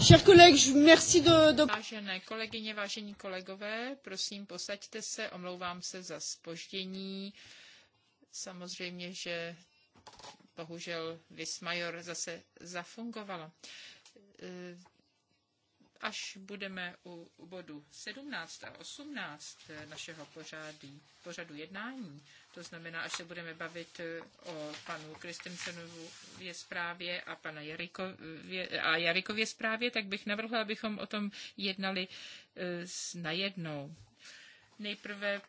Chers collègues, merci de, de... Vážené kolegyně, vážení kolegové, prosím, posaďte se, omlouvám se za spoždění. Samozřejmě, že bohužel Vismajor zase zafungovala. E, až budeme u bodu 17 a 18 našeho pořádu, pořadu jednání, to znamená, až se budeme bavit eh, o panu Kristensenově zprávě a pana Jarikově, a Jarikově zprávě, tak bych navrhla, abychom o tom jednali eh, najednou. Nejprve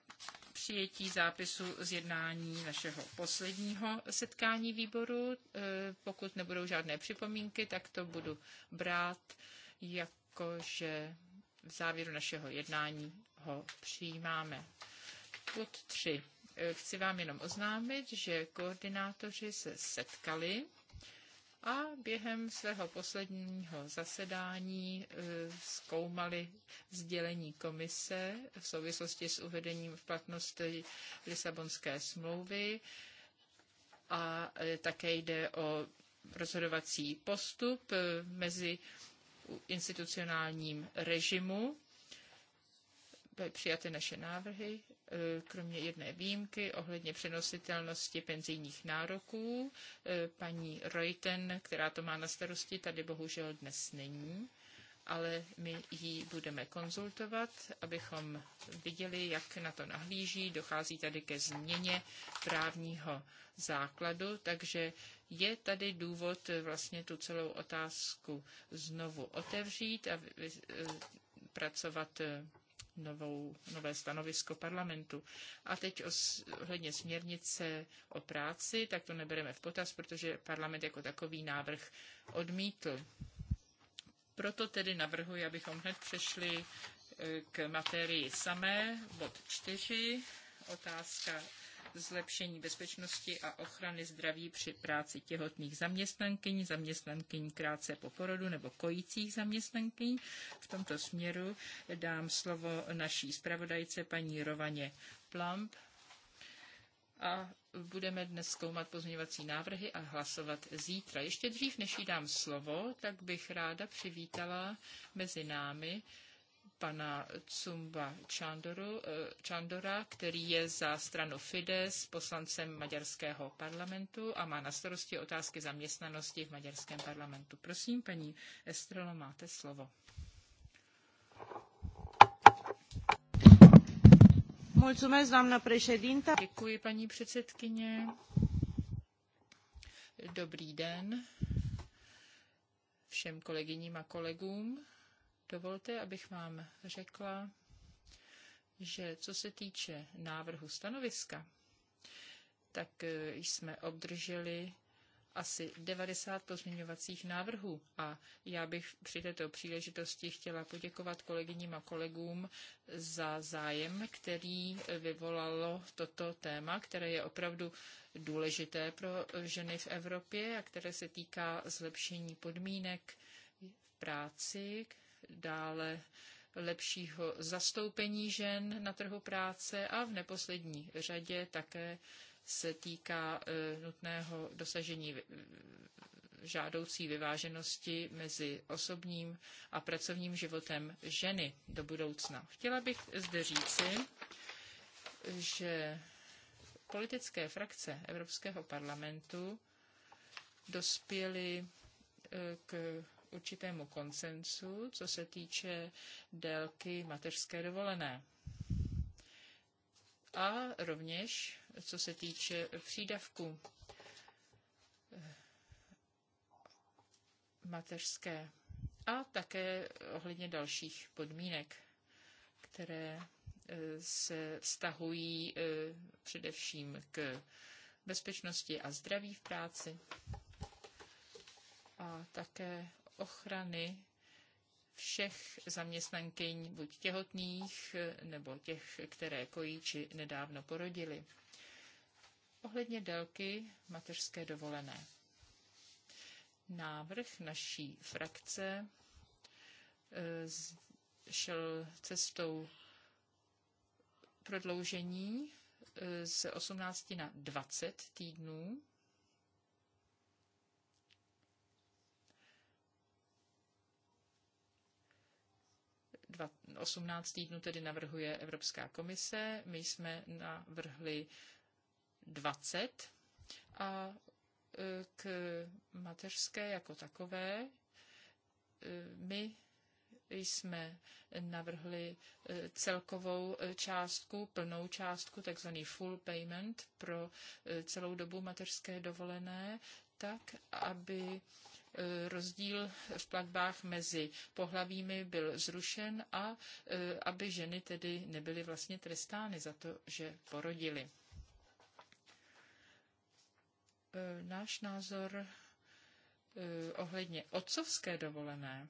přijetí zápisu z jednání našeho posledního setkání výboru. Eh, pokud nebudou žádné připomínky, tak to budu brát jako že v závěru našeho jednání ho přijímáme. Bod 3 chci vám jenom oznámit, že koordinátoři se setkali a během svého posledního zasedání e, zkoumali sdělení komise v souvislosti s uvedením v platnosti Lisabonské smlouvy a e, také jde o rozhodovací postup e, mezi institucionálním režimu byly přijaty naše návrhy, e, kromě jedné výjimky ohledně přenositelnosti penzijních nároků. E, paní Reuten, která to má na starosti, tady bohužel dnes není ale my ji budeme konzultovat, abychom viděli, jak na to nahlíží. Dochází tady ke změně právního základu, takže je tady důvod vlastně tu celou otázku znovu otevřít a e, pracovat novou, nové stanovisko parlamentu. A teď ohledně směrnice o práci, tak to nebereme v potaz, protože parlament jako takový návrh odmítl. Proto tedy navrhuji, abychom hned přešli eh, k materii samé, bod 4, otázka zlepšení bezpečnosti a ochrany zdraví při práci těhotných zaměstnankyň, zaměstnankyň krátce po porodu nebo kojících zaměstnankyň. V tomto směru dám slovo naší zpravodajce paní Rovaně Plump a budeme dnes zkoumat pozměňovací návrhy a hlasovat zítra. Ještě dřív, než jí dám slovo, tak bych ráda přivítala mezi námi pana Cumba Čandoru, eh, Čandora, který je za stranu Fides poslancem maďarského parlamentu a má na starosti otázky zaměstnanosti v maďarském parlamentu. Prosím, paní Estrelo, máte slovo. Děkuji, paní předsedkyně. Dobrý den všem kolegyním a kolegům. Dovolte, abych vám řekla, že co se týče návrhu stanoviska, tak e, jsme obdrželi asi 90 pozměňovacích návrhů a já bych při této příležitosti chtěla poděkovat kolegyním a kolegům za zájem, který vyvolalo toto téma, které je opravdu důležité pro ženy v Evropě a které se týká zlepšení podmínek v práci, dále lepšího zastoupení žen na trhu práce a v neposlední řadě také se týká e, nutného dosažení žádoucí vyváženosti mezi osobním a pracovním životem ženy do budoucna. Chtěla bych zde říci, že politické frakce Evropského parlamentu dospěly e, k určitému koncensu, co se týče délky mateřské dovolené. A rovněž, co se týče přídavku eh, mateřské a také ohledně dalších podmínek, které eh, se vztahují eh, především k bezpečnosti a zdraví v práci a také ochrany všech zaměstnankyň, buď těhotných, nebo těch, které kojí či nedávno porodili. Ohledně délky mateřské dovolené. Návrh naší frakce eh, šel cestou prodloužení eh, z 18 na 20 týdnů 18 týdnů tedy navrhuje Evropská komise, my jsme navrhli 20 a e, k mateřské jako takové e, my jsme navrhli e, celkovou částku, plnou částku, takzvaný full payment pro celou dobu mateřské dovolené, tak, aby Eh, rozdíl v platbách mezi pohlavími byl zrušen a eh, aby ženy tedy nebyly vlastně trestány za to, že porodily. Eh, náš názor ohledně otcovské dovolené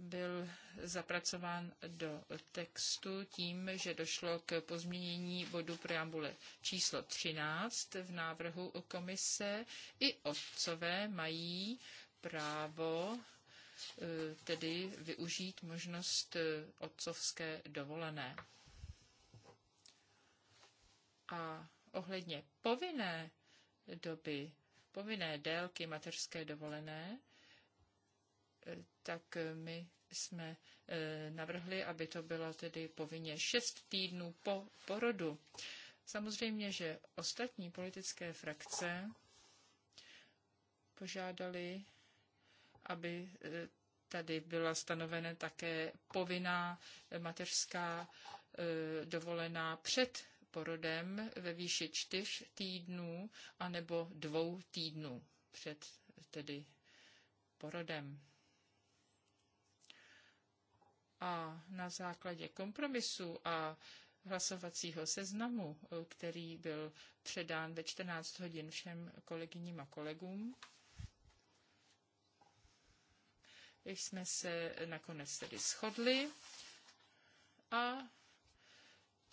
byl zapracován do textu tím, že došlo k pozměnění bodu preambule číslo 13 v návrhu komise. I otcové mají právo eh, tedy využít možnost eh, otcovské dovolené. A ohledně povinné doby, povinné délky mateřské dovolené, tak my jsme eh, navrhli, aby to bylo tedy povinně šest týdnů po porodu. Samozřejmě, že ostatní politické frakce požádali, aby eh, tady byla stanovena také povinná mateřská eh, dovolená před porodem ve výši čtyř týdnů anebo dvou týdnů před tedy porodem a na základě kompromisu a hlasovacího seznamu, který byl předán ve 14 hodin všem kolegyním a kolegům, jsme se nakonec tedy shodli a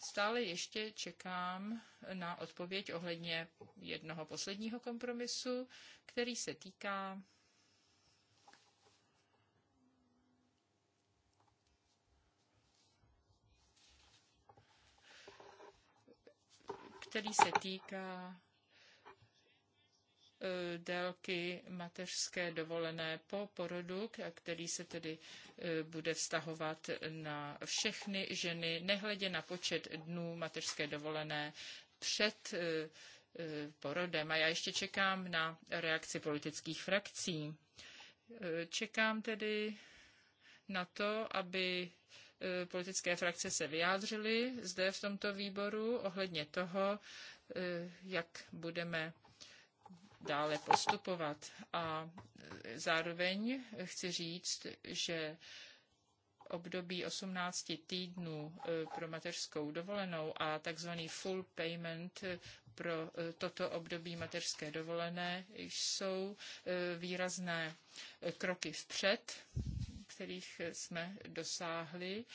stále ještě čekám na odpověď ohledně jednoho posledního kompromisu, který se týká který se týká e, délky mateřské dovolené po porodu, který se tedy e, bude vztahovat na všechny ženy, nehledě na počet dnů mateřské dovolené před e, porodem. A já ještě čekám na reakci politických frakcí. Čekám tedy na to, aby E, politické frakce se vyjádřily zde v tomto výboru ohledně toho, e, jak budeme dále postupovat. A e, zároveň chci říct, že období 18 týdnů pro mateřskou dovolenou a takzvaný full payment pro toto období mateřské dovolené jsou výrazné kroky vpřed kterých jsme dosáhli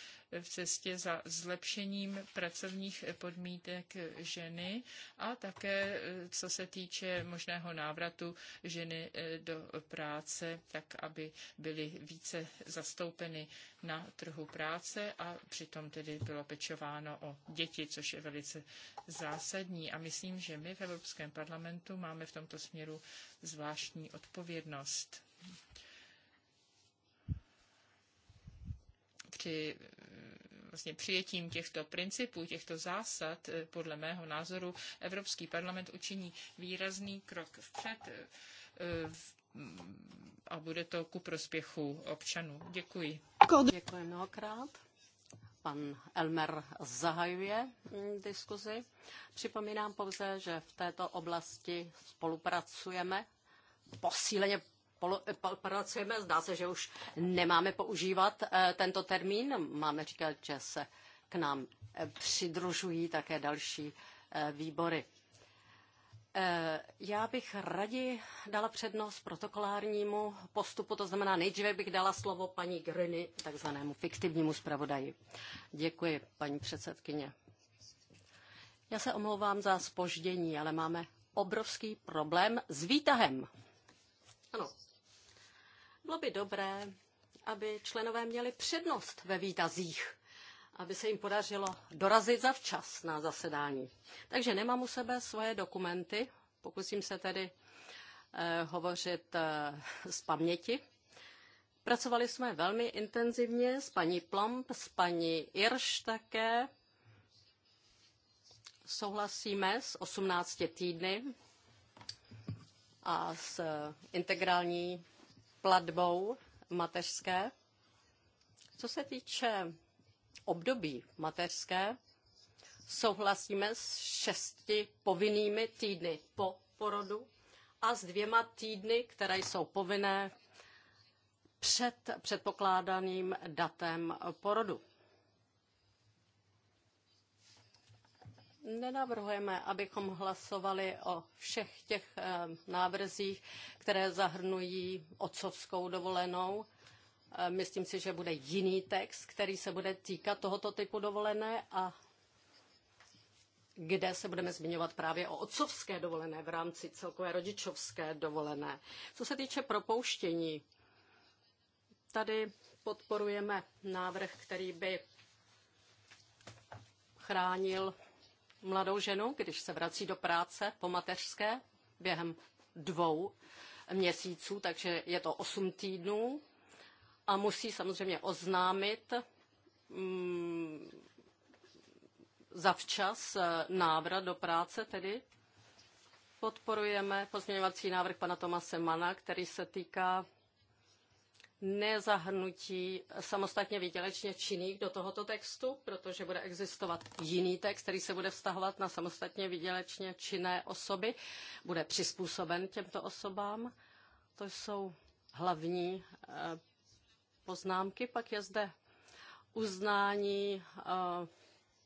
v cestě za zlepšením pracovních podmínek ženy a také co se týče možného návratu ženy eh, do práce, tak aby byly více zastoupeny na trhu práce a přitom tedy bylo pečováno o děti, což je velice zásadní. A myslím, že my v Evropském parlamentu máme v tomto směru zvláštní odpovědnost. při eh, vlastně přijetím těchto principů, těchto zásad, eh, podle mého názoru, Evropský parlament učiní výrazný krok vpřed eh, a bude to ku prospěchu občanů. Děkuji. Děkuji mnohokrát. Pan Elmer zahajuje mm, diskuzi. Připomínám pouze, že v této oblasti spolupracujeme, posíleně Eh, pracujeme. Zdá se, že už nemáme používat eh, tento termín. Máme říkat, že se k nám eh, přidružují také další výbory. Já bych raději dala přednost protokolárnímu postupu, to znamená nejdříve bych dala slovo paní Griny, takzvanému fiktivnímu zpravodaji. Děkuji, paní předsedkyně. Já se omlouvám za spoždění, ale máme obrovský problém s výtahem. Ano, bylo by dobré, aby členové měli přednost ve výtazích, aby se jim podařilo dorazit zavčas na zasedání. Takže nemám u sebe svoje dokumenty, pokusím se tedy eh, hovořit eh, z paměti. Pracovali jsme velmi intenzivně s paní Plump, s paní Irš také. Souhlasíme s 18 týdny a s eh, integrální platbou mateřské. Co se týče období mateřské, souhlasíme s šesti povinnými týdny po porodu a s dvěma týdny, které jsou povinné před předpokládaným datem porodu. Nenavrhujeme, abychom hlasovali o všech těch eh, návrzích, které zahrnují otcovskou dovolenou. Eh, myslím si, že bude jiný text, který se bude týkat tohoto typu dovolené a kde se budeme zmiňovat právě o otcovské dovolené v rámci celkové rodičovské dovolené. Co se týče propouštění, tady podporujeme návrh, který by chránil mladou ženu, když se vrací do práce po mateřské během dvou měsíců, takže je to osm týdnů a musí samozřejmě oznámit mm, zavčas eh, návrat do práce tedy. Podporujeme pozměňovací návrh pana Tomase Mana, který se týká nezahrnutí samostatně výdělečně činných do tohoto textu, protože bude existovat jiný text, který se bude vztahovat na samostatně výdělečně činné osoby, bude přizpůsoben těmto osobám. To jsou hlavní eh, poznámky. Pak je zde uznání eh,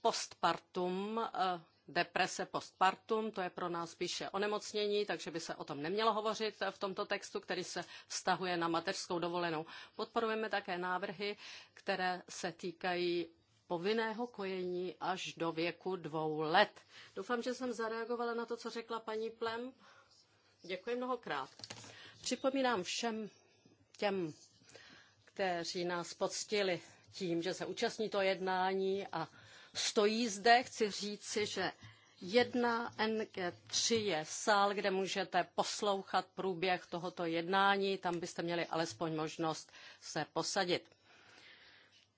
postpartum eh, deprese postpartum, to je pro nás spíše onemocnění, takže by se o tom nemělo hovořit v tomto textu, který se vztahuje na mateřskou dovolenou. Podporujeme také návrhy, které se týkají povinného kojení až do věku dvou let. Doufám, že jsem zareagovala na to, co řekla paní Plem. Děkuji mnohokrát. Připomínám všem těm, kteří nás poctili tím, že se účastní to jednání a stojí zde. Chci říci, že jedna ng 3 je sál, kde můžete poslouchat průběh tohoto jednání. Tam byste měli alespoň možnost se posadit.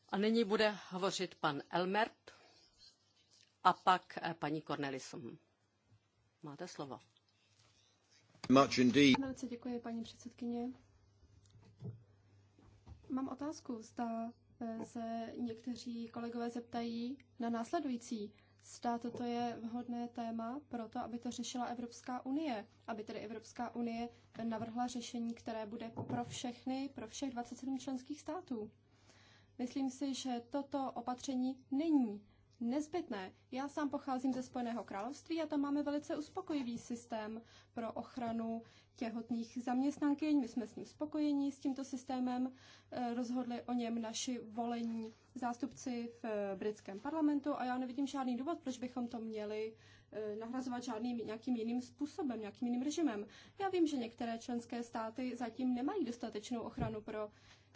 A nyní bude hovořit pan Elmert a pak eh, paní Cornelisum. Máte slovo. Velice děkuji, paní předsedkyně. Mám otázku, zda Eh, se někteří kolegové zeptají na následující. zda toto je vhodné téma pro to, aby to řešila Evropská unie, aby tedy Evropská unie navrhla řešení, které bude pro všechny, pro všech 27 členských států. Myslím si, že toto opatření není nezbytné. Já sám pocházím ze Spojeného království a tam máme velice uspokojivý systém pro ochranu těhotných zaměstnankyň. My jsme s ním spokojení, s tímto systémem. Eh, rozhodli o něm naši volení zástupci v eh, britském parlamentu a já nevidím žádný důvod, proč bychom to měli eh, nahrazovat žádným nějakým jiným způsobem, nějakým jiným režimem. Já vím, že některé členské státy zatím nemají dostatečnou ochranu pro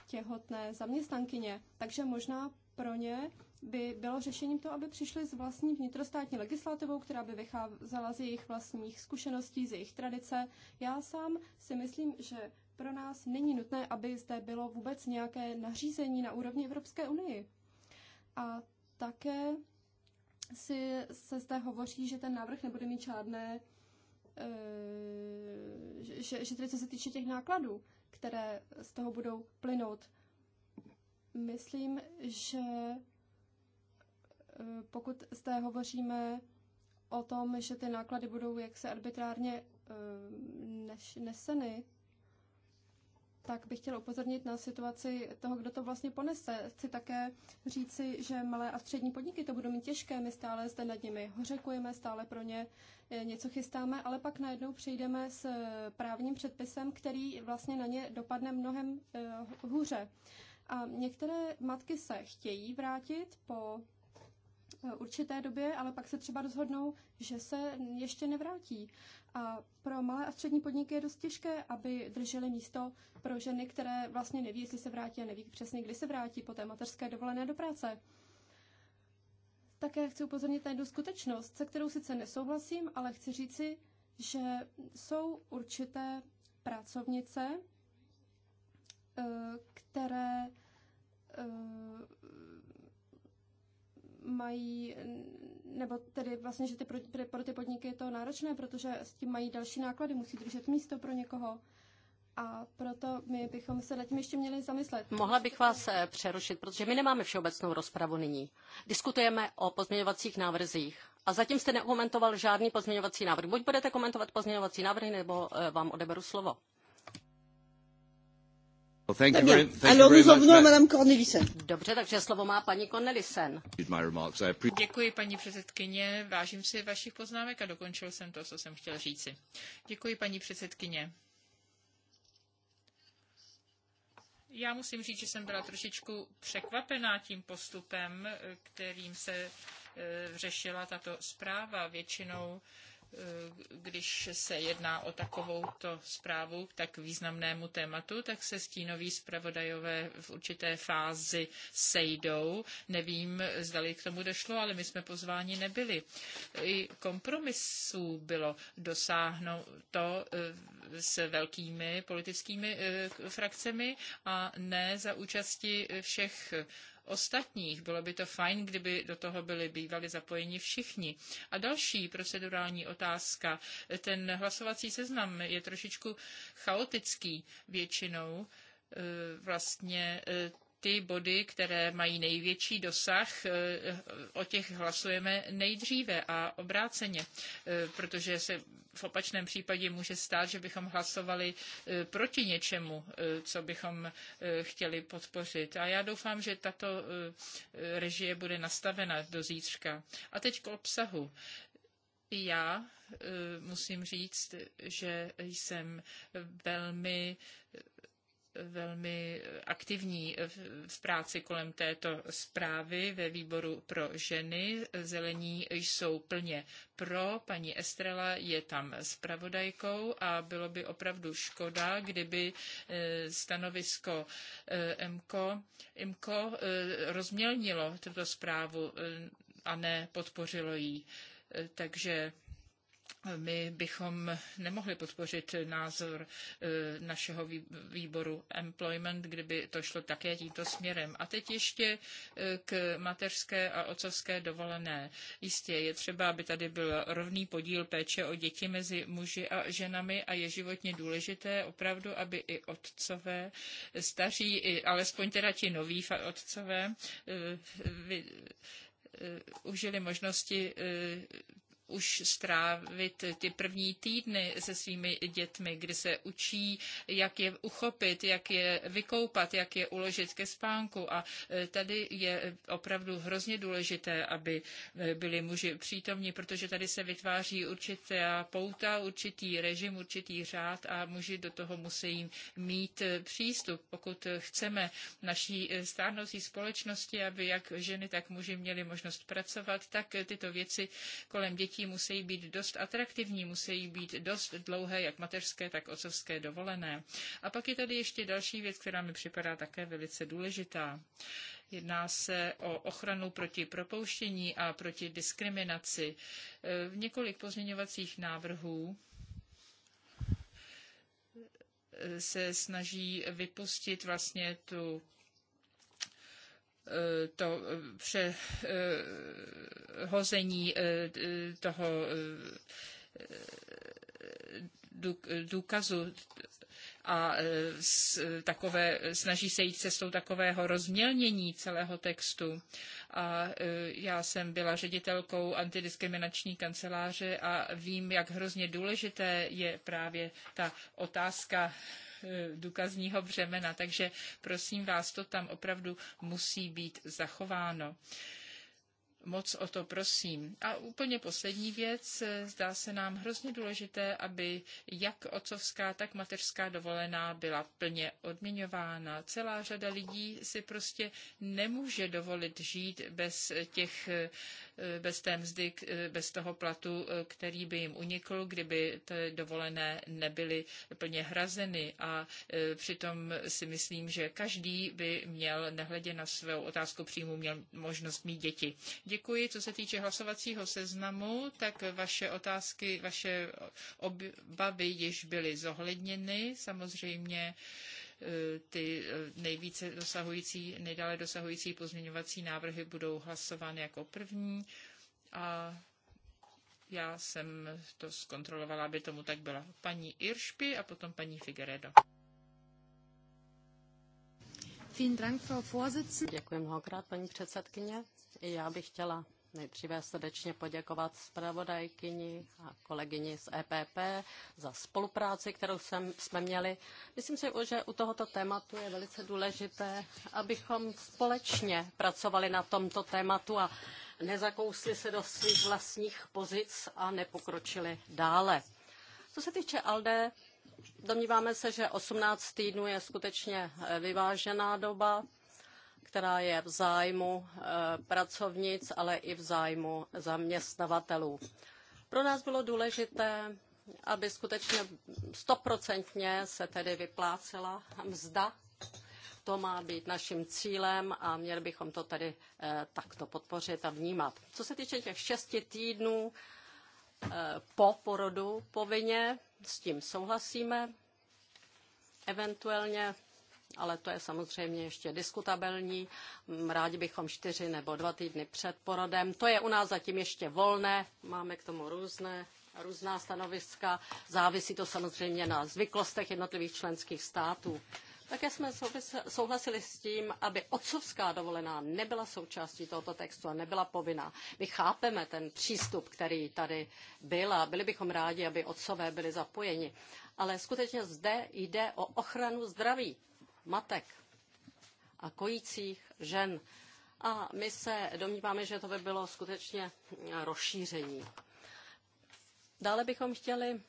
těhotné zaměstnankyně, takže možná pro ně by bylo řešením to, aby přišli s vlastní vnitrostátní legislativou, která by vycházela z jejich vlastních zkušeností, z jejich tradice. Já sám si myslím, že pro nás není nutné, aby zde bylo vůbec nějaké nařízení na úrovni Evropské unii. A také si se zde hovoří, že ten návrh nebude mít žádné, eh, že, že tedy co se týče těch nákladů, které z toho budou plynout, myslím, že Eh, pokud zde hovoříme o tom, že ty náklady budou jaksi arbitrárně eh, neseny, tak bych chtěla upozornit na situaci toho, kdo to vlastně ponese. Chci také říci, že malé a střední podniky to budou mít těžké, my stále zde nad nimi hořekujeme, stále pro ně eh, něco chystáme, ale pak najednou přijdeme s právním předpisem, který vlastně na ně dopadne mnohem hůře. A některé matky se chtějí vrátit po Eh, určité době, ale pak se třeba rozhodnou, že se ještě nevrátí. A pro malé a střední podniky je dost těžké, aby drželi místo pro ženy, které vlastně neví, jestli se vrátí a neví přesně, kdy se vrátí po té mateřské dovolené do práce. Také chci upozornit na jednu skutečnost, se kterou sice nesouhlasím, ale chci říci, že jsou určité pracovnice, eh, které eh, mají, nebo tedy vlastně, že ty pro, pro ty podniky je to náročné, protože s tím mají další náklady, musí držet místo pro někoho. A proto my bychom se nad tím ještě měli zamyslet. Mohla bych vás eh, přerušit, protože my nemáme všeobecnou rozpravu nyní. Diskutujeme o pozměňovacích návrzích. A zatím jste nekomentoval žádný pozměňovací návrh. Buď budete komentovat pozměňovací návrhy, nebo eh, vám odeberu slovo. Alors nous en venons à Madame Cornelissen. Dobře, takže slovo má paní Cornelissen. Děkuji, paní předsedkyně. Vážím si vašich poznámek a dokončil jsem to, co jsem chtěl říci. Děkuji, paní předsedkyně. Já musím říct, že jsem byla trošičku překvapená tím postupem, kterým se eh, řešila tato zpráva. Většinou uh, když se jedná o takovouto zprávu k tak významnému tématu, tak se stínoví zpravodajové v určité fázi sejdou. Nevím, zdali k tomu došlo, ale my jsme pozváni nebyli. I kompromisů bylo dosáhnuto eh, s velkými politickými eh, frakcemi a ne za účasti všech ostatních. Bylo by to fajn, kdyby do toho byli bývali zapojeni všichni. A další procedurální otázka. Ten hlasovací seznam je trošičku chaotický většinou eh, vlastně eh, ty body, které mají největší dosah, eh, eh, o těch hlasujeme nejdříve a obráceně, eh, protože se v opačném případě může stát, že bychom hlasovali proti něčemu, co bychom chtěli podpořit. A já doufám, že tato režie bude nastavena do zítřka. A teď k obsahu. Já musím říct, že jsem velmi velmi aktivní v práci kolem této zprávy ve výboru pro ženy. Zelení jsou plně pro, paní Estrela je tam zpravodajkou a bylo by opravdu škoda, kdyby e, stanovisko e, MKO, MKO e, rozmělnilo tuto zprávu a ne podpořilo ji. Takže my bychom nemohli podpořit názor eh, našeho výboru Employment, kdyby to šlo také tímto směrem. A teď ještě eh, k mateřské a otcovské dovolené. Jistě je třeba, aby tady byl rovný podíl péče o děti mezi muži a ženami a je životně důležité opravdu, aby i otcové, staří, i alespoň teda ti noví otcové, eh, vy, užili možnosti už strávit ty první týdny se svými dětmi, kdy se učí, jak je uchopit, jak je vykoupat, jak je uložit ke spánku. A e, tady je opravdu hrozně důležité, aby e, byli muži přítomní, protože tady se vytváří určitá pouta, určitý režim, určitý řád a muži do toho musí mít e, přístup. Pokud chceme naší stárnoucí společnosti, aby jak ženy, tak muži měli možnost pracovat, tak tyto věci kolem dětí dětí musí být dost atraktivní, musí být dost dlouhé, jak mateřské, tak otcovské dovolené. A pak je tady ještě další věc, která mi připadá také velice důležitá. Jedná se o ochranu proti propouštění a proti diskriminaci. V několik pozměňovacích návrhů se snaží vypustit vlastně tu Eh, to eh, přehození eh, toho důkazu a takové, snaží se jít cestou takového rozmělnění celého textu. A já jsem byla ředitelkou antidiskriminační kanceláře a vím, jak hrozně důležité je právě ta otázka Eh, důkazního břemena. Takže prosím vás, to tam opravdu musí být zachováno. Moc o to prosím. A úplně poslední věc, zdá se nám hrozně důležité, aby jak otcovská, tak mateřská dovolená byla plně odměňována. Celá řada lidí si prostě nemůže dovolit žít bez těch, bez té mzdy, bez toho platu, který by jim unikl, kdyby ty dovolené nebyly plně hrazeny. A e, přitom si myslím, že každý by měl, nehledě na svou otázku příjmu, měl možnost mít děti. Děkuji. Co se týče hlasovacího seznamu, tak vaše otázky, vaše obavy již byly zohledněny. Samozřejmě eh, ty eh, nejvíce dosahující, nejdále dosahující pozměňovací návrhy budou hlasovány jako první a já jsem to zkontrolovala, aby tomu tak byla paní Iršpi a potom paní Figueredo. Děkuji mnohokrát, paní předsedkyně. I já bych chtěla nejdříve srdečně poděkovat zpravodajkyni a kolegyni z EPP za spolupráci, kterou jsem, jsme měli. Myslím si, že u tohoto tématu je velice důležité, abychom společně pracovali na tomto tématu a nezakousli se do svých vlastních pozic a nepokročili dále. Co se týče ALDE, domníváme se, že 18 týdnů je skutečně vyvážená doba která je v zájmu eh, pracovnic, ale i v zájmu zaměstnavatelů. Pro nás bylo důležité, aby skutečně stoprocentně se tedy vyplácela mzda. To má být naším cílem a měli bychom to tedy eh, takto podpořit a vnímat. Co se týče těch šesti týdnů eh, po porodu povinně, s tím souhlasíme. Eventuálně ale to je samozřejmě ještě diskutabilní. Mm, rádi bychom čtyři nebo dva týdny před porodem. To je u nás zatím ještě volné, máme k tomu různé různá stanoviska. Závisí to samozřejmě na zvyklostech jednotlivých členských států. Také jsme souhlasili s tím, aby otcovská dovolená nebyla součástí tohoto textu a nebyla povinná. My chápeme ten přístup, který tady byl a byli bychom rádi, aby otcové byli zapojeni. Ale skutečně zde jde o ochranu zdraví matek a kojících žen. A my se domníváme, že to by bylo skutečně eh, rozšíření. Dále bychom chtěli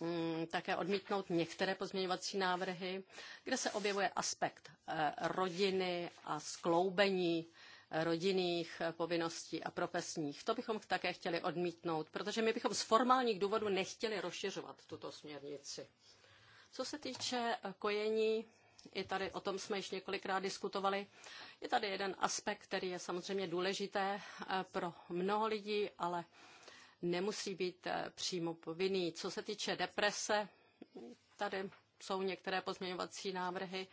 mm, také odmítnout některé pozměňovací návrhy, kde se objevuje aspekt eh, rodiny a skloubení eh, rodinných povinností a profesních. To bychom také chtěli odmítnout, protože my bychom z formálních důvodů nechtěli rozšiřovat tuto směrnici. Co se týče eh, kojení, i tady o tom jsme již několikrát diskutovali. Je tady jeden aspekt, který je samozřejmě důležité eh, pro mnoho lidí, ale nemusí být eh, přímo povinný. Co se týče deprese, tady jsou některé pozměňovací návrhy,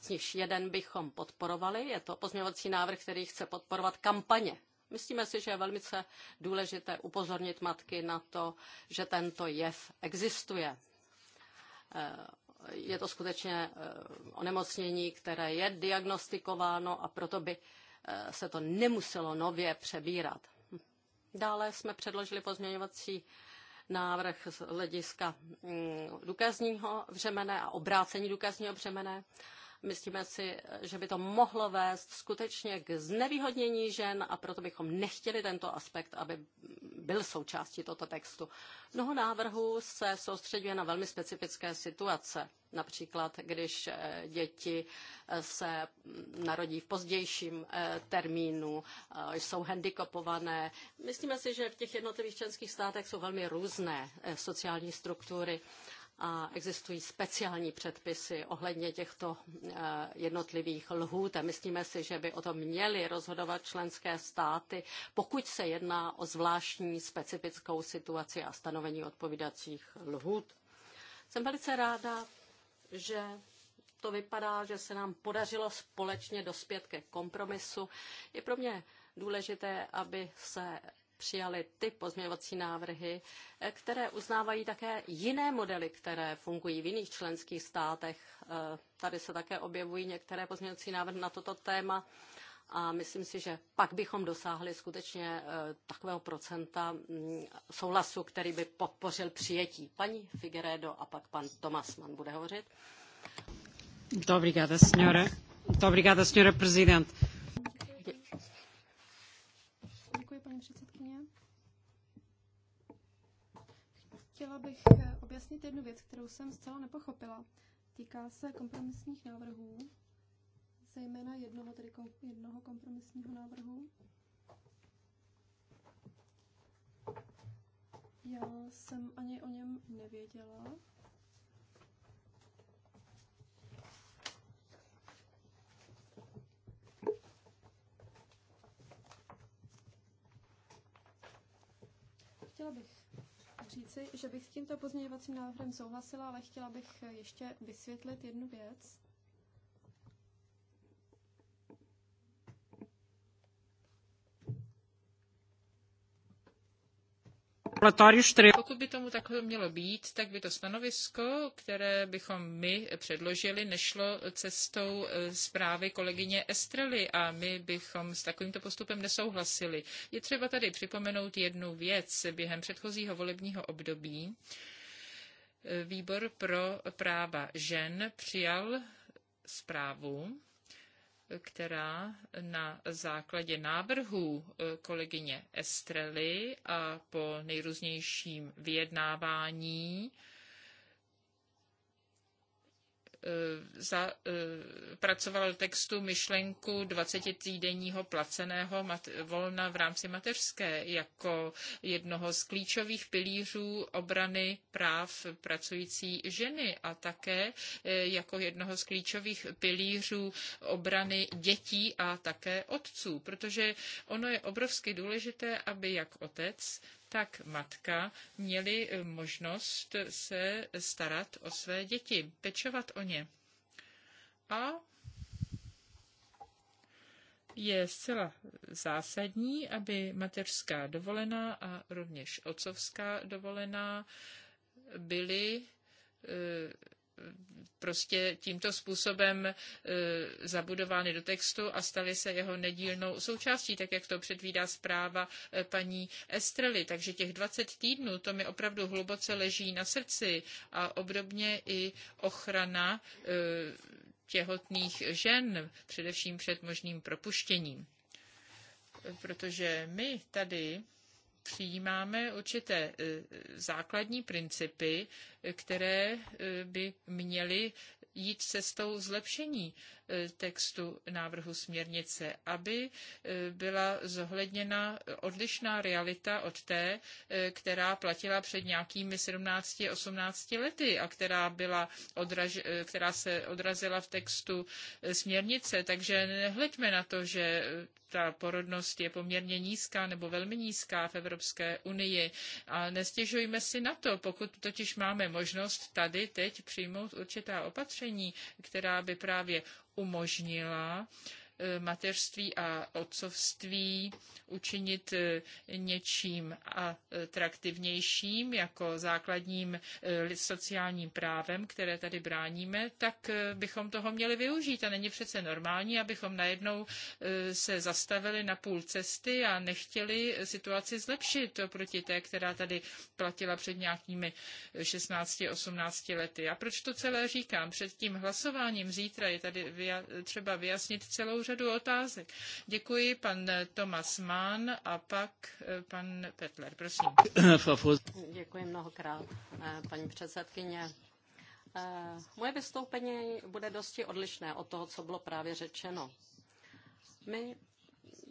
z nichž jeden bychom podporovali. Je to pozměňovací návrh, který chce podporovat kampaně. Myslíme si, že je velmi důležité upozornit matky na to, že tento jev existuje. Je to skutečně eh, onemocnění, které je diagnostikováno a proto by eh, se to nemuselo nově přebírat. Dále jsme předložili pozměňovací návrh z hlediska mm, důkazního břemene a obrácení důkazního břemene. Myslíme si, že by to mohlo vést skutečně k znevýhodnění žen a proto bychom nechtěli tento aspekt, aby byl součástí tohoto textu. Mnoho návrhů se soustředuje na velmi specifické situace. Například, když eh, děti eh, se narodí v pozdějším eh, termínu, jsou handicapované. Myslíme si, že v těch jednotlivých členských státech jsou velmi různé sociální struktury a existují speciální předpisy ohledně těchto eh, jednotlivých lhůt a myslíme si, že by o tom měly rozhodovat členské státy, pokud se jedná o zvláštní specifickou situaci a stanovení odpovídacích lhůt. Jsem velice ráda, že to vypadá, že se nám podařilo společně dospět ke kompromisu. Je pro mě důležité, aby se přijali ty pozměňovací návrhy, eh, které uznávají také jiné modely, které fungují v jiných členských státech. Eh, tady se také objevují některé pozměňovací návrhy na toto téma a myslím si, že pak bychom dosáhli skutečně eh, takového procenta mm, souhlasu, který by podpořil přijetí. Paní Figueredo a pak pan Tomasman bude hovořit. Dobrý den, Muito obrigada, senhora Presidente. paní předsedkyně. Chtěla bych eh, objasnit jednu věc, kterou jsem zcela nepochopila. Týká se kompromisních návrhů, zejména jednoho, tedy jednoho kompromisního návrhu. Já jsem ani o něm nevěděla. Chtěla bych říci, že bych s tímto pozměňovacím návrhem souhlasila, ale chtěla bych ještě vysvětlit jednu věc. Pokud by tomu takhle mělo být, tak by to stanovisko, které bychom my předložili, nešlo cestou e, zprávy kolegyně Estrely a my bychom s takovýmto postupem nesouhlasili. Je třeba tady připomenout jednu věc. Během předchozího volebního období e, Výbor pro práva žen přijal zprávu která na základě návrhů e, kolegyně Estrely a po nejrůznějším vyjednávání Eh, zapracoval eh, do textu myšlenku 20-týdenního placeného volna v rámci mateřské jako jednoho z klíčových pilířů obrany práv pracující ženy a také eh, jako jednoho z klíčových pilířů obrany dětí a také otců, protože ono je obrovsky důležité, aby jak otec, tak matka měli e, možnost se starat o své děti, pečovat o ně. A je zcela zásadní, aby mateřská dovolená a rovněž otcovská dovolená byly e, prostě tímto způsobem e, zabudovány do textu a staly se jeho nedílnou součástí, tak jak to předvídá zpráva e, paní Estrely. Takže těch 20 týdnů, to mi opravdu hluboce leží na srdci a obdobně i ochrana e, těhotných žen, především před možným propuštěním. Protože my tady přijímáme určité e, základní principy, e, které e, by měly jít cestou zlepšení textu návrhu směrnice, aby e, byla zohledněna odlišná realita od té, e, která platila před nějakými 17-18 lety a která, byla odraž, e, která se odrazila v textu směrnice. Takže nehleďme na to, že ta porodnost je poměrně nízká nebo velmi nízká v Evropské unii a nestěžujme si na to, pokud totiž máme možnost tady teď přijmout určitá opatření, která by právě umožnila E, mateřství a otcovství učinit e, něčím atraktivnějším jako základním e, sociálním právem, které tady bráníme, tak bychom toho měli využít. A není přece normální, abychom najednou se zastavili na půl cesty a nechtěli situaci zlepšit oproti té, která tady platila před nějakými 16-18 lety. A proč to celé říkám? Před tím hlasováním zítra je tady třeba vyjasnit celou řadu řadu otázek. Děkuji, pan eh, Tomas Mann a pak eh, pan Petler, prosím. Děkuji mnohokrát, eh, paní předsedkyně. Moje vystoupení bude dosti odlišné od toho, co bylo právě řečeno. My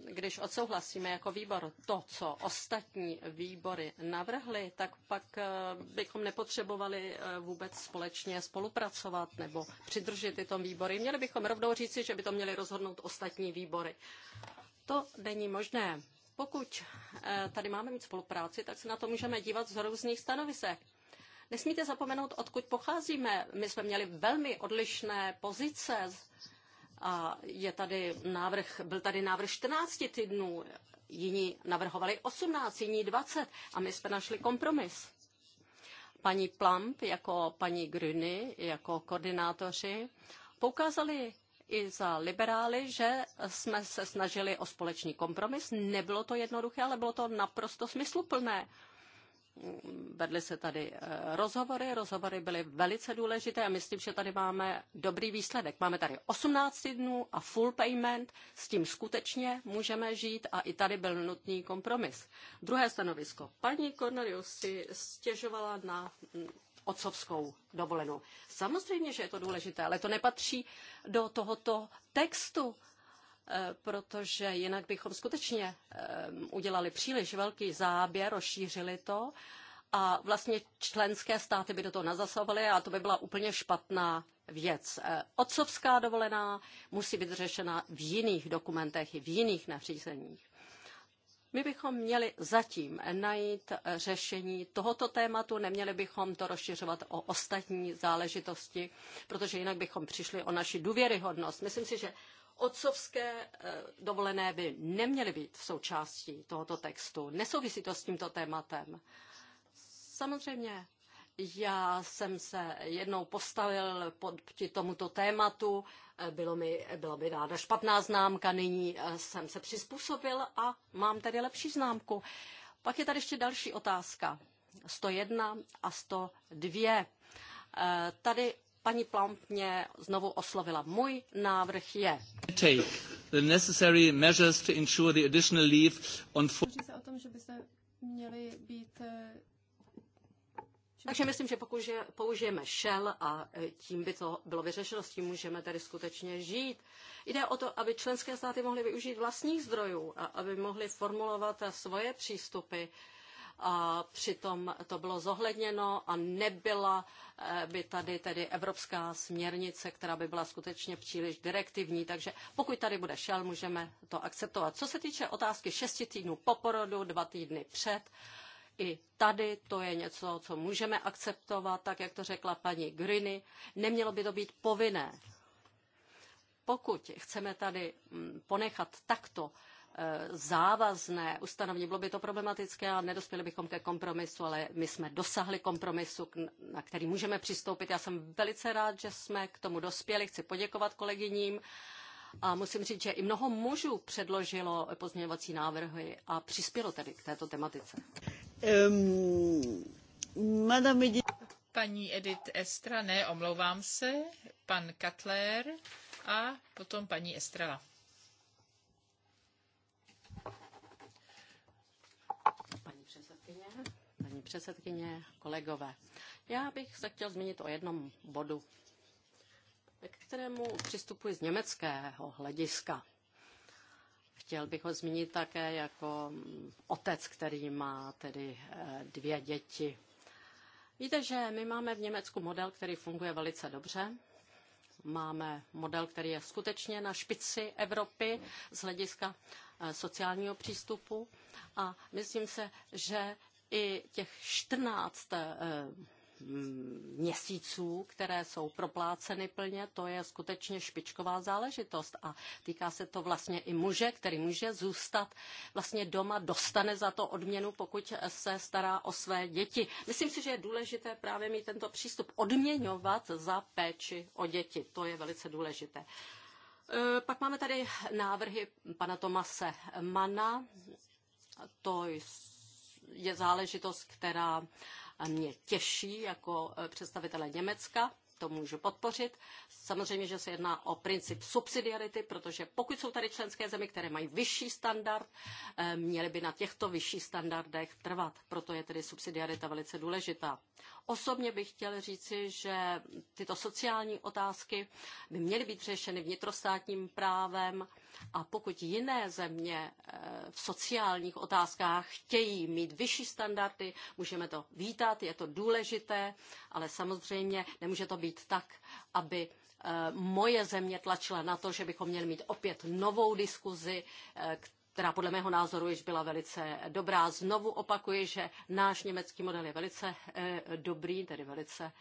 když odsouhlasíme jako výbor to, co ostatní výbory navrhly, tak pak eh, bychom nepotřebovali eh, vůbec společně spolupracovat nebo přidržet tyto výbory. Měli bychom rovnou říci, že by to měly rozhodnout ostatní výbory. To není možné. Pokud eh, tady máme mít spolupráci, tak se na to můžeme dívat z různých stanovisek. Nesmíte zapomenout, odkud pocházíme. My jsme měli velmi odlišné pozice a je tady návrh, byl tady návrh 14 týdnů, jiní navrhovali 18, jiní 20 a my jsme našli kompromis. Paní Plump jako paní Gruny, jako koordinátoři, poukázali i za liberály, že jsme se snažili o společný kompromis. Nebylo to jednoduché, ale bylo to naprosto smysluplné vedly se tady eh, rozhovory, rozhovory byly velice důležité a myslím, že tady máme dobrý výsledek. Máme tady 18 dnů a full payment, s tím skutečně můžeme žít a i tady byl nutný kompromis. Druhé stanovisko. Paní Cornelius si stěžovala na mm, otcovskou dovolenou. Samozřejmě, že je to důležité, ale to nepatří do tohoto textu. Eh, protože jinak bychom skutečně eh, udělali příliš velký záběr, rozšířili to a vlastně členské státy by do toho nazasovaly a to by byla úplně špatná věc. Eh, otcovská dovolená musí být řešena v jiných dokumentech i v jiných nařízeních. My bychom měli zatím najít řešení tohoto tématu, neměli bychom to rozšiřovat o ostatní záležitosti, protože jinak bychom přišli o naši důvěryhodnost. Myslím si, že Otcovské eh, dovolené by neměly být součástí tohoto textu. Nesouvisí to s tímto tématem. Samozřejmě, já jsem se jednou postavil proti tomuto tématu, eh, bylo mi, byla mi dána špatná známka, nyní eh, jsem se přizpůsobil a mám tady lepší známku. Pak je tady ještě další otázka. 101 a 102. Tady Paní Plump mě znovu oslovila. Můj návrh je. Take the necessary measures to ensure the additional leave on se o tom, že by se měly být eh, takže myslím, že pokud použijeme šel a eh, tím by to bylo vyřešeno, s tím můžeme tady skutečně žít. Jde o to, aby členské státy mohly využít vlastních zdrojů a aby mohly formulovat eh, svoje přístupy a přitom to bylo zohledněno a nebyla eh, by tady tedy evropská směrnice, která by byla skutečně příliš direktivní. Takže pokud tady bude šel, můžeme to akceptovat. Co se týče otázky šesti týdnů po porodu, dva týdny před, i tady to je něco, co můžeme akceptovat, tak jak to řekla paní Griny. Nemělo by to být povinné. Pokud chceme tady mm, ponechat takto závazné ustanovení, bylo by to problematické a nedospěli bychom ke kompromisu, ale my jsme dosahli kompromisu, na který můžeme přistoupit. Já jsem velice rád, že jsme k tomu dospěli. Chci poděkovat kolegyním. A musím říct, že i mnoho mužů předložilo pozměňovací návrhy a přispělo tedy k této tematice. Um, Madame Edith. Paní Edith Estra, ne, omlouvám se, pan Katler a potom paní Estrela. paní předsedkyně, kolegové. Já bych se chtěl zmínit o jednom bodu, k kterému přistupuji z německého hlediska. Chtěl bych ho zmínit také jako otec, který má tedy eh, dvě děti. Víte, že my máme v Německu model, který funguje velice dobře. Máme model, který je skutečně na špici Evropy z hlediska eh, sociálního přístupu a myslím se, že i těch 14 eh, měsíců, které jsou propláceny plně, to je skutečně špičková záležitost a týká se to vlastně i muže, který může zůstat vlastně doma, dostane za to odměnu, pokud se stará o své děti. Myslím si, že je důležité právě mít tento přístup odměňovat za péči o děti. To je velice důležité. Eh, pak máme tady návrhy pana Tomase Mana. To jsou je záležitost, která mě těší jako eh, představitele Německa, to můžu podpořit. Samozřejmě, že se jedná o princip subsidiarity, protože pokud jsou tady členské země, které mají vyšší standard, eh, měly by na těchto vyšších standardech trvat. Proto je tedy subsidiarita velice důležitá. Osobně bych chtěl říci, že tyto sociální otázky by měly být řešeny vnitrostátním právem a pokud jiné země eh, v sociálních otázkách chtějí mít vyšší standardy, můžeme to vítat, je to důležité, ale samozřejmě nemůže to být tak, aby eh, moje země tlačila na to, že bychom měli mít opět novou diskuzi, eh, která podle mého názoru již byla velice dobrá. Znovu opakuji, že náš německý model je velice dobrý, tedy velice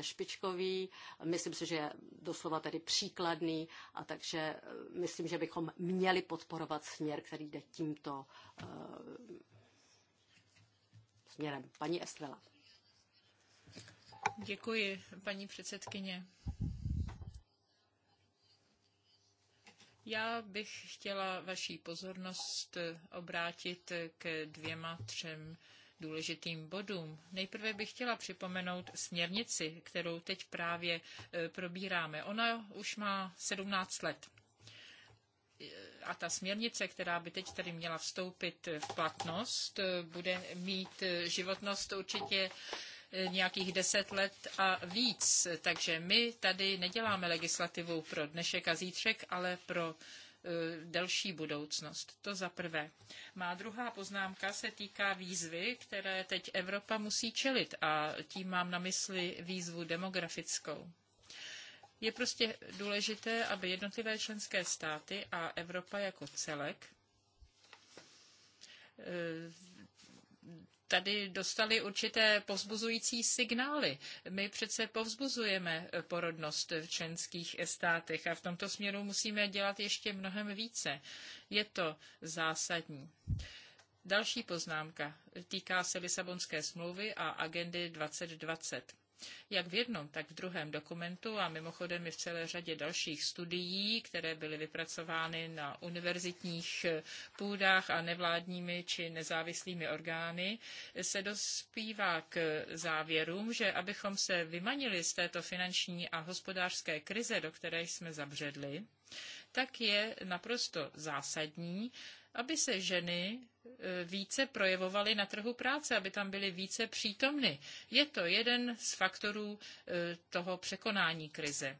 špičkový, myslím si, že je doslova tedy příkladný a takže eh, myslím, že bychom měli podporovat směr, který jde tímto eh, směrem. Paní Estrela. Děkuji, paní předsedkyně. Já bych chtěla vaší pozornost obrátit k dvěma, třem důležitým bodům. Nejprve bych chtěla připomenout směrnici, kterou teď právě e, probíráme. Ona už má 17 let. E, a ta směrnice, která by teď tady měla vstoupit v platnost, e, bude mít životnost určitě nějakých deset let a víc. Takže my tady neděláme legislativu pro dnešek a zítřek, ale pro E, delší budoucnost. To za prvé. Má druhá poznámka se týká výzvy, které teď Evropa musí čelit a tím mám na mysli výzvu demografickou. Je prostě důležité, aby jednotlivé členské státy a Evropa jako celek e, tady dostali určité povzbuzující signály. My přece povzbuzujeme eh, porodnost v členských státech a v tomto směru musíme dělat ještě mnohem více. Je to zásadní. Další poznámka týká se Lisabonské smlouvy a agendy 2020. Jak v jednom, tak v druhém dokumentu a mimochodem i v celé řadě dalších studií, které byly vypracovány na univerzitních eh, půdách a nevládními či nezávislými orgány, se dospívá k eh, závěrům, že abychom se vymanili z této finanční a hospodářské krize, do které jsme zabředli, tak je naprosto zásadní, aby se ženy Eh, více projevovaly na trhu práce, aby tam byly více přítomny. Je to jeden z faktorů eh, toho překonání krize.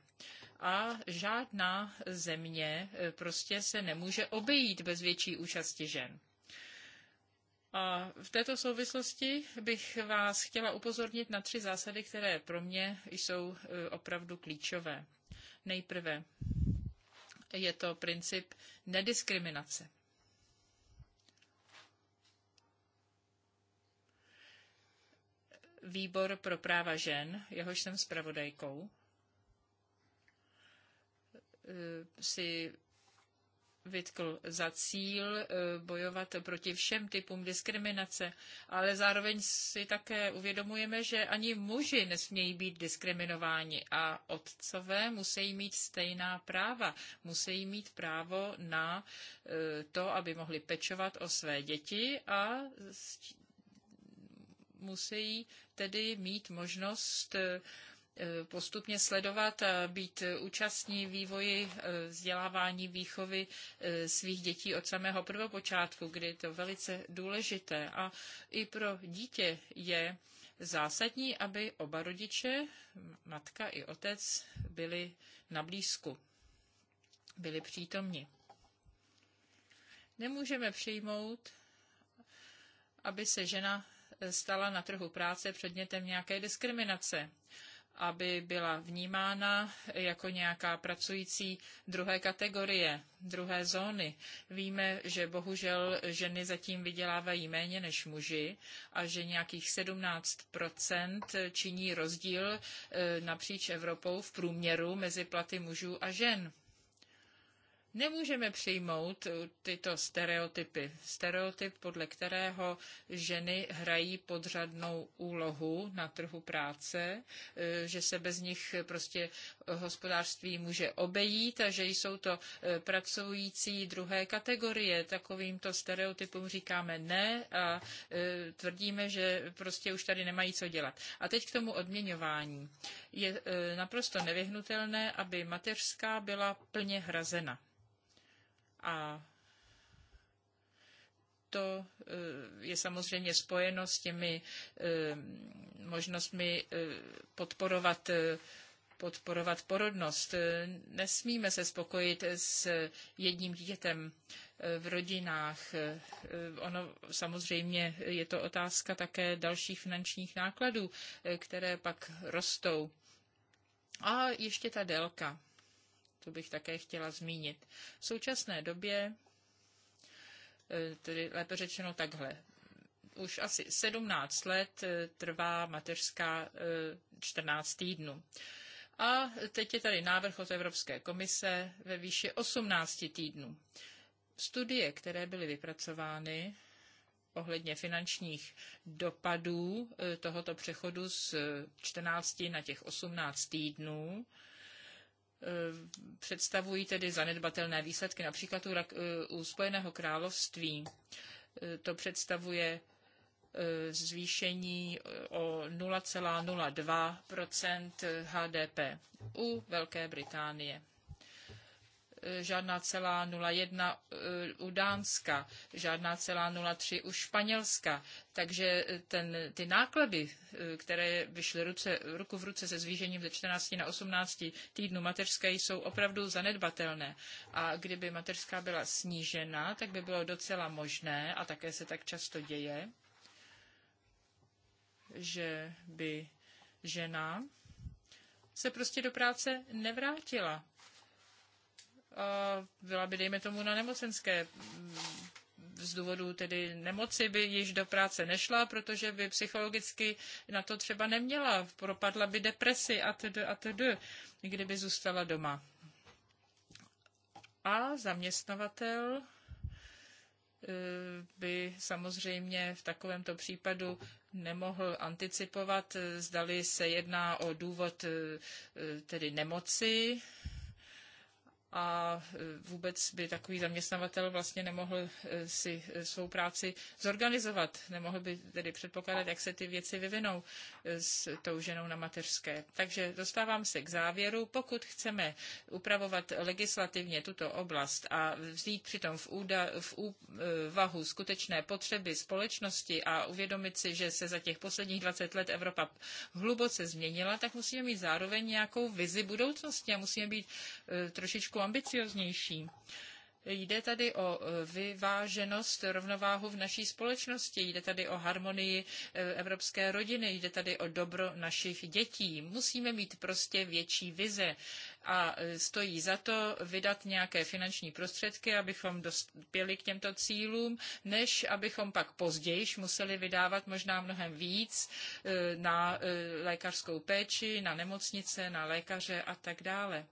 A žádná země eh, prostě se nemůže obejít bez větší účasti žen. A v této souvislosti bych vás chtěla upozornit na tři zásady, které pro mě jsou opravdu klíčové. Nejprve je to princip nediskriminace. výbor pro práva žen, jehož jsem zpravodajkou, eh, si vytkl za cíl eh, bojovat proti všem typům diskriminace, ale zároveň si také uvědomujeme, že ani muži nesmějí být diskriminováni a otcové musí mít stejná práva. Musí mít právo na eh, to, aby mohli pečovat o své děti a musí tedy mít možnost eh, eh, postupně sledovat a být účastní vývoji eh, vzdělávání výchovy svých dětí od samého prvopočátku, kdy je to velice důležité. A i pro dítě je zásadní, aby oba rodiče, matka i otec, byli na blízku, byli přítomni. Nemůžeme přijmout, aby se žena stala na trhu práce předmětem nějaké diskriminace aby byla vnímána jako nějaká pracující druhé kategorie, druhé zóny. Víme, že bohužel ženy zatím vydělávají méně než muži a že nějakých 17 činí rozdíl eh, napříč Evropou v průměru mezi platy mužů a žen. Nemůžeme přijmout uh, tyto stereotypy. Stereotyp, podle kterého ženy hrají podřadnou úlohu na trhu práce, uh, že se bez nich prostě hospodářství může obejít a že jsou to uh, pracující druhé kategorie. Takovýmto stereotypům říkáme ne a tvrdíme, že prostě už tady nemají co dělat. A teď k tomu odměňování. Je naprosto nevyhnutelné, aby mateřská byla plně hrazena a to eh, je samozřejmě spojeno s těmi eh, možnostmi eh, podporovat podporovat porodnost. Nesmíme se spokojit s jedním dítětem v rodinách. Ono samozřejmě je to otázka také dalších finančních nákladů, které pak rostou. A ještě ta délka tu bych také chtěla zmínit. V současné době, eh, tedy lépe řečeno takhle, už asi 17 let eh, trvá mateřská 14 eh, týdnů. A teď je tady návrh od Evropské komise ve výši 18 týdnů. Studie, které byly vypracovány ohledně finančních dopadů tohoto přechodu z 14 na těch 18 týdnů, Eh, představují tedy zanedbatelné výsledky. Například u, eh, u Spojeného království eh, to představuje zvýšení o 0,02 HDP u Velké Británie žádná celá 0,1 eh, u Dánska, žádná celá 0,3 u Španělska. Takže eh, ten, ty náklady, eh, které vyšly ruce, ruku v ruce se zvýšením ze 14 na 18 týdnů mateřské, jsou opravdu zanedbatelné. A kdyby mateřská byla snížena, tak by bylo docela možné, a také se tak často děje, že by žena se prostě do práce nevrátila byla by, dejme tomu, na nemocenské. Z důvodu tedy nemoci by již do práce nešla, protože by psychologicky na to třeba neměla. Propadla by depresi a td. a td. kdyby zůstala doma. A zaměstnavatel e, by samozřejmě v takovémto případu nemohl anticipovat, zdali se jedná o důvod e, tedy nemoci a e, vůbec by takový zaměstnavatel vlastně nemohl e, si e, svou práci zorganizovat, nemohl by tedy předpokládat, jak se ty věci vyvinou s tou ženou na mateřské. Takže dostávám se k závěru. Pokud chceme upravovat legislativně tuto oblast a vzít přitom v, úda, v úvahu skutečné potřeby společnosti a uvědomit si, že se za těch posledních 20 let Evropa hluboce změnila, tak musíme mít zároveň nějakou vizi budoucnosti a musíme být trošičku ambicioznější. Jde tady o e, vyváženost, rovnováhu v naší společnosti, jde tady o harmonii e, evropské rodiny, jde tady o dobro našich dětí. Musíme mít prostě větší vize a e, stojí za to vydat nějaké finanční prostředky, abychom dospěli k těmto cílům, než abychom pak později museli vydávat možná mnohem víc na lékařskou péči, na nemocnice, na lékaře a tak dále.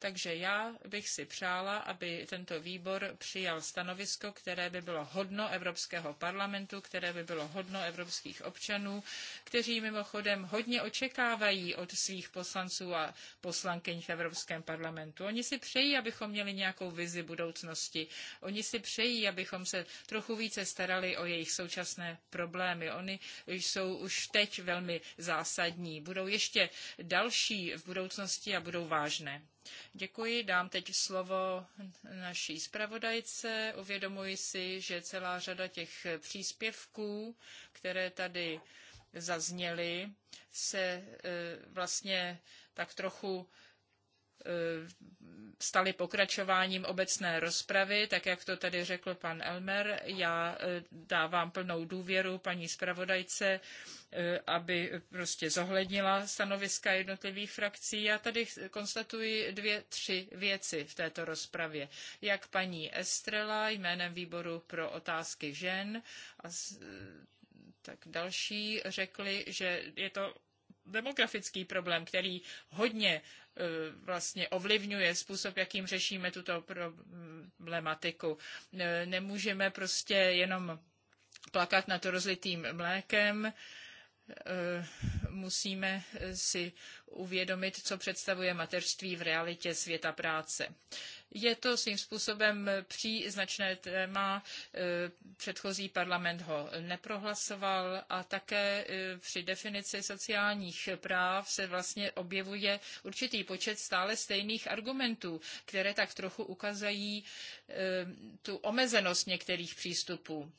Takže já bych si přála, aby tento výbor přijal stanovisko, které by bylo hodno Evropského parlamentu, které by bylo hodno evropských občanů, kteří mimochodem hodně očekávají od svých poslanců a poslankyň v Evropském parlamentu. Oni si přejí, abychom měli nějakou vizi budoucnosti. Oni si přejí, abychom se trochu více starali o jejich současné problémy. Oni jsou už teď velmi zásadní. Budou ještě další v budoucnosti a budou vážné. Děkuji, dám teď slovo naší zpravodajce. Uvědomuji si, že celá řada těch příspěvků, které tady zazněly, se eh, vlastně tak trochu E, staly pokračováním obecné rozpravy, tak jak to tady řekl pan Elmer. Já e, dávám plnou důvěru paní zpravodajce, e, aby prostě zohlednila stanoviska jednotlivých frakcí. Já tady konstatuji dvě, tři věci v této rozpravě. Jak paní Estrela jménem výboru pro otázky žen a tak další řekli, že je to demografický problém, který hodně Eh, vlastně ovlivňuje způsob, jakým řešíme tuto problematiku. Eh, nemůžeme prostě jenom plakat na to rozlitým mlékem, eh, musíme si uvědomit, co představuje mateřství v realitě světa práce. Je to svým způsobem příznačné téma. Eh, předchozí parlament ho neprohlasoval a také eh, při definici sociálních práv se vlastně objevuje určitý počet stále stejných argumentů, které tak trochu ukazují eh, tu omezenost některých přístupů.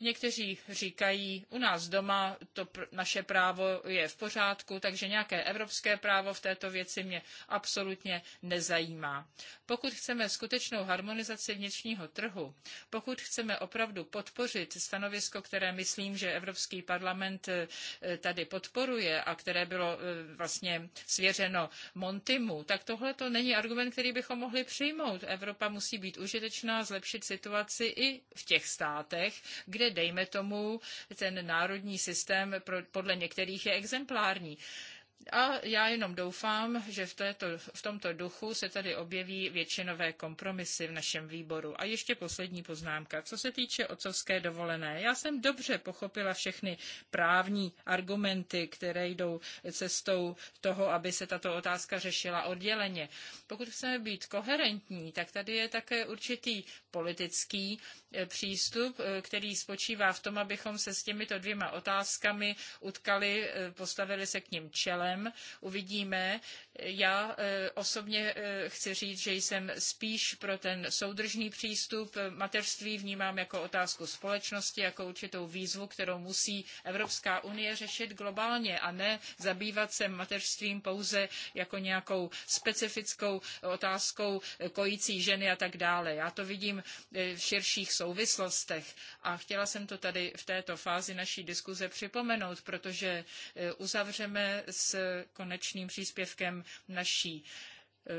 Někteří říkají, u nás doma to pr- naše právo je v pořádku, takže nějaké evropské právo v této věci mě absolutně nezajímá. Pokud chceme chceme skutečnou harmonizaci vnitřního trhu, pokud chceme opravdu podpořit stanovisko, které myslím, že Evropský parlament eh, tady podporuje a které bylo eh, vlastně svěřeno Montimu, tak tohle to není argument, který bychom mohli přijmout. Evropa musí být užitečná, zlepšit situaci i v těch státech, kde, dejme tomu, ten národní systém podle některých je exemplární. A já jenom doufám, že v, této, v tomto duchu se tady objeví většinové kompromisy v našem výboru. A ještě poslední poznámka. Co se týče otcovské dovolené, já jsem dobře pochopila všechny právní argumenty, které jdou cestou toho, aby se tato otázka řešila odděleně. Pokud chceme být koherentní, tak tady je také určitý politický eh, přístup, eh, který spočívá v tom, abychom se s těmito dvěma otázkami utkali, eh, postavili se k ním čele problém. Uvidíme, já eh, osobně eh, chci říct, že jsem spíš pro ten soudržný přístup. Mateřství vnímám jako otázku společnosti, jako určitou výzvu, kterou musí Evropská unie řešit globálně a ne zabývat se mateřstvím pouze jako nějakou specifickou otázkou eh, kojící ženy a tak dále. Já to vidím v širších souvislostech a chtěla jsem to tady v této fázi naší diskuze připomenout, protože uzavřeme s konečným příspěvkem naší eh,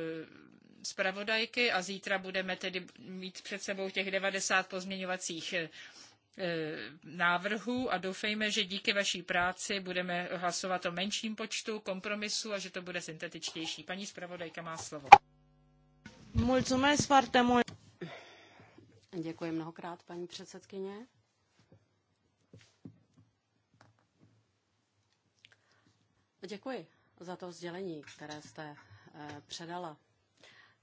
zpravodajky a zítra budeme tedy mít před sebou těch 90 pozměňovacích eh, návrhů a doufejme, že díky vaší práci budeme hlasovat o menším počtu kompromisu a že to bude syntetičtější. Paní zpravodajka má slovo. Děkuji mnohokrát, paní předsedkyně. Děkuji za to sdělení, které jste eh, předala.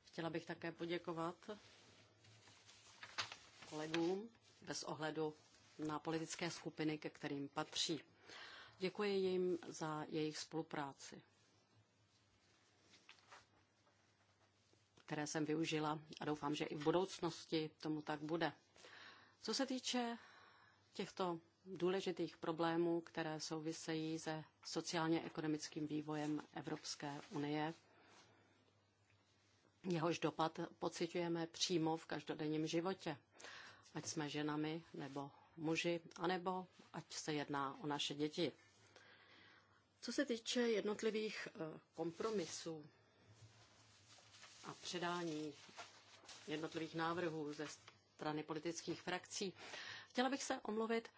Chtěla bych také poděkovat kolegům bez ohledu na politické skupiny, ke kterým patří. Děkuji jim za jejich spolupráci, které jsem využila a doufám, že i v budoucnosti tomu tak bude. Co se týče těchto důležitých problémů, které souvisejí se sociálně-ekonomickým vývojem Evropské unie. Jehož dopad pociťujeme přímo v každodenním životě, ať jsme ženami nebo muži, anebo ať se jedná o naše děti. Co se týče jednotlivých eh, kompromisů a předání jednotlivých návrhů ze strany politických frakcí, chtěla bych se omluvit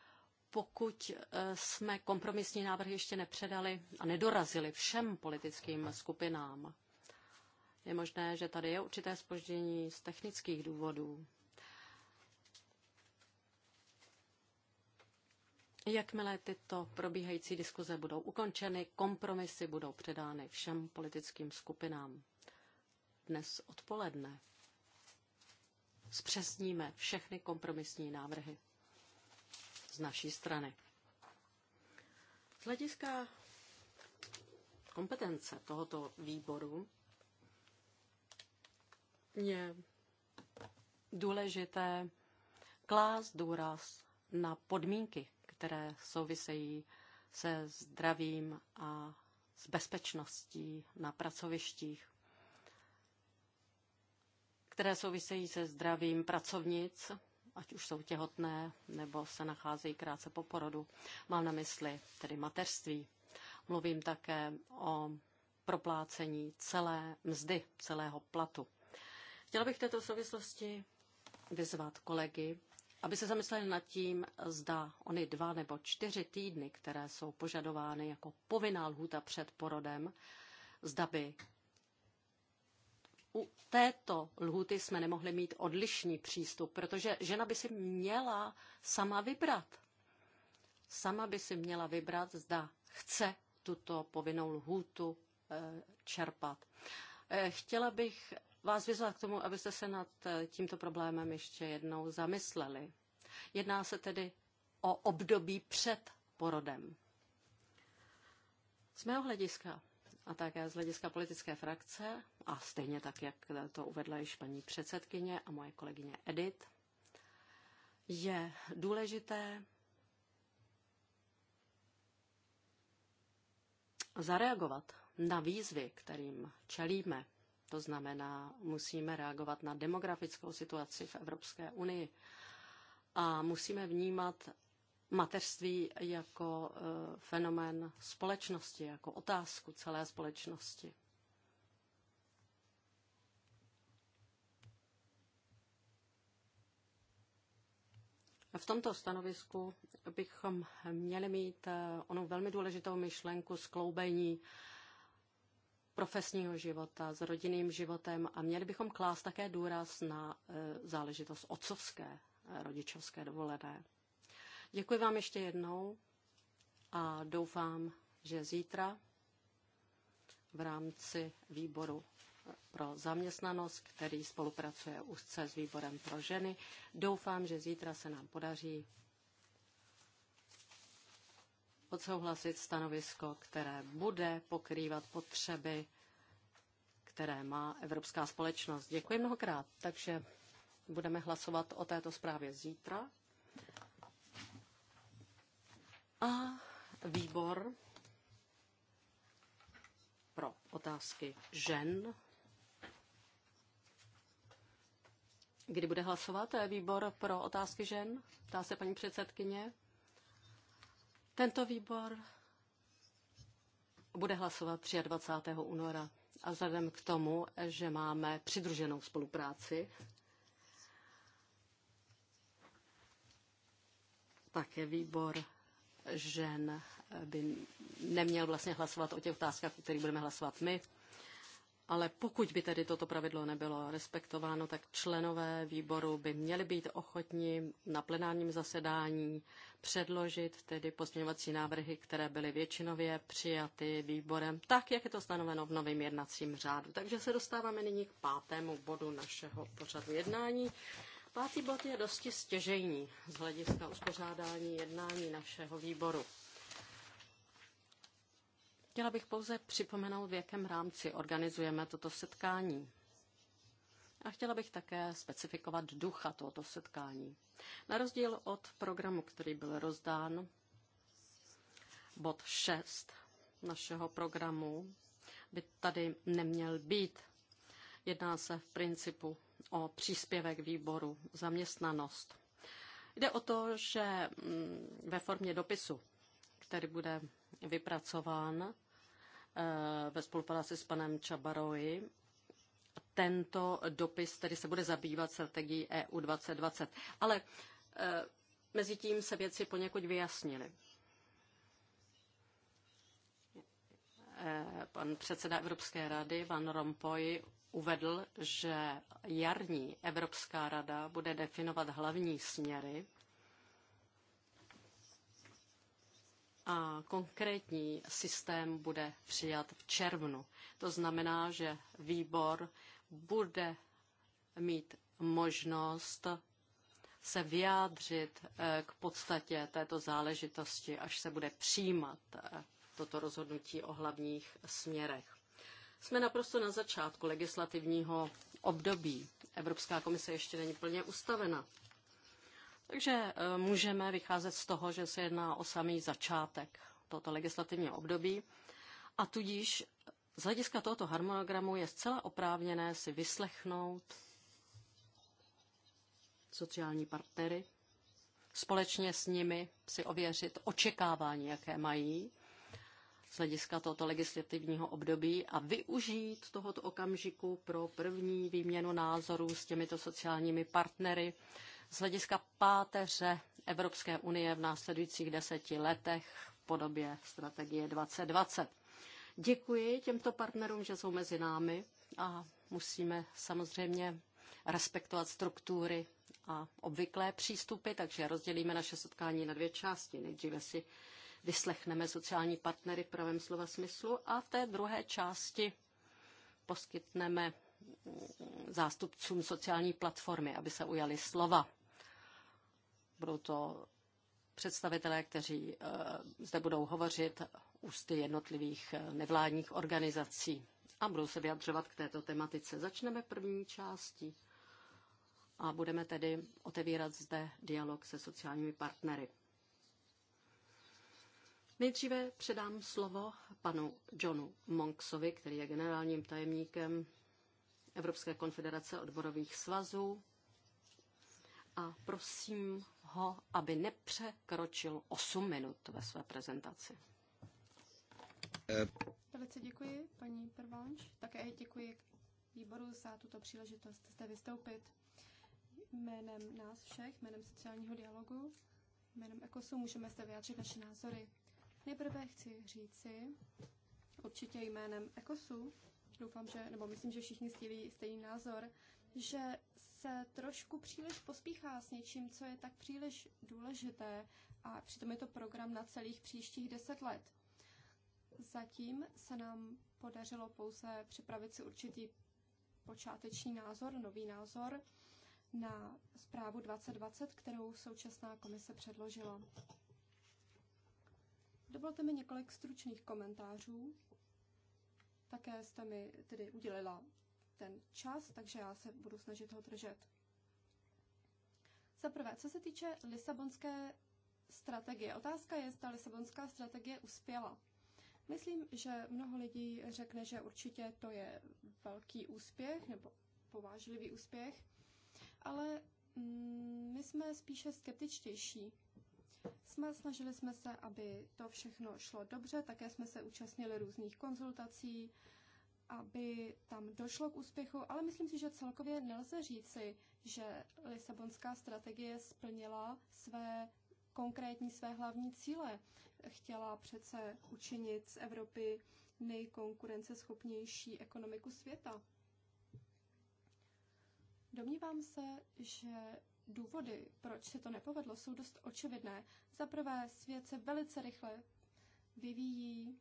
pokud eh, jsme kompromisní návrhy ještě nepředali a nedorazili všem politickým skupinám. Je možné, že tady je určité spoždění z technických důvodů. Jakmile tyto probíhající diskuze budou ukončeny, kompromisy budou předány všem politickým skupinám. Dnes odpoledne zpřesníme všechny kompromisní návrhy z naší strany. Z hlediska kompetence tohoto výboru je důležité klást důraz na podmínky, které souvisejí se zdravím a s bezpečností na pracovištích, které souvisejí se zdravím pracovnic ať už jsou těhotné nebo se nacházejí krátce po porodu. Mám na mysli tedy mateřství. Mluvím také o proplácení celé mzdy, celého platu. Chtěla bych v této souvislosti vyzvat kolegy, aby se zamysleli nad tím, zda ony dva nebo čtyři týdny, které jsou požadovány jako povinná lhůta před porodem, zda by u této lhuty jsme nemohli mít odlišný přístup, protože žena by si měla sama vybrat. Sama by si měla vybrat, zda chce tuto povinnou lhůtu eh, čerpat. Eh, chtěla bych vás vyzvat k tomu, abyste se nad eh, tímto problémem ještě jednou zamysleli. Jedná se tedy o období před porodem. Z mého hlediska a také z hlediska politické frakce a stejně tak, jak to uvedla již paní předsedkyně a moje kolegyně Edit, je důležité zareagovat na výzvy, kterým čelíme. To znamená, musíme reagovat na demografickou situaci v Evropské unii a musíme vnímat mateřství jako e, fenomén společnosti, jako otázku celé společnosti. V tomto stanovisku bychom měli mít e, onu velmi důležitou myšlenku skloubení profesního života s rodinným životem a měli bychom klást také důraz na e, záležitost otcovské rodičovské dovolené. Děkuji vám ještě jednou a doufám, že zítra v rámci výboru pro zaměstnanost, který spolupracuje úzce s výborem pro ženy. Doufám, že zítra se nám podaří odsouhlasit stanovisko, které bude pokrývat potřeby, které má evropská společnost. Děkuji mnohokrát. Takže budeme hlasovat o této zprávě zítra. A výbor pro otázky žen, kdy bude hlasovat výbor pro otázky žen, ptá se paní předsedkyně. Tento výbor bude hlasovat 23. února. A vzhledem k tomu, že máme přidruženou spolupráci, také výbor žen by neměl vlastně hlasovat o těch otázkách, o kterých budeme hlasovat my. Ale pokud by tedy toto pravidlo nebylo respektováno, tak členové výboru by měli být ochotni na plenárním zasedání předložit tedy pozměňovací návrhy, které byly většinově přijaty výborem, tak jak je to stanoveno v novém jednacím řádu. Takže se dostáváme nyní k pátému bodu našeho pořadu jednání. Pátý bod je dosti stěžejní z hlediska uspořádání jednání našeho výboru. Chtěla bych pouze připomenout, v jakém rámci organizujeme toto setkání. A chtěla bych také specifikovat ducha tohoto setkání. Na rozdíl od programu, který byl rozdán, bod 6 našeho programu by tady neměl být. Jedná se v principu o příspěvek výboru zaměstnanost. Jde o to, že mm, ve formě dopisu, který bude vypracován eh, ve spolupráci s panem Čabaroji, tento dopis tedy se bude zabývat strategií EU 2020. Ale eh, mezi tím se věci poněkud vyjasnily. Eh, pan předseda Evropské rady, Van Rompuy, uvedl, že jarní Evropská rada bude definovat hlavní směry a konkrétní systém bude přijat v červnu. To znamená, že výbor bude mít možnost se vyjádřit eh, k podstatě této záležitosti, až se bude přijímat eh, toto rozhodnutí o hlavních směrech. Jsme naprosto na začátku legislativního období. Evropská komise ještě není plně ustavena. Takže e, můžeme vycházet z toho, že se jedná o samý začátek tohoto legislativního období a tudíž e, z hlediska tohoto harmonogramu je zcela oprávněné si vyslechnout sociální partnery, společně s nimi si ověřit očekávání, jaké mají z hlediska tohoto legislativního období a využít tohoto okamžiku pro první výměnu názorů s těmito sociálními partnery z hlediska páteře Evropské unie v následujících deseti letech v podobě strategie 2020. Děkuji těmto partnerům, že jsou mezi námi a musíme samozřejmě respektovat struktury a obvyklé přístupy, takže rozdělíme naše setkání na dvě části. Nejdříve si vyslechneme sociální partnery v pravém slova smyslu a v té druhé části poskytneme zástupcům sociální platformy, aby se ujali slova. Budou to představitelé, kteří eh, zde budou hovořit ústy jednotlivých eh, nevládních organizací a budou se vyjadřovat k této tematice. Začneme první části a budeme tedy otevírat zde dialog se sociálními partnery. Nejdříve předám slovo panu Johnu Monksovi, který je generálním tajemníkem Evropské konfederace odborových svazů. A prosím ho, aby nepřekročil 8 minut ve své prezentaci. Velice děkuji, paní Prvánč. Také děkuji výboru za tuto příležitost zde vystoupit. Jménem nás všech, jménem sociálního dialogu, jménem ECOSu můžeme zde vyjádřit naše názory. Nejprve chci říci, určitě jménem ECOSu, doufám, že, nebo myslím, že všichni sdílí stejný názor, že se trošku příliš pospíchá s něčím, co je tak příliš důležité a přitom je to program na celých příštích deset let. Zatím se nám podařilo pouze připravit si určitý počáteční názor, nový názor na zprávu 2020, kterou současná komise předložila. Dovolte mi několik stručných komentářů. Také jste mi tedy udělila ten čas, takže já se budu snažit ho držet. Za prvé, co se týče Lisabonské strategie. Otázka je, zda Lisabonská strategie uspěla. Myslím, že mnoho lidí řekne, že určitě to je velký úspěch nebo povážlivý úspěch, ale mm, my jsme spíše skeptičtější jsme, snažili jsme se, aby to všechno šlo dobře, také jsme se účastnili různých konzultací, aby tam došlo k úspěchu, ale myslím si, že celkově nelze říci, že Lisabonská strategie splnila své konkrétní své hlavní cíle. Chtěla přece učinit z Evropy nejkonkurenceschopnější ekonomiku světa. Domnívám se, že důvody, proč se to nepovedlo, jsou dost očividné. Za prvé, svět se velice rychle vyvíjí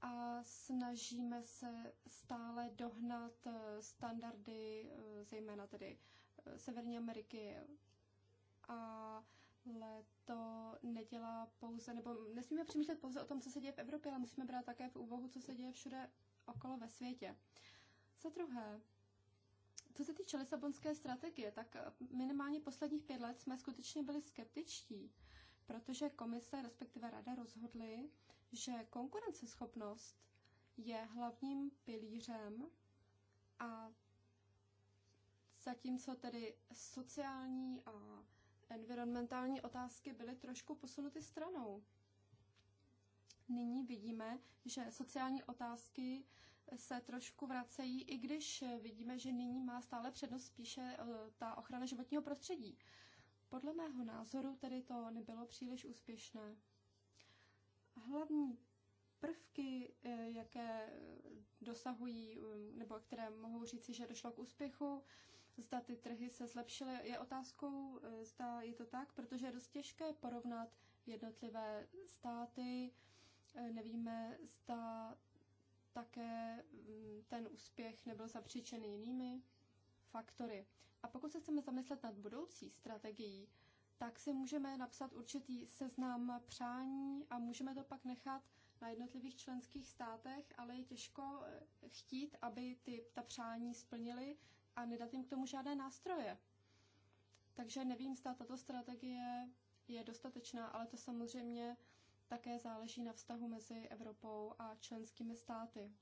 a snažíme se stále dohnat eh, standardy, eh, zejména tedy eh, Severní Ameriky. Ale to nedělá pouze, nebo nesmíme přemýšlet pouze o tom, co se děje v Evropě, ale musíme brát také v úvahu, co se děje všude okolo ve světě. Za druhé, co se týče Lisabonské strategie, tak eh, minimálně posledních pět let jsme skutečně byli skeptičtí, protože komise, respektive rada rozhodly, že konkurenceschopnost je hlavním pilířem a zatímco tedy sociální a environmentální otázky byly trošku posunuty stranou. Nyní vidíme, že sociální otázky se trošku vracejí, i když vidíme, že nyní má stále přednost spíše eh, ta ochrana životního prostředí. Podle mého názoru tedy to nebylo příliš úspěšné. Hlavní prvky, eh, jaké dosahují, eh, nebo které mohou říci, že došlo k úspěchu, zda ty trhy se zlepšily, je otázkou, zda je to tak, protože je dost těžké porovnat jednotlivé státy. Nevíme, zda také mm, ten úspěch nebyl zapříčen jinými faktory. A pokud se chceme zamyslet nad budoucí strategií, tak si můžeme napsat určitý seznam přání a můžeme to pak nechat na jednotlivých členských státech, ale je těžko eh, chtít, aby ty, ta přání splnili a nedat jim k tomu žádné nástroje. Takže nevím, zda tato strategie je dostatečná, ale to samozřejmě také záleží na vztahu mezi Evropou a členskými státy.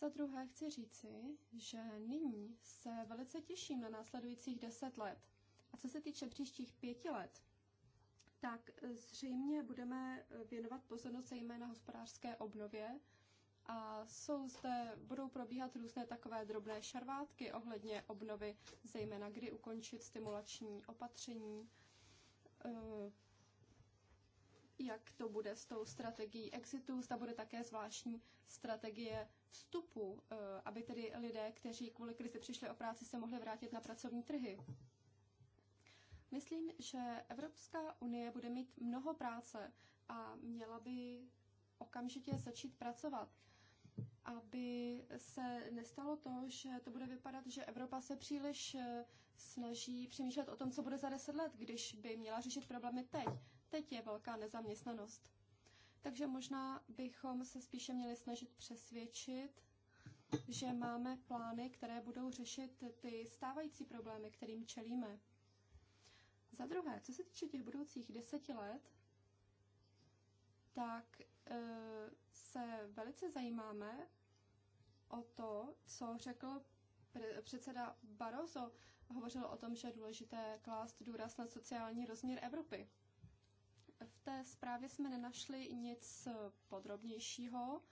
Za druhé chci říci, že nyní se velice těším na následujících deset let. A co se týče příštích pěti let, tak zřejmě budeme věnovat pozornost zejména hospodářské obnově a jsou zde, budou probíhat různé takové drobné šarvátky ohledně obnovy, zejména kdy ukončit stimulační opatření, eh, jak to bude s tou strategií exitu, zda bude také zvláštní strategie vstupu, eh, aby tedy lidé, kteří kvůli krizi přišli o práci, se mohli vrátit na pracovní trhy. Myslím, že Evropská unie bude mít mnoho práce a měla by okamžitě začít pracovat, aby se nestalo to, že to bude vypadat, že Evropa se příliš eh, snaží přemýšlet o tom, co bude za deset let, když by měla řešit problémy teď teď je velká nezaměstnanost. Takže možná bychom se spíše měli snažit přesvědčit, že máme plány, které budou řešit ty stávající problémy, kterým čelíme. Za druhé, co se týče těch budoucích deseti let, tak e, se velice zajímáme o to, co řekl předseda Barroso. Hovořil o tom, že je důležité klást důraz na sociální rozměr Evropy té zprávě jsme nenašli nic podrobnějšího.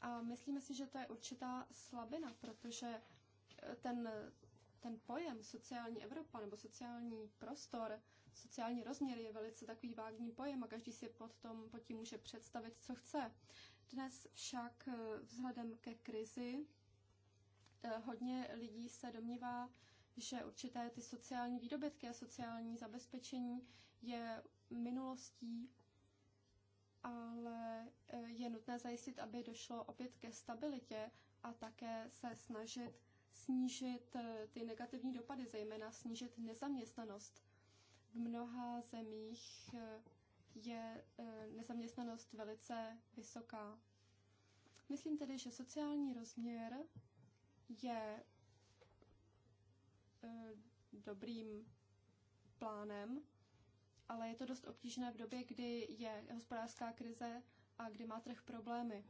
A myslíme si, že to je určitá slabina, protože eh, ten, ten pojem sociální Evropa nebo sociální prostor, sociální rozměr je velice takový vágní pojem a každý si pod, tom, pod tím může představit, co chce. Dnes však eh, vzhledem ke krizi eh, hodně lidí se domnívá, že určité ty sociální výdobytky a sociální zabezpečení je minulostí, ale e, je nutné zajistit, aby došlo opět ke stabilitě a také se snažit snížit e, ty negativní dopady, zejména snížit nezaměstnanost. V mnoha zemích e, je nezaměstnanost velice vysoká. Myslím tedy, že sociální rozměr je Eh, dobrým plánem, ale je to dost obtížné v době, kdy je hospodářská krize a kdy má trh problémy.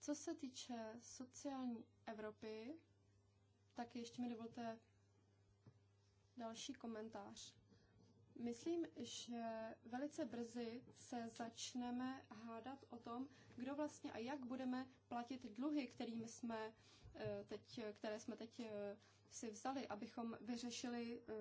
Co se týče sociální Evropy, tak ještě mi dovolte další komentář. Myslím, že velice brzy se začneme hádat o tom, kdo vlastně a jak budeme platit dluhy, kterými jsme eh, teď, které jsme teď eh, si vzali, abychom vyřešili eh,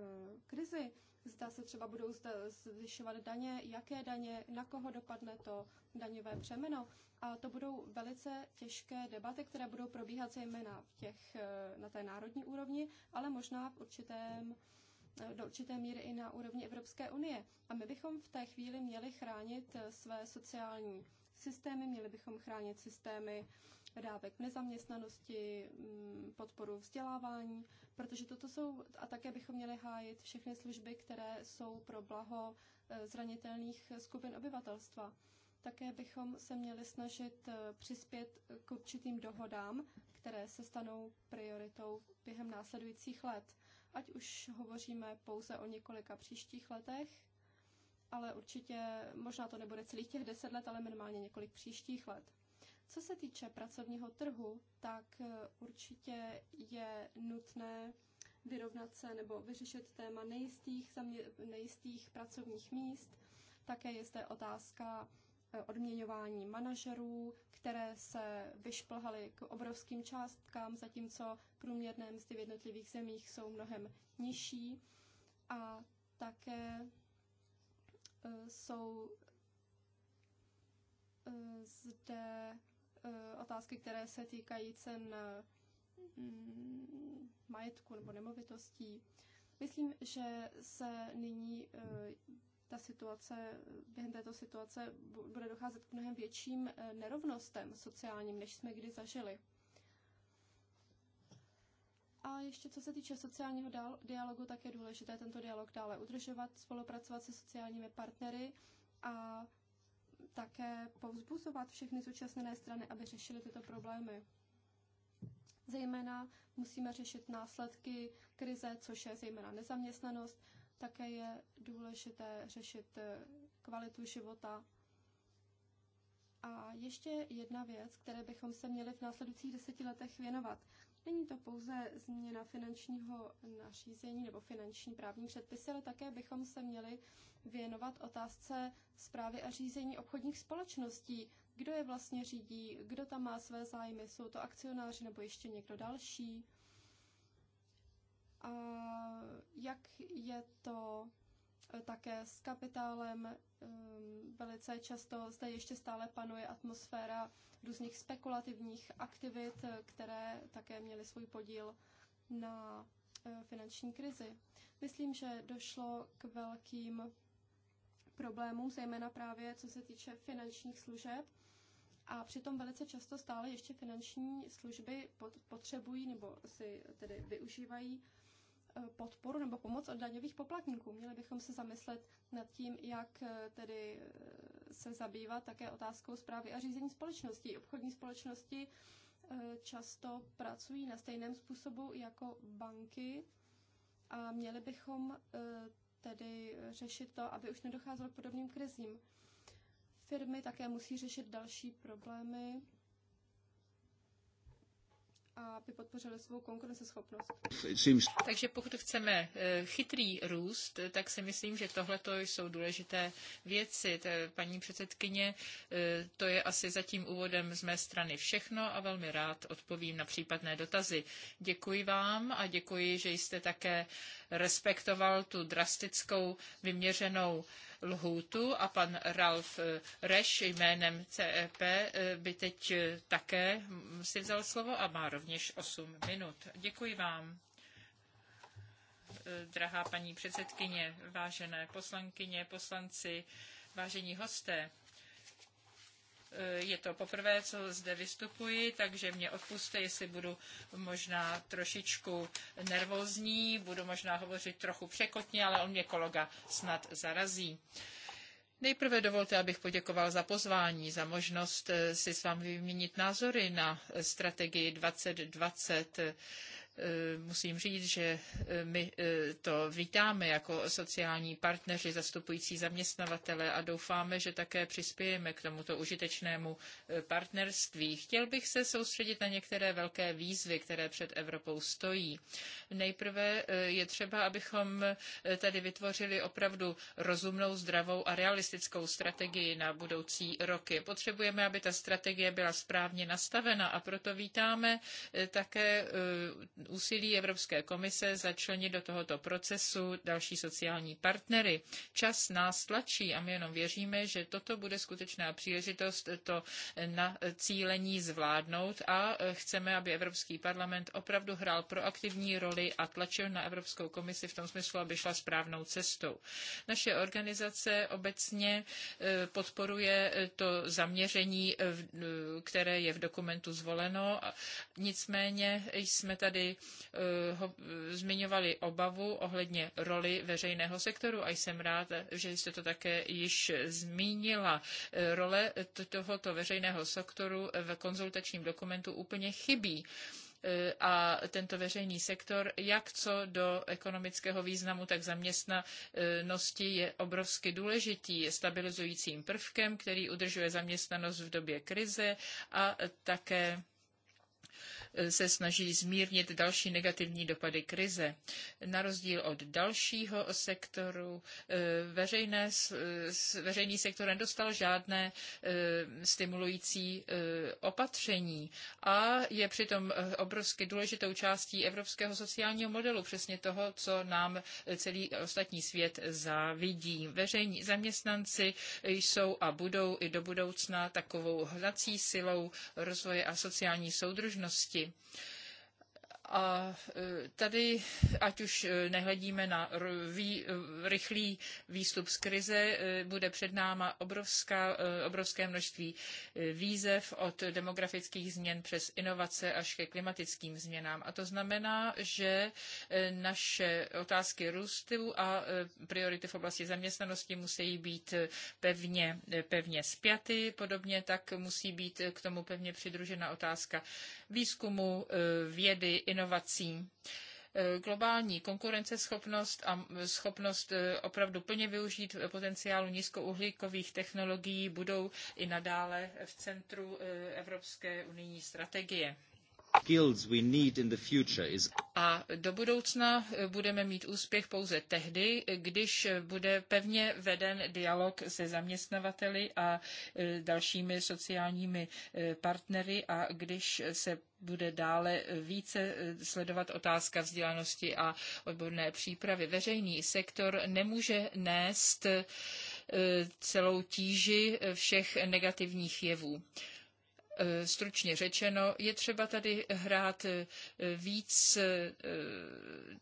krizi. Zda se třeba budou zvyšovat daně, jaké daně, na koho dopadne to daňové přemeno. A to budou velice těžké debaty, které budou probíhat zejména v těch, na té národní úrovni, ale možná v určitém Eh, do určité míry i na úrovni Evropské unie. A my bychom v té chvíli měli chránit eh, své sociální systémy, měli bychom chránit systémy dávek nezaměstnanosti, mm, podporu vzdělávání, protože toto jsou, a také bychom měli hájit všechny služby, které jsou pro blaho eh, zranitelných skupin obyvatelstva. Také bychom se měli snažit přispět k určitým dohodám, které se stanou prioritou během následujících let ať už hovoříme pouze o několika příštích letech, ale určitě možná to nebude celých těch deset let, ale minimálně několik příštích let. Co se týče pracovního trhu, tak eh, určitě je nutné vyrovnat se nebo vyřešit téma nejistých, nejistých pracovních míst. Také je zde otázka odměňování manažerů, které se vyšplhaly k obrovským částkám, zatímco průměrné mzdy v jednotlivých zemích jsou mnohem nižší. A také e, jsou e, zde e, otázky, které se týkají cen mm, majetku nebo nemovitostí. Myslím, že se nyní ta situace, během této situace bude docházet k mnohem větším eh, nerovnostem sociálním, než jsme kdy zažili. A ještě co se týče sociálního dialogu, tak je důležité tento dialog dále udržovat, spolupracovat se sociálními partnery a také povzbuzovat všechny zúčastněné strany, aby řešily tyto problémy. Zejména musíme řešit následky krize, což je zejména nezaměstnanost, také je důležité řešit eh, kvalitu života. A ještě jedna věc, které bychom se měli v následujících deseti letech věnovat. Není to pouze změna finančního nařízení nebo finanční právní předpisy, ale také bychom se měli věnovat otázce zprávy a řízení obchodních společností. Kdo je vlastně řídí, kdo tam má své zájmy, jsou to akcionáři nebo ještě někdo další jak je to eh, také s kapitálem. Eh, velice často zde ještě stále panuje atmosféra různých spekulativních aktivit, eh, které také měly svůj podíl na finanční krizi. Myslím, že došlo k velkým problémům, zejména právě co se týče finančních služeb. A přitom velice často stále ještě finanční služby potřebují nebo si tedy využívají Eh, podporu nebo pomoc od daňových poplatníků. Měli bychom se zamyslet nad tím, jak eh, tedy eh, se zabývat také otázkou zprávy a řízení společnosti. Obchodní společnosti často pracují na stejném způsobu jako banky a měli bychom tedy řešit to, aby už nedocházelo k podobným krizím. Firmy také musí řešit další problémy, aby podpořili svou konkurenceschopnost. Takže pokud chceme eh, chytrý růst, eh, tak si myslím, že tohle jsou důležité věci. Paní předsedkyně, eh, to je asi zatím úvodem z mé strany všechno a velmi rád odpovím na případné dotazy. Děkuji vám a děkuji, že jste také respektoval tu drastickou vyměřenou lhůtu a pan Ralf eh, Reš jménem CEP eh, by teď eh, také si vzal slovo a má rovněž 8 minut. Děkuji vám drahá paní předsedkyně, vážené poslankyně, poslanci, vážení hosté. Eh, je to poprvé, co zde vystupuji, takže mě odpuste, jestli budu možná trošičku nervózní, budu možná hovořit trochu překotně, ale on mě kolega snad zarazí. Nejprve dovolte, abych poděkoval za pozvání, za možnost eh, si s vámi vyměnit názory na strategii 2020 Eh, musím říct, že eh, my eh, to vítáme jako sociální partneři zastupující zaměstnavatele a doufáme, že také přispějeme k tomuto užitečnému partnerství. Chtěl bych se soustředit na některé velké výzvy, které před Evropou stojí. Nejprve je třeba, abychom tady vytvořili opravdu rozumnou, zdravou a realistickou strategii na budoucí roky. Potřebujeme, aby ta strategie byla správně nastavena a proto vítáme také úsilí Evropské komise začlenit do tohoto procesu další sociální partnery. Čas nás tlačí a my jenom věříme, že toto bude skutečná příležitost to na cílení zvládnout a chceme, aby Evropský parlament opravdu hrál proaktivní roli a tlačil na Evropskou komisi v tom smyslu, aby šla správnou cestou. Naše organizace obecně e, podporuje to zaměření, e, které je v dokumentu zvoleno. Nicméně jsme tady tady eh, ho, zmiňovali obavu ohledně roli veřejného sektoru a jsem rád, že jste to také již zmínila. Eh, role tohoto veřejného sektoru v konzultačním dokumentu úplně chybí eh, a tento veřejný sektor, jak co do ekonomického významu, tak zaměstnanosti je obrovsky důležitý, je stabilizujícím prvkem, který udržuje zaměstnanost v době krize a také se snaží zmírnit další negativní dopady krize. Na rozdíl od dalšího sektoru, eh, veřejné, veřejný sektor nedostal žádné eh, stimulující eh, opatření a je přitom obrovsky důležitou částí evropského sociálního modelu, přesně toho, co nám celý ostatní svět závidí. Veřejní zaměstnanci jsou a budou i do budoucna takovou hnací silou rozvoje a sociální soudržnosti oblasti. A e, tady, ať už e, nehledíme na e, rychlý výstup z krize, bude před náma obrovská, obrovské množství výzev od demografických změn přes inovace až ke klimatickým změnám. A to znamená, že naše otázky růstu a priority v oblasti zaměstnanosti musí být pevně, pevně spjaty. Podobně tak musí být k tomu pevně přidružena otázka výzkumu, vědy, Inovací, eh, globální konkurenceschopnost a schopnost eh, opravdu plně využít potenciálu nízkouhlíkových technologií budou i nadále v centru eh, Evropské unijní strategie. A do budoucna eh, budeme mít úspěch pouze tehdy, když eh, bude pevně veden dialog se zaměstnavateli a eh, dalšími sociálními partnery a když se bude dále více sledovat otázka vzdělanosti a odborné přípravy. Veřejný sektor nemůže nést celou tíži všech negativních jevů. Eh, stručně řečeno, je třeba tady hrát eh, víc eh,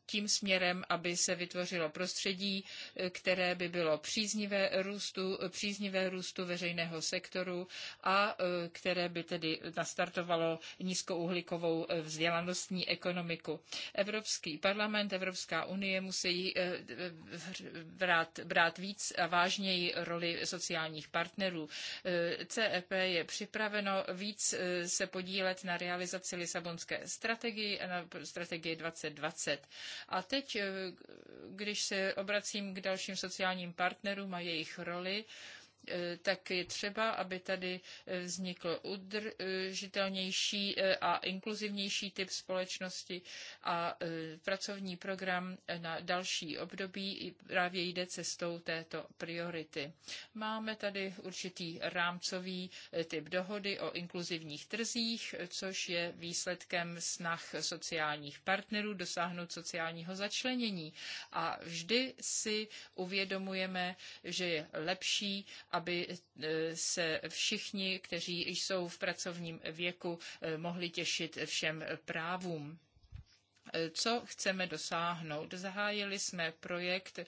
tím směrem, aby se vytvořilo prostředí, které by bylo příznivé růstu, příznivé růstu veřejného sektoru a které by tedy nastartovalo nízkouhlíkovou vzdělanostní ekonomiku. Evropský parlament, Evropská unie musí brát, brát víc a vážněji roli sociálních partnerů. CEP je připraveno víc eh, se podílet na realizaci Lisabonské strategii a na strategii 2020. A teď, eh, když se obracím k dalším sociálním partnerům a jejich roli, Eh, tak je třeba, aby tady eh, vznikl udržitelnější eh, a inkluzivnější typ společnosti a pracovní program na další období právě jde cestou této priority. Máme tady určitý rámcový typ dohody o inkluzivních trzích, což je výsledkem snah sociálních partnerů dosáhnout sociálního začlenění. A vždy si uvědomujeme, že je lepší, aby eh, se všichni, kteří jsou v pracovním věku, eh, mohli těšit všem právům eh, co chceme dosáhnout. Zahájili jsme projekt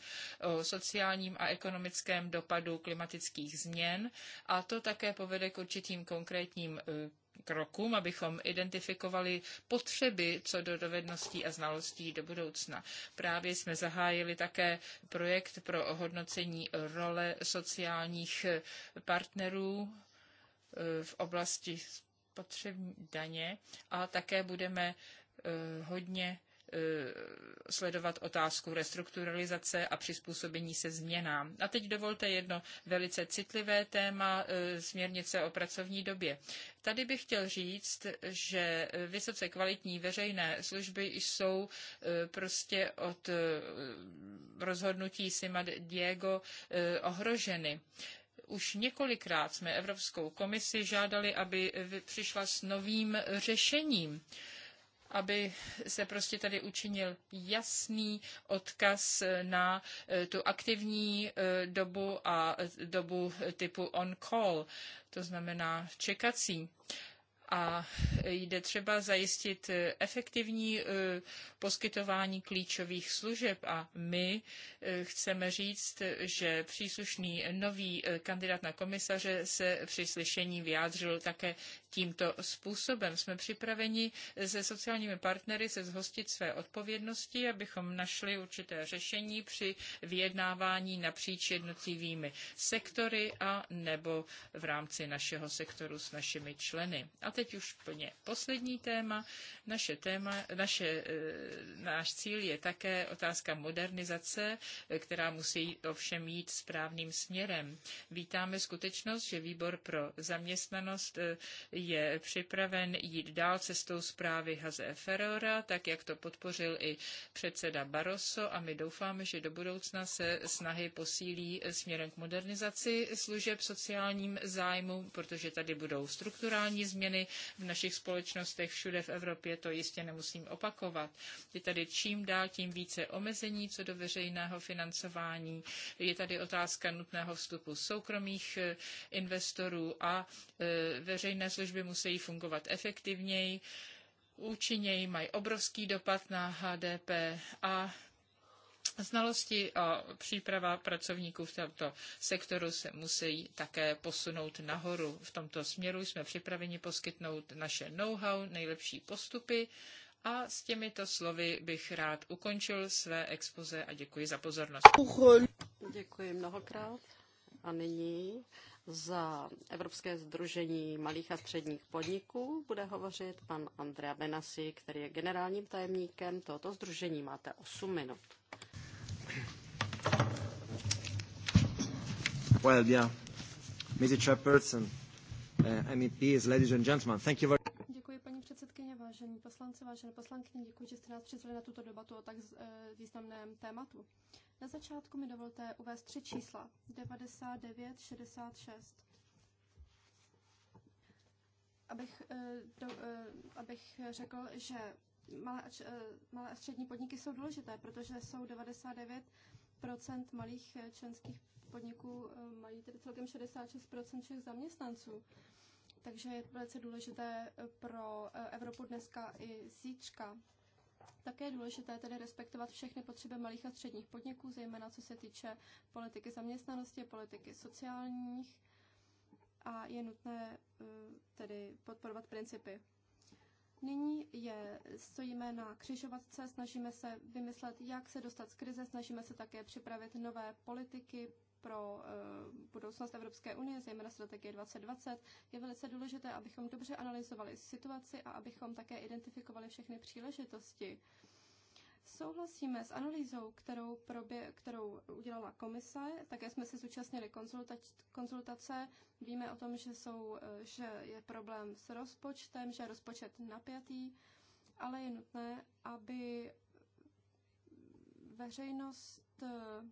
o sociálním a ekonomickém dopadu klimatických změn a to také povede k určitým konkrétním krokům, abychom identifikovali potřeby co do dovedností a znalostí do budoucna. Právě jsme zahájili také projekt pro hodnocení role sociálních partnerů e, v oblasti spotřební daně a také budeme e, hodně Eh, sledovat otázku restrukturalizace a přizpůsobení se změnám. A teď dovolte jedno velice citlivé téma eh, směrnice o pracovní době. Tady bych chtěl říct, že eh, vysoce kvalitní veřejné služby jsou prostě od rozhodnutí Sima Diego ohroženy už několikrát jsme Evropskou komisi žádali, aby přišla s novým řešením aby se prostě tady učinil jasný odkaz na eh, tu aktivní eh, dobu a eh, dobu typu on-call, to znamená čekací a jde třeba zajistit efektivní poskytování klíčových služeb a my chceme říct, že příslušný nový kandidát na komisaře se při slyšení vyjádřil také tímto způsobem. Jsme připraveni se sociálními partnery se zhostit své odpovědnosti, abychom našli určité řešení při vyjednávání napříč jednotlivými sektory a nebo v rámci našeho sektoru s našimi členy. A teď už plně poslední téma. Naše téma, naše, eh, náš cíl je také otázka modernizace, eh, která musí ovšem jít správným směrem. Vítáme skutečnost, že výbor pro zaměstnanost eh, je připraven jít dál cestou zprávy Haze Ferrora, tak jak to podpořil i předseda Barroso a my doufáme, že do budoucna se snahy posílí směrem k modernizaci služeb sociálním zájmu, protože tady budou strukturální změny v našich společnostech všude v Evropě, to jistě nemusím opakovat. Je tady čím dál tím více omezení co do veřejného financování. Je tady otázka nutného vstupu soukromých eh, investorů a eh, veřejné služby služby musí fungovat efektivněji, účinněji, mají obrovský dopad na HDP a Znalosti a příprava pracovníků v tomto sektoru se musí také posunout nahoru. V tomto směru jsme připraveni poskytnout naše know-how, nejlepší postupy a s těmito slovy bych rád ukončil své expoze a děkuji za pozornost. Děkuji mnohokrát a nyní za Evropské združení malých a středních podniků. Bude hovořit pan Andrea Benasi, který je generálním tajemníkem tohoto združení. Máte 8 minut. Well, yeah. Mr. Chairperson, uh, MEPs, ladies and gentlemen, thank you very Děkuji, paní předsedkyně, vážení poslanci, vážené poslankyně, děkuji, že jste nás přizvali na tuto debatu o tak eh, významném tématu. Na začátku mi dovolte uvést tři čísla. 99, 66. Abych, eh, do, eh, abych řekl, že malé a, eh, malé a střední podniky jsou důležité, protože jsou 99 malých členských podniků, mají tedy celkem 66 všech zaměstnanců. Takže je to velice důležité pro Evropu dneska i zítřka. Také je důležité tedy respektovat všechny potřeby malých a středních podniků, zejména co se týče politiky zaměstnanosti, politiky sociálních a je nutné eh, tedy podporovat principy. Nyní je, stojíme na křižovatce, snažíme se vymyslet, jak se dostat z krize, snažíme se také připravit nové politiky, pro eh, budoucnost Evropské unie, zejména strategie 2020, je velice důležité, abychom dobře analyzovali situaci a abychom také identifikovali všechny příležitosti. Souhlasíme s analýzou, kterou, probě, kterou udělala komise. Také jsme se zúčastnili konzultač, konzultace. Víme o tom, že, jsou, eh, že je problém s rozpočtem, že je rozpočet napjatý, ale je nutné, aby veřejnost eh,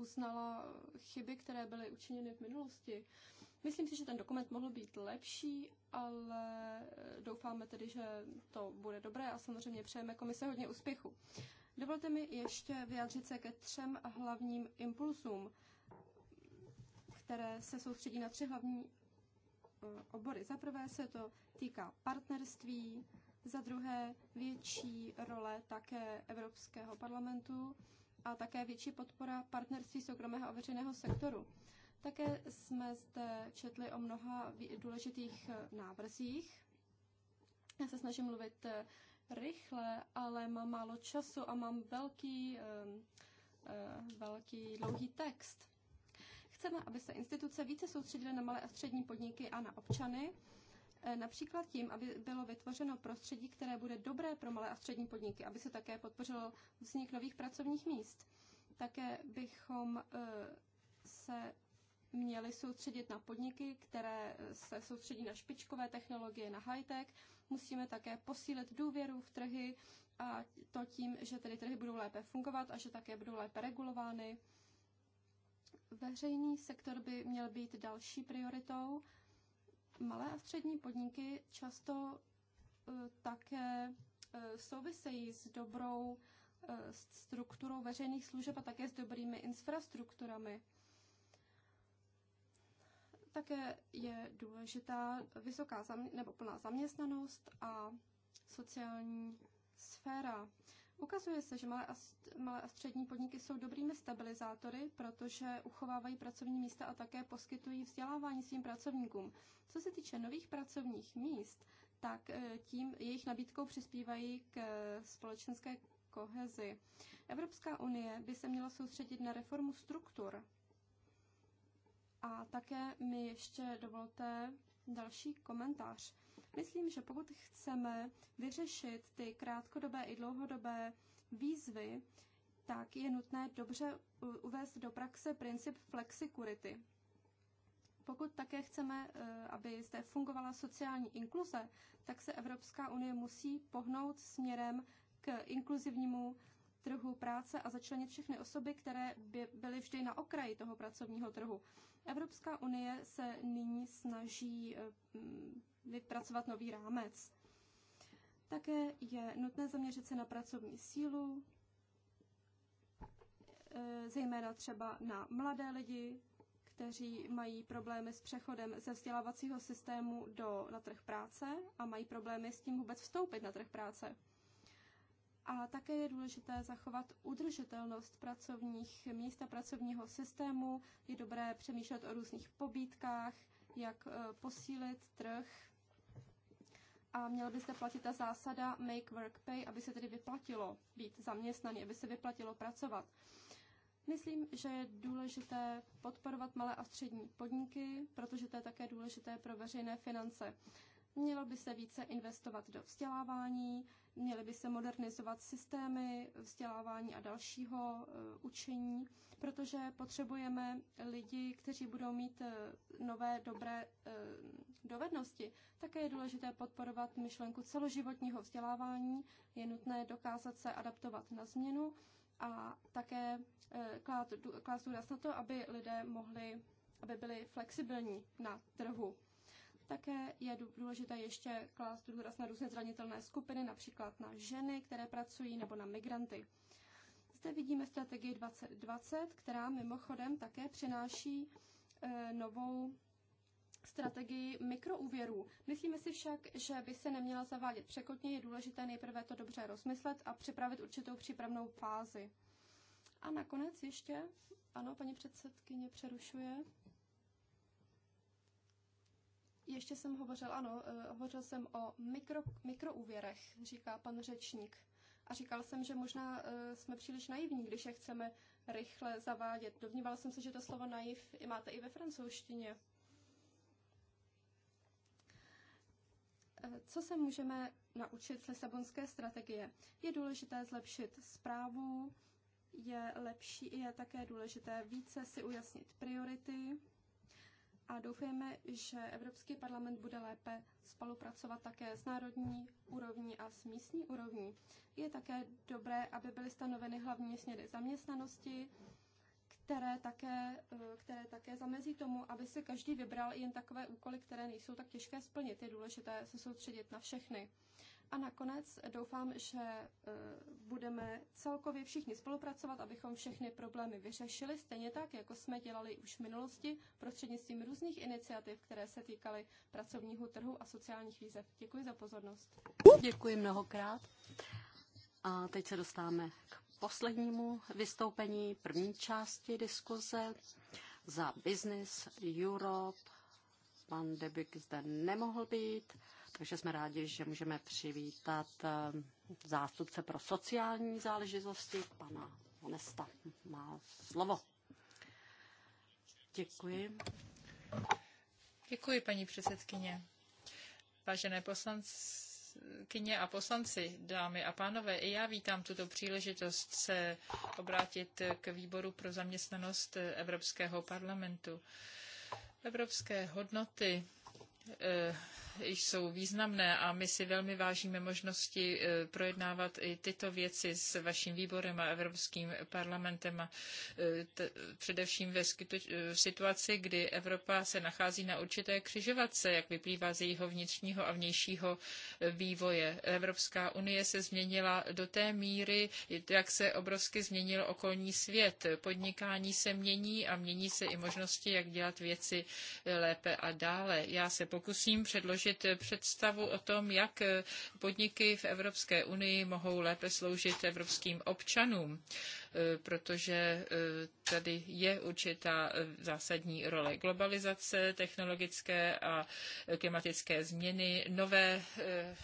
uznala chyby, které byly učiněny v minulosti. Myslím si, že ten dokument mohl být lepší, ale doufáme tedy, že to bude dobré a samozřejmě přejeme komise hodně úspěchu. Dovolte mi ještě vyjádřit se ke třem hlavním impulsům, které se soustředí na tři hlavní eh, obory. Za prvé se to týká partnerství, za druhé větší role také Evropského parlamentu a také větší podpora partnerství soukromého a veřejného sektoru. Také jsme zde četli o mnoha důležitých eh, návrzích. Já se snažím mluvit eh, rychle, ale mám málo času a mám velký, ehm, eh, velký dlouhý text. Chceme, aby se instituce více soustředily na malé a střední podniky a na občany, Eh, například tím, aby bylo vytvořeno prostředí, které bude dobré pro malé a střední podniky, aby se také podpořilo vznik nových pracovních míst. Také bychom eh, se měli soustředit na podniky, které eh, se soustředí na špičkové technologie, na high-tech. Musíme také posílit důvěru v trhy a to tím, že tedy trhy budou lépe fungovat a že také budou lépe regulovány. Veřejný sektor by měl být další prioritou malé a střední podniky často eh, také eh, souvisejí s dobrou eh, strukturou veřejných služeb a také s dobrými infrastrukturami. Také je důležitá vysoká zamě- nebo plná zaměstnanost a sociální sféra. Ukazuje se, že malé a, malé a střední podniky jsou dobrými stabilizátory, protože uchovávají pracovní místa a také poskytují vzdělávání svým pracovníkům. Co se týče nových pracovních míst, tak eh, tím jejich nabídkou přispívají k eh, společenské kohezi. Evropská unie by se měla soustředit na reformu struktur. A také mi ještě dovolte další komentář. Myslím, že pokud chceme vyřešit ty krátkodobé i dlouhodobé výzvy, tak je nutné dobře uvést do praxe princip flexikurity. Pokud také chceme, eh, aby zde fungovala sociální inkluze, tak se Evropská unie musí pohnout směrem k inkluzivnímu trhu práce a začlenit všechny osoby, které by byly vždy na okraji toho pracovního trhu. Evropská unie se nyní snaží eh, vypracovat nový rámec. Také je nutné zaměřit se na pracovní sílu, e, zejména třeba na mladé lidi, kteří mají problémy s přechodem ze vzdělávacího systému do, na trh práce a mají problémy s tím vůbec vstoupit na trh práce. A také je důležité zachovat udržitelnost pracovních míst a pracovního systému. Je dobré přemýšlet o různých pobídkách, jak e, posílit trh a měla by se platit ta zásada make work pay, aby se tedy vyplatilo být zaměstnaný, aby se vyplatilo pracovat. Myslím, že je důležité podporovat malé a střední podniky, protože to je také důležité pro veřejné finance. Mělo by se více investovat do vzdělávání, měly by se modernizovat systémy vzdělávání a dalšího eh, učení, protože potřebujeme lidi, kteří budou mít eh, nové dobré eh, dovednosti. Také je důležité podporovat myšlenku celoživotního vzdělávání, je nutné dokázat se adaptovat na změnu a také klást důraz na to, aby lidé mohli, aby byli flexibilní na trhu také je důležité ještě klást důraz na různé zranitelné skupiny, například na ženy, které pracují, nebo na migranty. Zde vidíme strategii 2020, která mimochodem také přináší e, novou strategii mikroúvěrů. Myslíme si však, že by se neměla zavádět překotně, je důležité nejprve to dobře rozmyslet a připravit určitou přípravnou fázi. A nakonec ještě, ano, paní předsedkyně přerušuje. Ještě jsem hovořil, ano, eh, hovořil jsem o mikro, mikroúvěrech, říká pan řečník. A říkal jsem, že možná eh, jsme příliš naivní, když je chceme rychle zavádět. Dovníval jsem se, že to slovo naiv máte i ve francouzštině. Eh, co se můžeme naučit z Lisabonské strategie? Je důležité zlepšit zprávu, je, lepší, je také důležité více si ujasnit priority, a doufejme, že Evropský parlament bude lépe spolupracovat také s národní úrovní a s místní úrovní. Je také dobré, aby byly stanoveny hlavní směry zaměstnanosti, které také, eh, které také zamezí tomu, aby si každý vybral jen takové úkoly, které nejsou tak těžké splnit. Je důležité se soustředit na všechny. A nakonec doufám, že e, budeme celkově všichni spolupracovat, abychom všechny problémy vyřešili, stejně tak, jako jsme dělali už v minulosti prostřednictvím různých iniciativ, které se týkaly pracovního trhu a sociálních výzev. Děkuji za pozornost. Děkuji mnohokrát. A teď se dostáváme k poslednímu vystoupení první části diskuze za Business Europe. Pan Debik zde nemohl být. Takže jsme rádi, že můžeme přivítat eh, zástupce pro sociální záležitosti, pana Honesta. Má slovo. Děkuji. Děkuji, paní předsedkyně. Vážené poslankyně a poslanci, dámy a pánové, i já vítám tuto příležitost se obrátit k výboru pro zaměstnanost Evropského parlamentu. Evropské hodnoty eh, jsou významné a my si velmi vážíme možnosti eh, projednávat i tyto věci s vaším výborem a Evropským parlamentem a eh, především ve eh, situaci, kdy Evropa se nachází na určité křižovatce, jak vyplývá z jejího vnitřního a vnějšího vývoje. Evropská unie se změnila do té míry, jak se obrovsky změnil okolní svět. Podnikání se mění a mění se i možnosti, jak dělat věci lépe a dále. Já se pokusím předložit vytvořit eh, představu o tom, jak eh, podniky v Evropské unii mohou lépe sloužit evropským občanům. Eh, protože eh, tady je určitá eh, zásadní role globalizace, technologické a klimatické změny, nové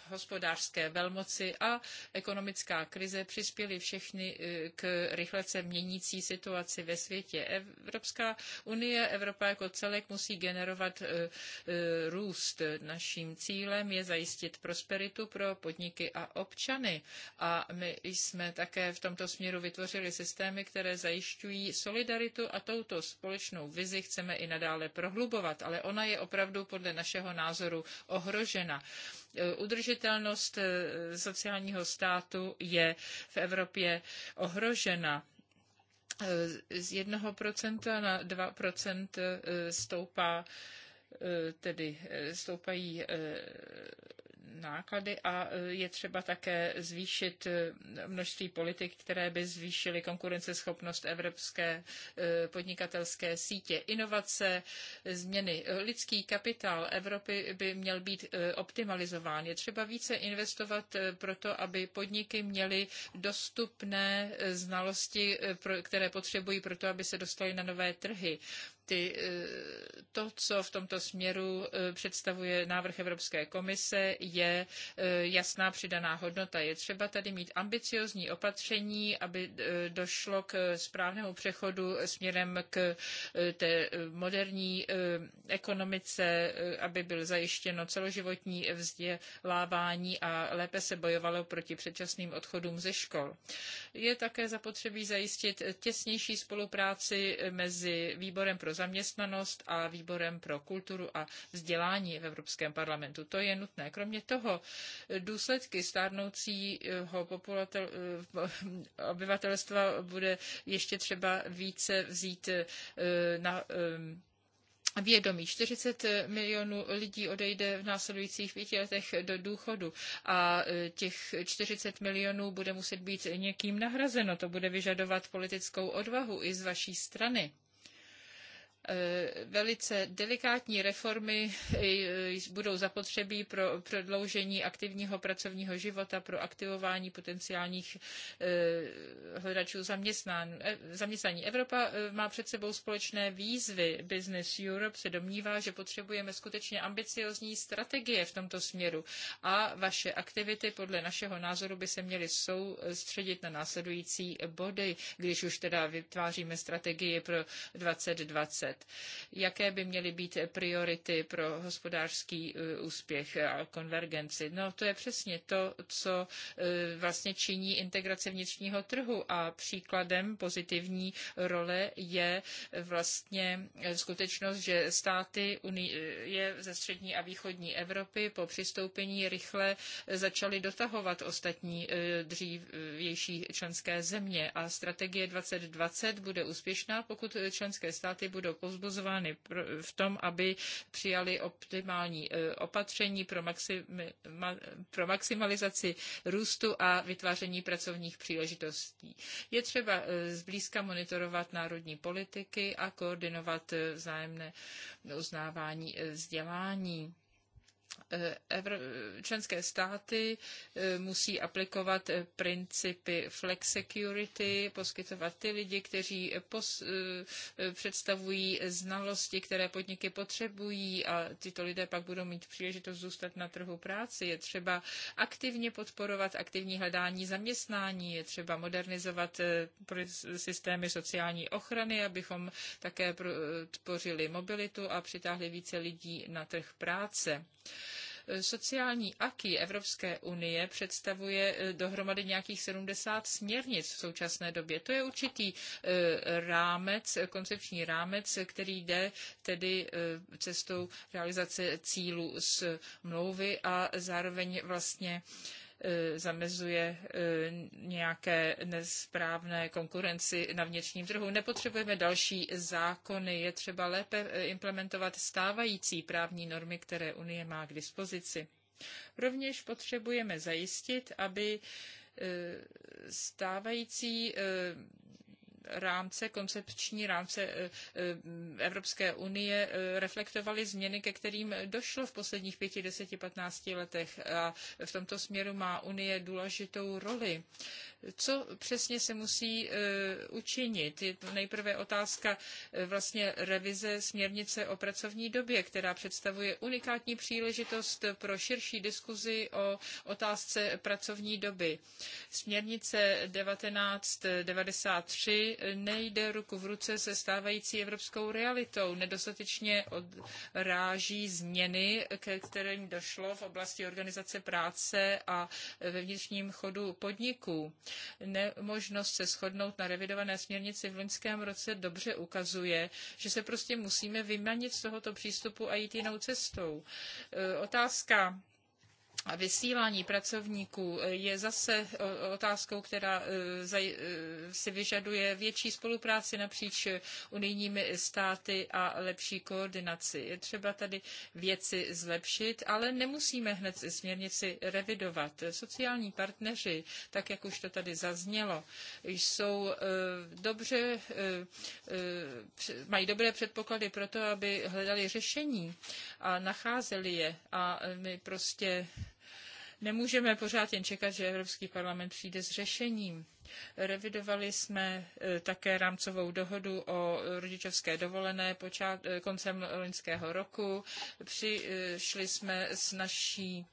hospodářské velmoci a ekonomická krize přispěly všechny k rychle se měnící situaci ve světě. Evropská unie, Evropa jako celek musí generovat růst. Naším cílem je zajistit prosperitu pro podniky a občany. A my jsme také v tomto směru vytvořili systémy, které zajišťují solidaritu a touto společnou vizi chceme i nadále prohlubovat, ale ona je opravdu podle našeho názoru ohrožena. E, udržitelnost e, sociálního státu je v Evropě ohrožena e, z 1% na 2% stoupá, tedy stoupají náklady a e, je třeba také zvýšit e, množství politik, které by zvýšily konkurenceschopnost evropské e, podnikatelské sítě. Inovace, změny, lidský kapitál Evropy by měl být optimalizován. Je třeba více investovat proto, aby podniky měly dostupné znalosti, které potřebují proto, aby se dostali na nové trhy ty, eh, to, co v tomto směru eh, představuje návrh Evropské komise, je eh, jasná přidaná hodnota. Je třeba tady mít ambiciozní opatření, aby došlo k správnému přechodu směrem k té moderní ekonomice, aby byl zajištěno celoživotní vzdělávání a lépe se bojovalo proti předčasným odchodům ze škol. Je také zapotřebí zajistit těsnější spolupráci mezi výborem pro zaměstnanost a výborem pro kulturu a vzdělání v Evropském parlamentu. To je nutné. Kromě toho důsledky stárnoucího eh, obyvatelstva bude ještě třeba více vzít eh, na eh, vědomí. 40 milionů lidí odejde v následujících pěti letech do důchodu a těch 40 milionů bude muset být někým nahrazeno. To bude vyžadovat politickou odvahu i z vaší strany. Eh, velice delikátní reformy eh, budou zapotřebí pro prodloužení aktivního pracovního života, pro aktivování potenciálních eh, hledačů zaměstnání. Evropa má před sebou společné výzvy. Business Europe se domnívá, že potřebujeme skutečně ambiciozní strategie v tomto směru a vaše aktivity podle našeho názoru by se měly soustředit na následující body, když už teda vytváříme strategii pro 2020 let. Jaké by měly být priority pro hospodářský e, úspěch a konvergenci? No to je přesně to, co e, vlastně činí integrace vnitřního trhu a příkladem pozitivní role je vlastně skutečnost, že státy Unie ze střední a východní Evropy po přistoupení rychle začaly dotahovat ostatní e, dřívější členské země a strategie 2020 bude úspěšná, pokud členské státy budou pozbuzovány v tom, aby přijali optimální eh, opatření pro, maxima, pro maximalizaci růstu a vytváření pracovních příležitostí. Je třeba eh, zblízka monitorovat národní politiky a koordinovat eh, vzájemné uznávání vzdělání. Eh, eh, členské státy eh, musí aplikovat principy flexicurity, poskytovat ty lidi, kteří pos, představují znalosti, které podniky potřebují a tyto lidé pak budou mít příležitost zůstat na trhu práce. Je třeba aktivně podporovat aktivní hledání zaměstnání, je třeba modernizovat systémy sociální ochrany, abychom také tvořili mobilitu a přitáhli více lidí na trh práce. Sociální aký Evropské unie představuje eh, dohromady nějakých 70 směrnic v současné době. To je určitý eh, rámec, koncepční rámec, který jde tedy eh, cestou realizace cílů smlouvy a zároveň vlastně E, zamezuje e, nějaké nesprávné konkurenci na vnitřním trhu. Nepotřebujeme další zákony, je třeba lépe e, implementovat stávající právní normy, které Unie má k dispozici. Rovněž potřebujeme zajistit, aby stávající rámce, koncepční rámce eh, eh, Evropské unie eh, reflektovaly změny, ke kterým došlo v posledních pěti, deseti, patnácti letech a v tomto směru má unie důležitou roli. Co přesně se musí učinit? Je to nejprve otázka vlastně revize směrnice o pracovní době, která představuje unikátní příležitost pro širší diskuzi o otázce pracovní doby. Směrnice 1993 nejde ruku v ruce se stávající evropskou realitou. Nedostatečně odráží změny, ke kterým došlo v oblasti organizace práce a ve vnitřním chodu podniků. Nemožnost se shodnout na revidované směrnici v loňském roce dobře ukazuje, že se prostě musíme vymanit z tohoto přístupu a jít jinou cestou. E, otázka vysílání pracovníků eh, je zase eh, otázkou, která eh, si vyžaduje větší spolupráci napříč unijními státy a lepší koordinaci. Je třeba tady věci zlepšit, ale nemusíme hned směrnici revidovat. Sociální partneři, tak jak už to tady zaznělo, jsou dobře, mají dobré předpoklady pro to, aby hledali řešení a nacházeli je. A my prostě Nemůžeme pořád jen čekat, že Evropský parlament přijde s řešením. Revidovali jsme eh, také rámcovou dohodu o rodičovské dovolené počát, eh, koncem loňského roku. Přišli jsme s naší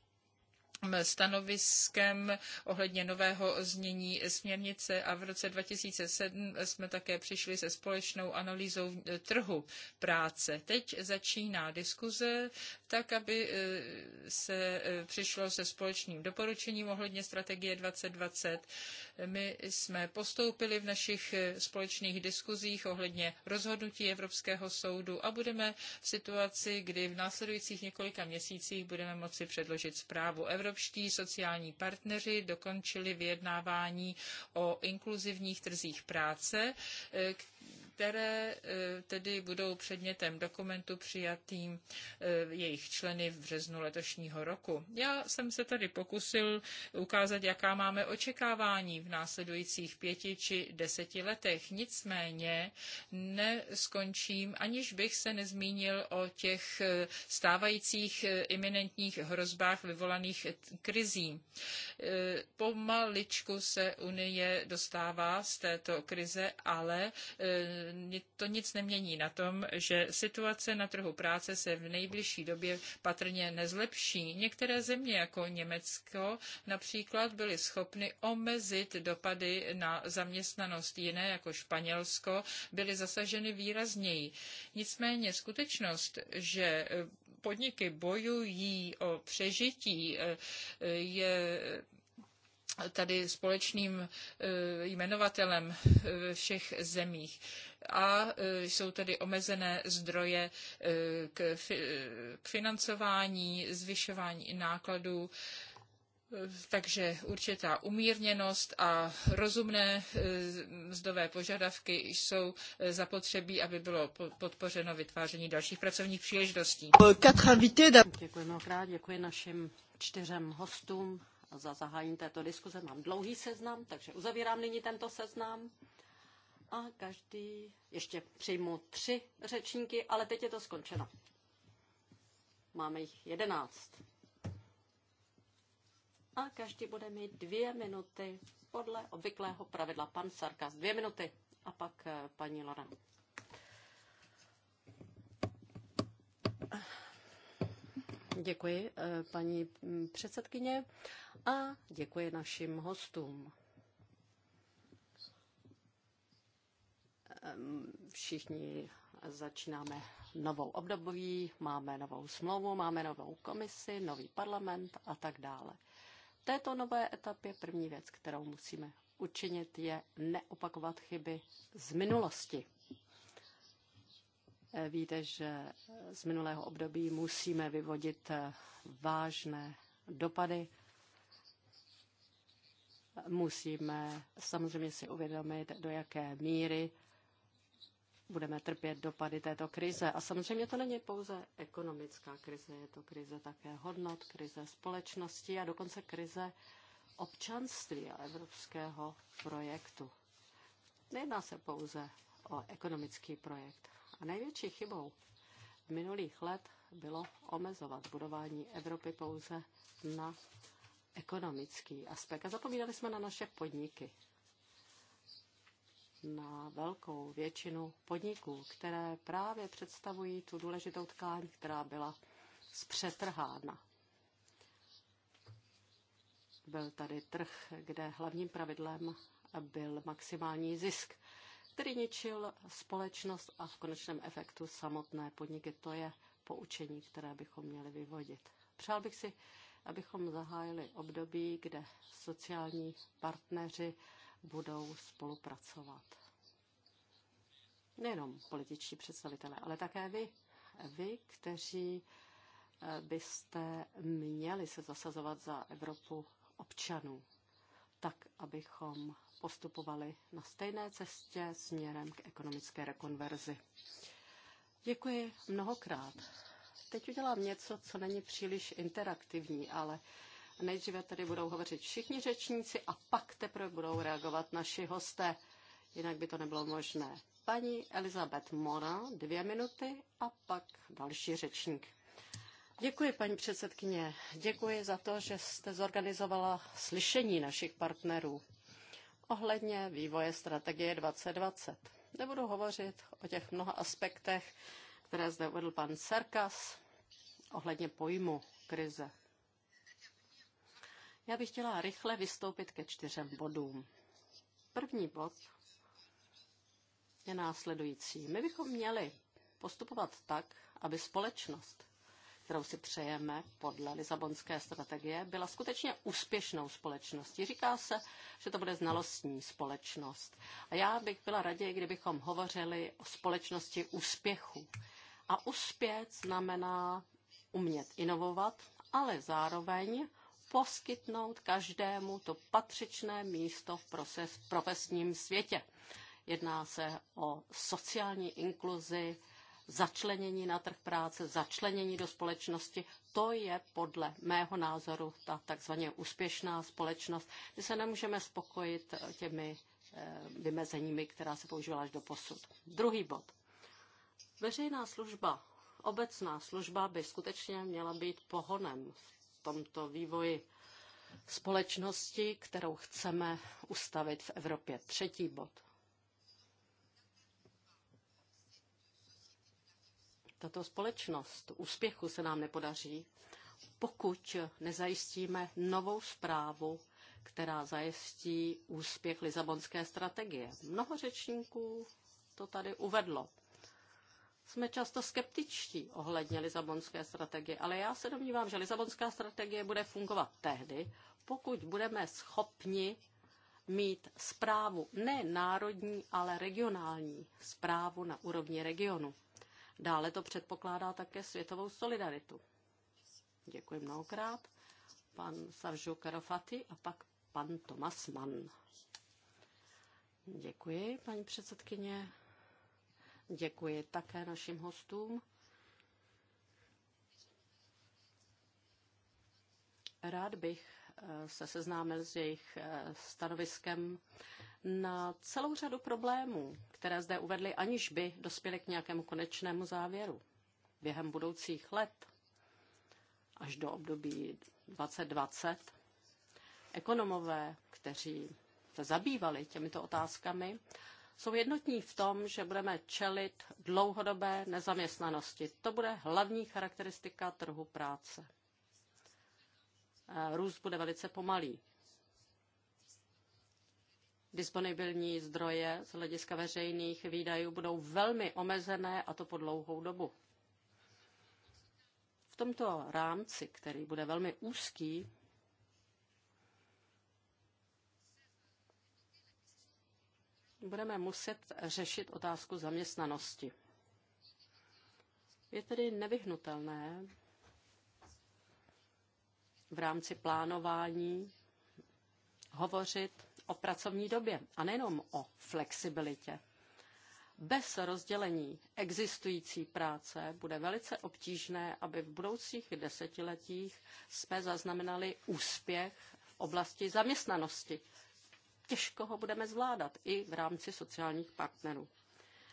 stanoviskem ohledně nového znění směrnice a v roce 2007 jsme také přišli se společnou analýzou eh, trhu práce. Teď začíná diskuze tak, aby eh, se eh, přišlo se společným doporučením ohledně strategie 2020 my jsme postoupili v našich eh, společných diskuzích ohledně rozhodnutí Evropského soudu a budeme v situaci, kdy v následujících několika měsících budeme moci předložit zprávu. Evropští sociální partneři dokončili vyjednávání o inkluzivních trzích práce, eh, které eh, tedy budou předmětem dokumentu přijatým eh, jejich členy v březnu letošního roku. Já jsem se tady pokusil ukázat, jaká máme očekávání v následujících pěti či deseti letech. Nicméně neskončím, aniž bych se nezmínil o těch eh, stávajících iminentních hrozbách vyvolaných krizí. Pomaličku se Unie dostává z této krize, ale to nic nemění na tom, že situace na trhu práce se v nejbližší době patrně nezlepší. Některé země, jako Německo například, byly schopny omezit dopady na zaměstnanost. Jiné, jako Španělsko, byly zasaženy výrazněji. Nicméně skutečnost, že eh, podniky bojují o přežití, eh, je tady společným eh, jmenovatelem ve všech zemích a e, jsou tedy omezené zdroje e, k financování, zvyšování nákladů. Takže určitá umírněnost a rozumné e, mzdové požadavky jsou zapotřebí, aby bylo podpořeno vytváření dalších pracovních příležitostí. Děkuji mnohokrát, děkuji našim čtyřem hostům za zahájení této diskuze. Mám dlouhý seznam, takže uzavírám nyní tento seznam a každý ještě přijmu tři řečníky, ale teď je to skončeno. Máme jich jedenáct. A každý bude mít dvě minuty podle obvyklého pravidla. Pan Sarkas dvě minuty a pak eh, paní Lora. Děkuji, eh, paní mm, předsedkyně, a děkuji našim hostům. všichni začínáme novou období, máme novou smlouvu, máme novou komisi, nový parlament a tak dále. V této nové etapě první věc, kterou musíme učinit, je neopakovat chyby z minulosti. Víte, že z minulého období musíme vyvodit vážné dopady. Musíme samozřejmě si uvědomit, do jaké míry budeme trpět dopady této krize. A samozřejmě to není pouze ekonomická krize, je to krize také hodnot, krize společnosti a dokonce krize občanství a evropského projektu. Nejedná se pouze o ekonomický projekt. A největší chybou minulých let bylo omezovat budování Evropy pouze na ekonomický aspekt. A zapomínali jsme na naše podniky na velkou většinu podniků, které právě představují tu důležitou tkáň, která byla zpřetrhána. Byl tady trh, kde hlavním pravidlem byl maximální zisk, který ničil společnost a v konečném efektu samotné podniky. To je poučení, které bychom měli vyvodit. Přál bych si, abychom zahájili období, kde sociální partneři budou spolupracovat. Nejenom političtí představitelé, ale také vy. Vy, kteří eh, byste měli se zasazovat za Evropu občanů, tak abychom postupovali na stejné cestě směrem k ekonomické rekonverzi. Děkuji mnohokrát. Teď udělám něco, co není příliš interaktivní, ale Nejdříve tedy budou hovořit všichni řečníci a pak teprve budou reagovat naši hosté. Jinak by to nebylo možné. Paní Elizabeth Mora, dvě minuty a pak další řečník. Děkuji, paní předsedkyně. Děkuji za to, že jste zorganizovala slyšení našich partnerů ohledně vývoje strategie 2020. Nebudu hovořit o těch mnoha aspektech, které zde uvedl pan Serkas ohledně pojmu krize. Já bych chtěla rychle vystoupit ke čtyřem bodům. První bod je následující. My bychom měli postupovat tak, aby společnost, kterou si přejeme podle Lisabonské strategie, byla skutečně úspěšnou společností. Říká se, že to bude znalostní společnost. A já bych byla raději, kdybychom hovořili o společnosti úspěchu. A úspěch znamená umět inovovat, ale zároveň poskytnout každému to patřičné místo v profesním světě. Jedná se o sociální inkluzi, začlenění na trh práce, začlenění do společnosti. To je podle mého názoru ta takzvaně úspěšná společnost. My se nemůžeme spokojit těmi eh, vymezeními, která se používala až do posud. Druhý bod. Veřejná služba, obecná služba by skutečně měla být pohonem tomto vývoji společnosti, kterou chceme ustavit v Evropě. Třetí bod. Tato společnost úspěchu se nám nepodaří, pokud nezajistíme novou zprávu, která zajistí úspěch Lisabonské strategie. Mnoho řečníků to tady uvedlo jsme často skeptičtí ohledně Lisabonské strategie, ale já se domnívám, že Lisabonská strategie bude fungovat tehdy, pokud budeme schopni mít zprávu ne národní, ale regionální, zprávu na úrovni regionu. Dále to předpokládá také světovou solidaritu. Děkuji mnohokrát. Pan Savžu Karofati a pak pan Tomas Mann. Děkuji, paní předsedkyně. Děkuji také našim hostům. Rád bych eh, se seznámil s jejich eh, stanoviskem na celou řadu problémů, které zde uvedli, aniž by dospěly k nějakému konečnému závěru během budoucích let až do období 2020. Ekonomové, kteří se zabývali těmito otázkami, jsou jednotní v tom, že budeme čelit dlouhodobé nezaměstnanosti. To bude hlavní charakteristika trhu práce. Eh, růst bude velice pomalý. Disponibilní zdroje z hlediska veřejných výdajů budou velmi omezené a to po dlouhou dobu. V tomto rámci, který bude velmi úzký, budeme muset řešit otázku zaměstnanosti. Je tedy nevyhnutelné v rámci plánování hovořit o pracovní době a nejenom o flexibilitě. Bez rozdělení existující práce bude velice obtížné, aby v budoucích desetiletích jsme zaznamenali úspěch v oblasti zaměstnanosti těžko ho budeme zvládat i v rámci sociálních partnerů.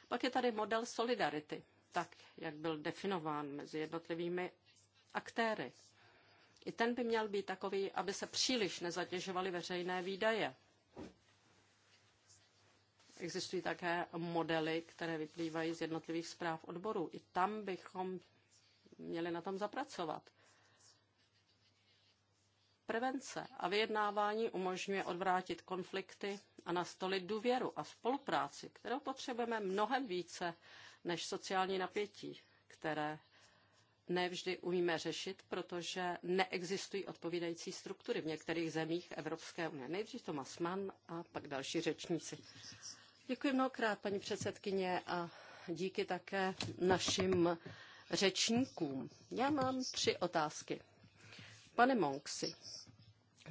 Pak je tady model solidarity, tak jak byl definován mezi jednotlivými aktéry. I ten by měl být takový, aby se příliš nezatěžovaly veřejné výdaje. Existují také modely, které vyplývají z jednotlivých zpráv odborů. I tam bychom měli na tom zapracovat. Prevence a vyjednávání umožňuje odvrátit konflikty a nastolit důvěru a spolupráci, kterou potřebujeme mnohem více než sociální napětí, které nevždy umíme řešit, protože neexistují odpovídající struktury v některých zemích Evropské unie. Nejdřív Tomas Mann a pak další řečníci. Děkuji mnohokrát, paní předsedkyně, a díky také našim řečníkům. Já mám tři otázky. Pane Monksi,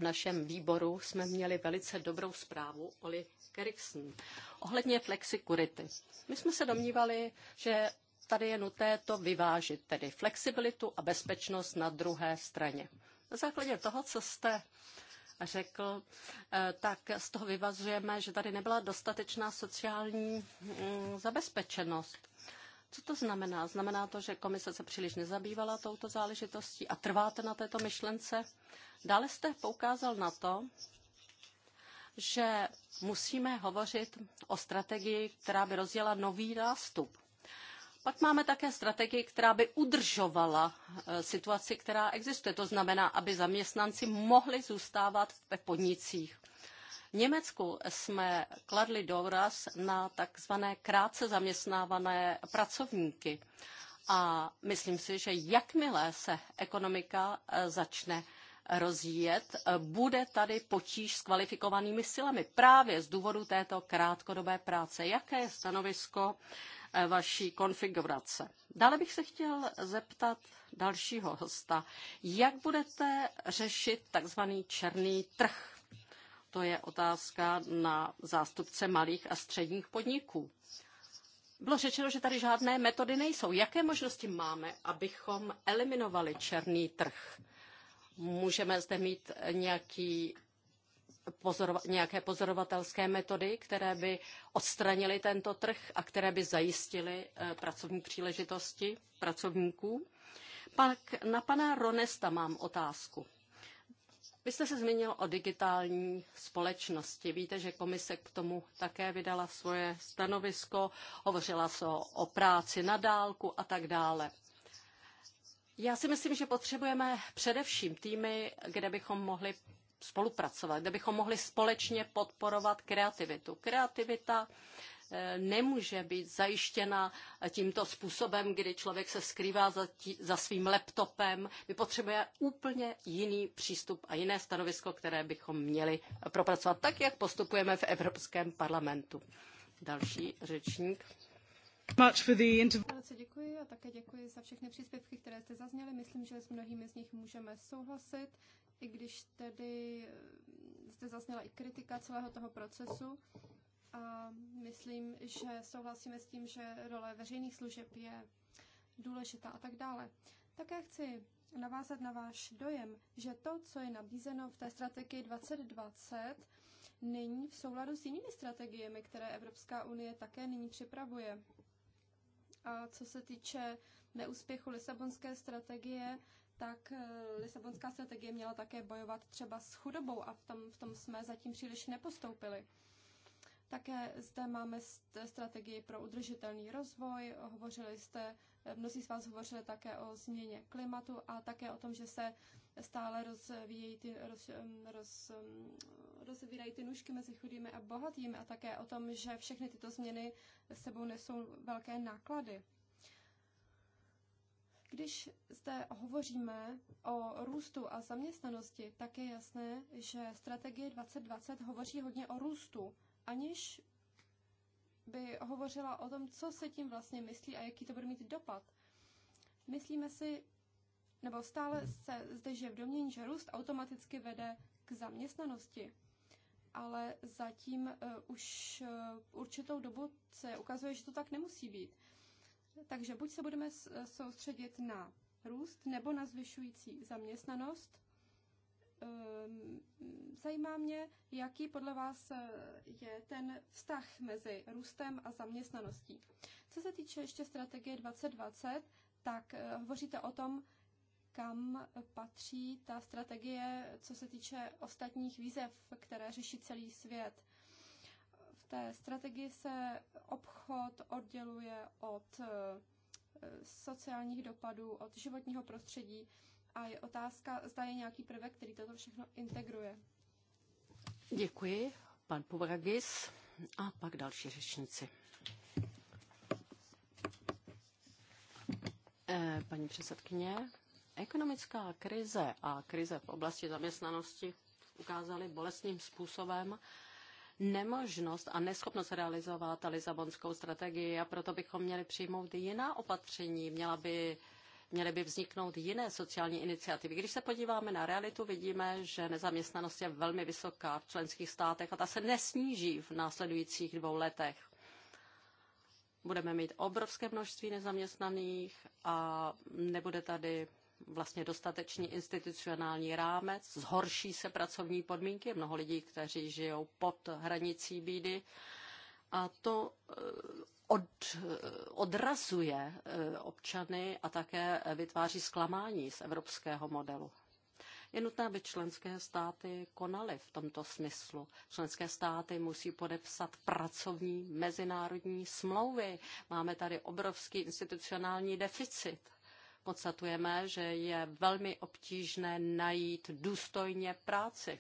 v našem výboru jsme měli velice dobrou zprávu Oli Kerikson ohledně flexikurity. My jsme se domnívali, že tady je nutné to vyvážit, tedy flexibilitu a bezpečnost na druhé straně. Na základě toho, co jste řekl, eh, tak z toho vyvazujeme, že tady nebyla dostatečná sociální mm, zabezpečenost. Co to znamená? Znamená to, že komise se příliš nezabývala touto záležitostí a trváte na této myšlence? Dále jste poukázal na to, že musíme hovořit o strategii, která by rozjela nový nástup. Pak máme také strategii, která by udržovala e, situaci, která existuje. To znamená, aby zaměstnanci mohli zůstávat ve podnicích. V Německu jsme kladli důraz na takzvané krátce zaměstnávané pracovníky. A myslím si, že jakmile se ekonomika eh, začne rozvíjet, eh, bude tady potíž s kvalifikovanými silami právě z důvodu této krátkodobé práce. Jaké je stanovisko eh, vaší konfigurace? Dále bych se chtěl zeptat dalšího hosta. Jak budete řešit takzvaný černý trh? to je otázka na zástupce malých a středních podniků. Bylo řečeno, že tady žádné metody nejsou. Jaké možnosti máme, abychom eliminovali černý trh? Můžeme zde mít nějaký pozorova- nějaké pozorovatelské metody, které by odstranily tento trh a které by zajistily eh, pracovní příležitosti pracovníků? Pak na pana Ronesta mám otázku. Vy jste se zmínil o digitální společnosti. Víte, že komise k tomu také vydala svoje stanovisko, hovořila se o, práci na dálku a tak dále. Já si myslím, že potřebujeme především týmy, kde bychom mohli spolupracovat, kde bychom mohli společně podporovat kreativitu. Kreativita Eh, nemůže být zajištěna tímto způsobem, kdy člověk se skrývá za, tí, za svým laptopem. My potřebujeme úplně jiný přístup a jiné stanovisko, které bychom měli propracovat tak, jak postupujeme v Evropském parlamentu. Další řečník. Velice děkuji a také děkuji za všechny příspěvky, které jste zazněly. Myslím, že s mnohými z nich můžeme souhlasit, i když tedy eh, zde zazněla i kritika celého toho procesu a myslím, že souhlasíme s tím, že role veřejných služeb je důležitá a tak dále. Také chci navázat na váš dojem, že to, co je nabízeno v té strategii 2020, není v souladu s jinými strategiemi, které Evropská unie také nyní připravuje. A co se týče neúspěchu Lisabonské strategie, tak eh, Lisabonská strategie měla také bojovat třeba s chudobou a v tom, v tom jsme zatím příliš nepostoupili. Také zde máme strategii pro udržitelný rozvoj, hovořili jste, mnozí z vás hovořili také o změně klimatu a také o tom, že se stále rozvíjí ty, roz, roz, rozvírají ty nůžky mezi chudými a bohatými a také o tom, že všechny tyto změny sebou nesou velké náklady. Když zde hovoříme o růstu a zaměstnanosti, tak je jasné, že strategie 2020 hovoří hodně o růstu, aniž by hovořila o tom, co se tím vlastně myslí a jaký to bude mít dopad. Myslíme si, nebo stále se zde žije v domění, že růst automaticky vede k zaměstnanosti, ale zatím uh, už uh, určitou dobu se ukazuje, že to tak nemusí být. Takže buď se budeme eh, soustředit na růst nebo na zvyšující zaměstnanost, Ehm, zajímá mě, jaký podle vás eh, je ten vztah mezi růstem a zaměstnaností. Co se týče ještě strategie 2020, tak eh, hovoříte o tom, kam patří ta strategie, co se týče ostatních výzev, které řeší celý svět. V té strategii se obchod odděluje od eh, sociálních dopadů, od životního prostředí. A je otázka, zda je nějaký prvek, který toto všechno integruje. Děkuji, pan Povragis a pak další řečníci. Eh, paní předsedkyně, ekonomická krize a krize v oblasti zaměstnanosti ukázaly bolestným způsobem, nemožnost a neschopnost realizovat Lisabonskou strategii a proto bychom měli přijmout jiná opatření. Měla by měly by vzniknout jiné sociální iniciativy. Když se podíváme na realitu, vidíme, že nezaměstnanost je velmi vysoká v členských státech a ta se nesníží v následujících dvou letech. Budeme mít obrovské množství nezaměstnaných a nebude tady vlastně dostatečný institucionální rámec, zhorší se pracovní podmínky, mnoho lidí, kteří žijou pod hranicí bídy. A to od, odrazuje eh, občany a také vytváří zklamání z evropského modelu. Je nutné, aby členské státy konaly v tomto smyslu. Členské státy musí podepsat pracovní mezinárodní smlouvy. Máme tady obrovský institucionální deficit. Podstatujeme, že je velmi obtížné najít důstojně práci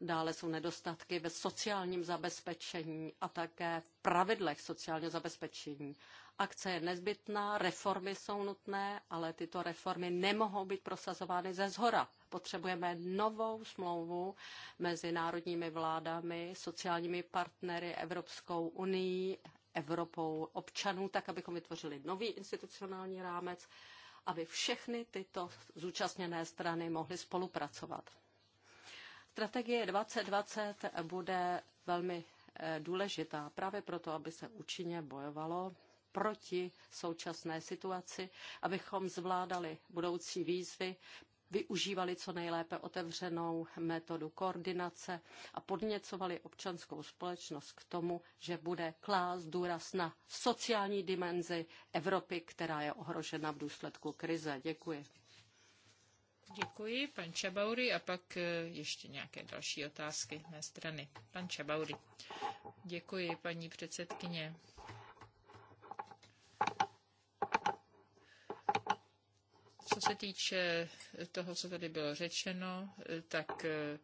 dále jsou nedostatky ve sociálním zabezpečení a také v pravidlech sociálního zabezpečení. Akce je nezbytná, reformy jsou nutné, ale tyto reformy nemohou být prosazovány ze zhora. Potřebujeme novou smlouvu mezi národními vládami, sociálními partnery, Evropskou unii, Evropou občanů, tak abychom vytvořili nový institucionální rámec, aby všechny tyto zúčastněné strany mohly spolupracovat. Strategie 2020 bude velmi eh, důležitá právě proto, aby se účinně bojovalo proti současné situaci, abychom zvládali budoucí výzvy, využívali co nejlépe otevřenou metodu koordinace a podněcovali občanskou společnost k tomu, že bude klást důraz na sociální dimenzi Evropy, která je ohrožena v důsledku krize. Děkuji. Děkuji, pan Čabaury, a pak e, ještě nějaké další otázky z mé strany. Pan Čabaury. Děkuji, paní předsedkyně. Co se týče toho, co tady bylo řečeno, e, tak e,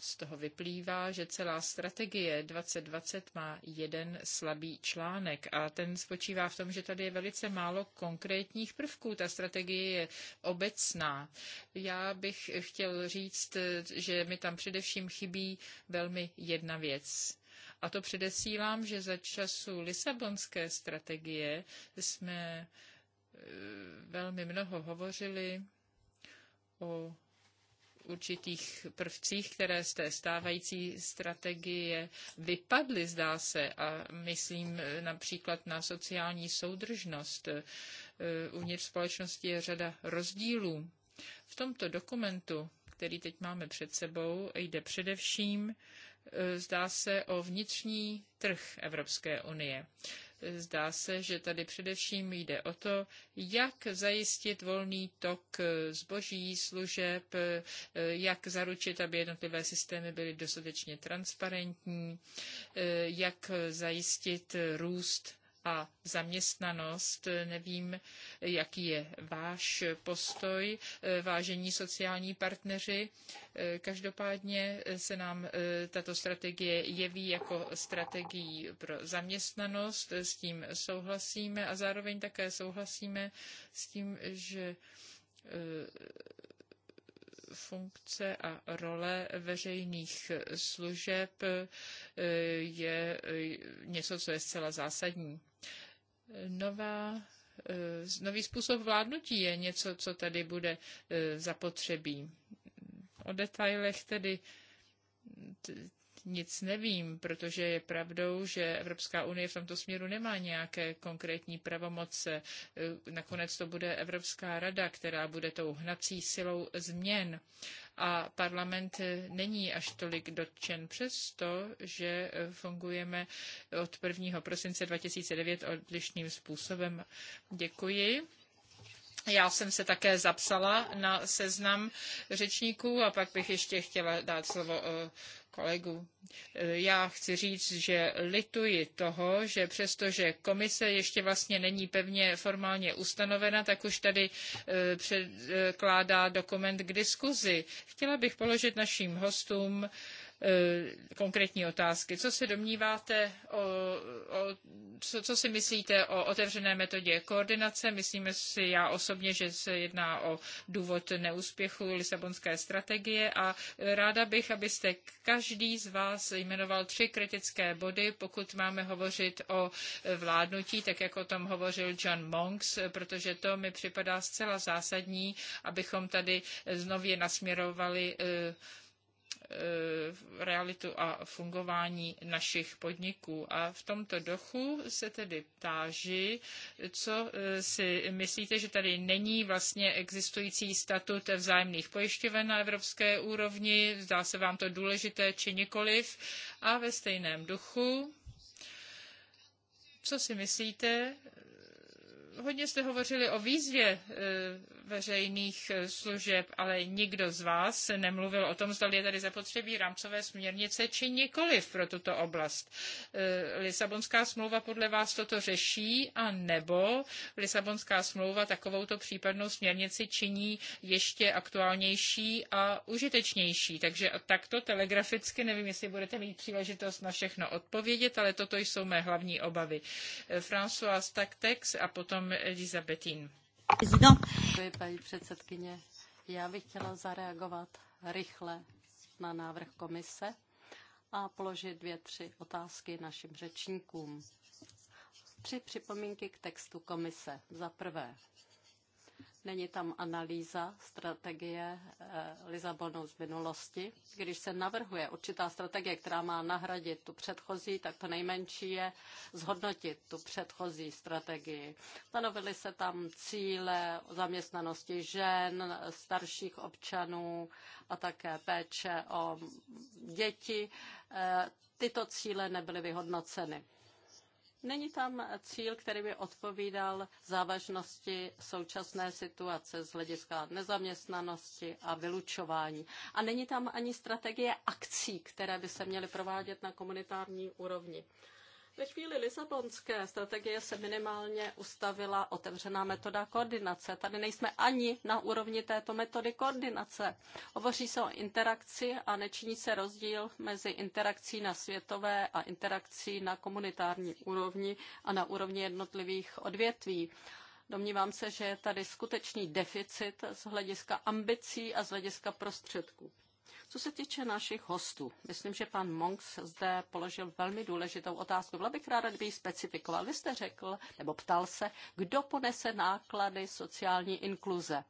z toho vyplývá, že celá strategie 2020 má jeden slabý článek a ten spočívá v tom, že tady je velice málo konkrétních prvků. Ta strategie je obecná. Já bych chtěl říct, že mi tam především chybí velmi jedna věc. A to předesílám, že za času Lisabonské strategie jsme eh, velmi mnoho hovořili o určitých prvcích, které z té stávající strategie vypadly, zdá se, a myslím například na sociální soudržnost. Eh, uvnitř společnosti je řada rozdílů. V tomto dokumentu, který teď máme před sebou, jde především Eh, zdá se o vnitřní trh Evropské unie. Eh, zdá se, že tady především jde o to, jak zajistit volný tok eh, zboží, služeb, jak zaručit, aby jednotlivé systémy byly dostatečně transparentní, jak zajistit růst a zaměstnanost. Nevím, jaký je váš postoj, vážení sociální partneři. Každopádně se nám eh, tato strategie jeví jako strategii pro zaměstnanost, s tím souhlasíme a zároveň také souhlasíme s tím, že eh, funkce a role veřejných služeb eh, je eh, něco, co je zcela zásadní. Nová eh, Nový způsob vládnutí je něco, co tady bude zapotřebí. O detailech tedy nic nevím, protože je pravdou, že Evropská unie v tomto směru nemá nějaké konkrétní pravomoce. Eh, nakonec to bude Evropská rada, která bude tou hnací silou změn. A parlament eh, není až tolik dotčen to, že eh, fungujeme od 1. prosince 2009 odlišným způsobem. Děkuji. Já jsem se také zapsala na seznam řečníků a pak bych ještě chtěla dát slovo kolegů. E, já chci říct, že lituji toho, že přestože komise ještě vlastně není pevně formálně ustanovena, tak už tady e, předkládá dokument k diskuzi. Chtěla bych položit našim hostům Eh, konkrétní otázky. Co se domníváte, o, o, co, co si myslíte o otevřené metodě koordinace? Myslíme si já osobně, že se jedná o důvod neúspěchu Lisabonské strategie a ráda bych, abyste každý z vás jmenoval tři kritické body, pokud máme hovořit o vládnutí, tak jak o tom hovořil John Monks, protože to mi připadá zcela zásadní, abychom tady znově nasměrovali eh, Eh, realitu a fungování našich podniků. A v tomto dochu se tedy ptáži, co eh, si myslíte, že tady není vlastně existující statut vzájemných pojišťoven na evropské úrovni, zdá se vám to důležité či nikoliv. A ve stejném duchu, co si myslíte Hodně jste hovořili o výzvě e, veřejných e, služeb, ale nikdo z vás nemluvil o tom, zda je tady zapotřebí rámcové směrnice či nikoliv pro tuto oblast. E, Lisabonská smlouva podle vás toto řeší a nebo Lisabonská smlouva takovouto případnou směrnici činí ještě aktuálnější a užitečnější. Takže takto telegraficky, nevím, jestli budete mít příležitost na všechno odpovědět, ale toto jsou mé hlavní obavy. François Taktex a potom potom Elizabetín. Děkuji, paní předsedkyně. Já bych chtěla zareagovat rychle na návrh komise a položit dvě, tři otázky našim řečníkům. Tři připomínky k textu komise. Za prvé, Není tam analýza strategie eh, Lisabonu z minulosti. Když se navrhuje určitá strategie, která má nahradit tu předchozí, tak to nejmenší je zhodnotit tu předchozí strategii. Stanovily se tam cíle zaměstnanosti žen, starších občanů a také péče o děti. Eh, tyto cíle nebyly vyhodnoceny. Není tam cíl, který by odpovídal závažnosti současné situace z hlediska nezaměstnanosti a vylučování. A není tam ani strategie akcí, které by se měly provádět na komunitární úrovni. Ve chvíli Lisabonské strategie se minimálně ustavila otevřená metoda koordinace. Tady nejsme ani na úrovni této metody koordinace. Hovoří se o interakci a nečiní se rozdíl mezi interakcí na světové a interakcí na komunitární úrovni a na úrovni jednotlivých odvětví. Domnívám se, že je tady skutečný deficit z hlediska ambicí a z hlediska prostředků. Co se týče našich hostů, myslím, že pan Monk zde položil velmi důležitou otázku. Byla bych ráda, kdyby ji specifikoval. Vy jste řekl, nebo ptal se, kdo ponese náklady sociální inkluze.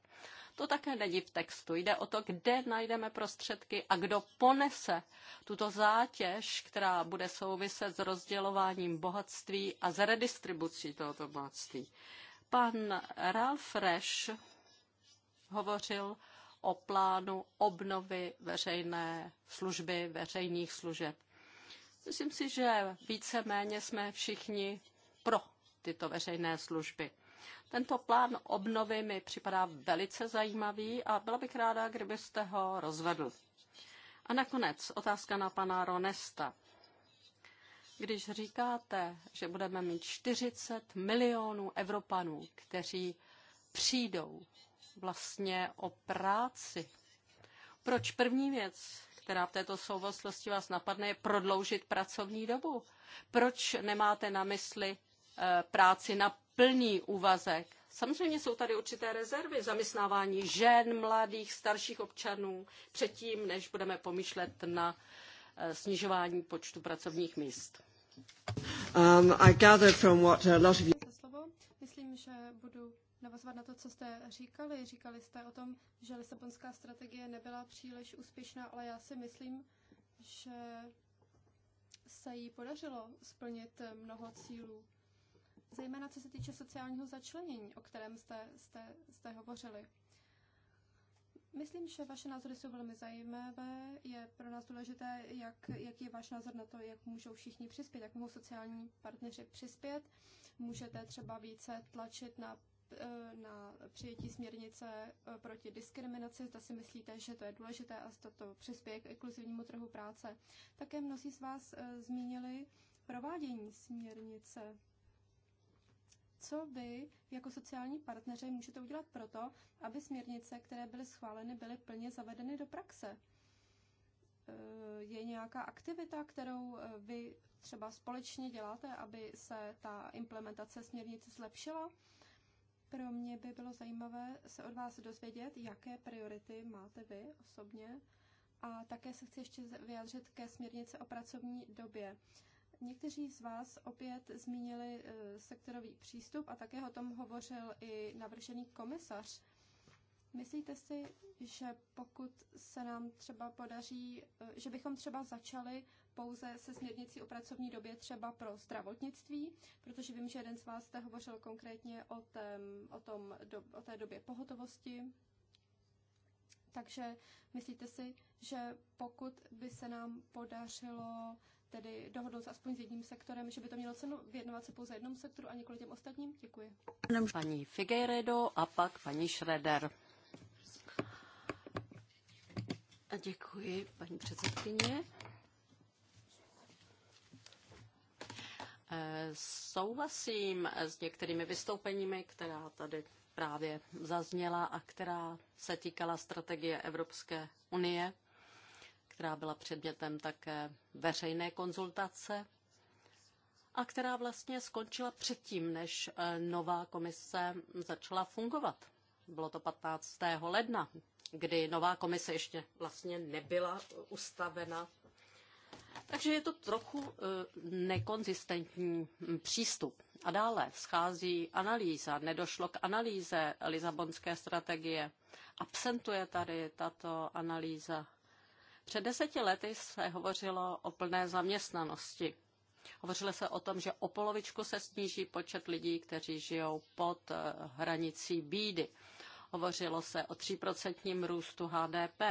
To také není v textu. Jde o to, kde najdeme prostředky a kdo ponese tuto zátěž, která bude souviset s rozdělováním bohatství a s redistribucí tohoto bohatství. Pan Ralf Resch hovořil o plánu obnovy veřejné služby, veřejných služeb. Myslím si, že víceméně jsme všichni pro tyto veřejné služby. Tento plán obnovy mi připadá velice zajímavý a byla bych ráda, kdybyste ho rozvedl. A nakonec otázka na pana Ronesta. Když říkáte, že budeme mít 40 milionů Evropanů, kteří přijdou vlastně o práci. Proč první věc, která v této souvislosti vás napadne, je prodloužit pracovní dobu? Proč nemáte na mysli eh, práci na plný úvazek? Samozřejmě jsou tady určité rezervy zaměstnávání žen, mladých, starších občanů, předtím, než budeme pomýšlet na eh, snižování počtu pracovních míst. Um, I gather from what a uh, lot of you... Myslím, že budu navazovat na to, co jste říkali. Říkali jste o tom, že Lisabonská strategie nebyla příliš úspěšná, ale já si myslím, že se jí podařilo splnit mnoho cílů. Zejména co se týče sociálního začlenění, o kterém jste, jste, jste hovořili. Myslím, že vaše názory jsou velmi zajímavé. Je pro nás důležité, jak, jaký je váš názor na to, jak můžou všichni přispět, jak mohou sociální partneři přispět. Můžete třeba více tlačit na E, na přijetí směrnice e, proti diskriminaci, zda si myslíte, že to je důležité a zda to přispěje k inkluzivnímu trhu práce. Také mnozí z vás e, zmínili provádění směrnice. Co vy jako sociální partneři můžete udělat proto, aby směrnice, které byly schváleny, byly plně zavedeny do praxe? Je nějaká aktivita, kterou vy třeba společně děláte, aby se ta implementace směrnice zlepšila? Pro mě by bylo zajímavé se od vás dozvědět, jaké priority máte vy osobně. A také se chci ještě vyjádřit ke směrnici o pracovní době. Někteří z vás opět zmínili eh, sektorový přístup a také o tom hovořil i navržený komisař. Myslíte si, že pokud se nám třeba podaří, eh, že bychom třeba začali pouze se směrnicí o pracovní době třeba pro zdravotnictví, protože vím, že jeden z vás jste hovořil konkrétně o, tém, o, tom, do, o té době pohotovosti. Takže myslíte si, že pokud by se nám podařilo tedy dohodnout aspoň s jedním sektorem, že by to mělo cenu věnovat se pouze jednom sektoru a nikoli těm ostatním? Děkuji. Paní Figueiredo a pak paní Schroeder. Děkuji, paní předsedkyně. Souhlasím s některými vystoupeními, která tady právě zazněla a která se týkala strategie Evropské unie, která byla předmětem také veřejné konzultace a která vlastně skončila předtím, než eh, nová komise začala fungovat. Bylo to 15. ledna, kdy nová komise ještě vlastně nebyla ustavena takže je to trochu e, nekonzistentní přístup. A dále schází analýza, nedošlo k analýze lizabonské strategie. Absentuje tady tato analýza. Před deseti lety se hovořilo o plné zaměstnanosti. Hovořilo se o tom, že o polovičku se sníží počet lidí, kteří žijou pod e, hranicí bídy. Hovořilo se o 3% růstu HDP.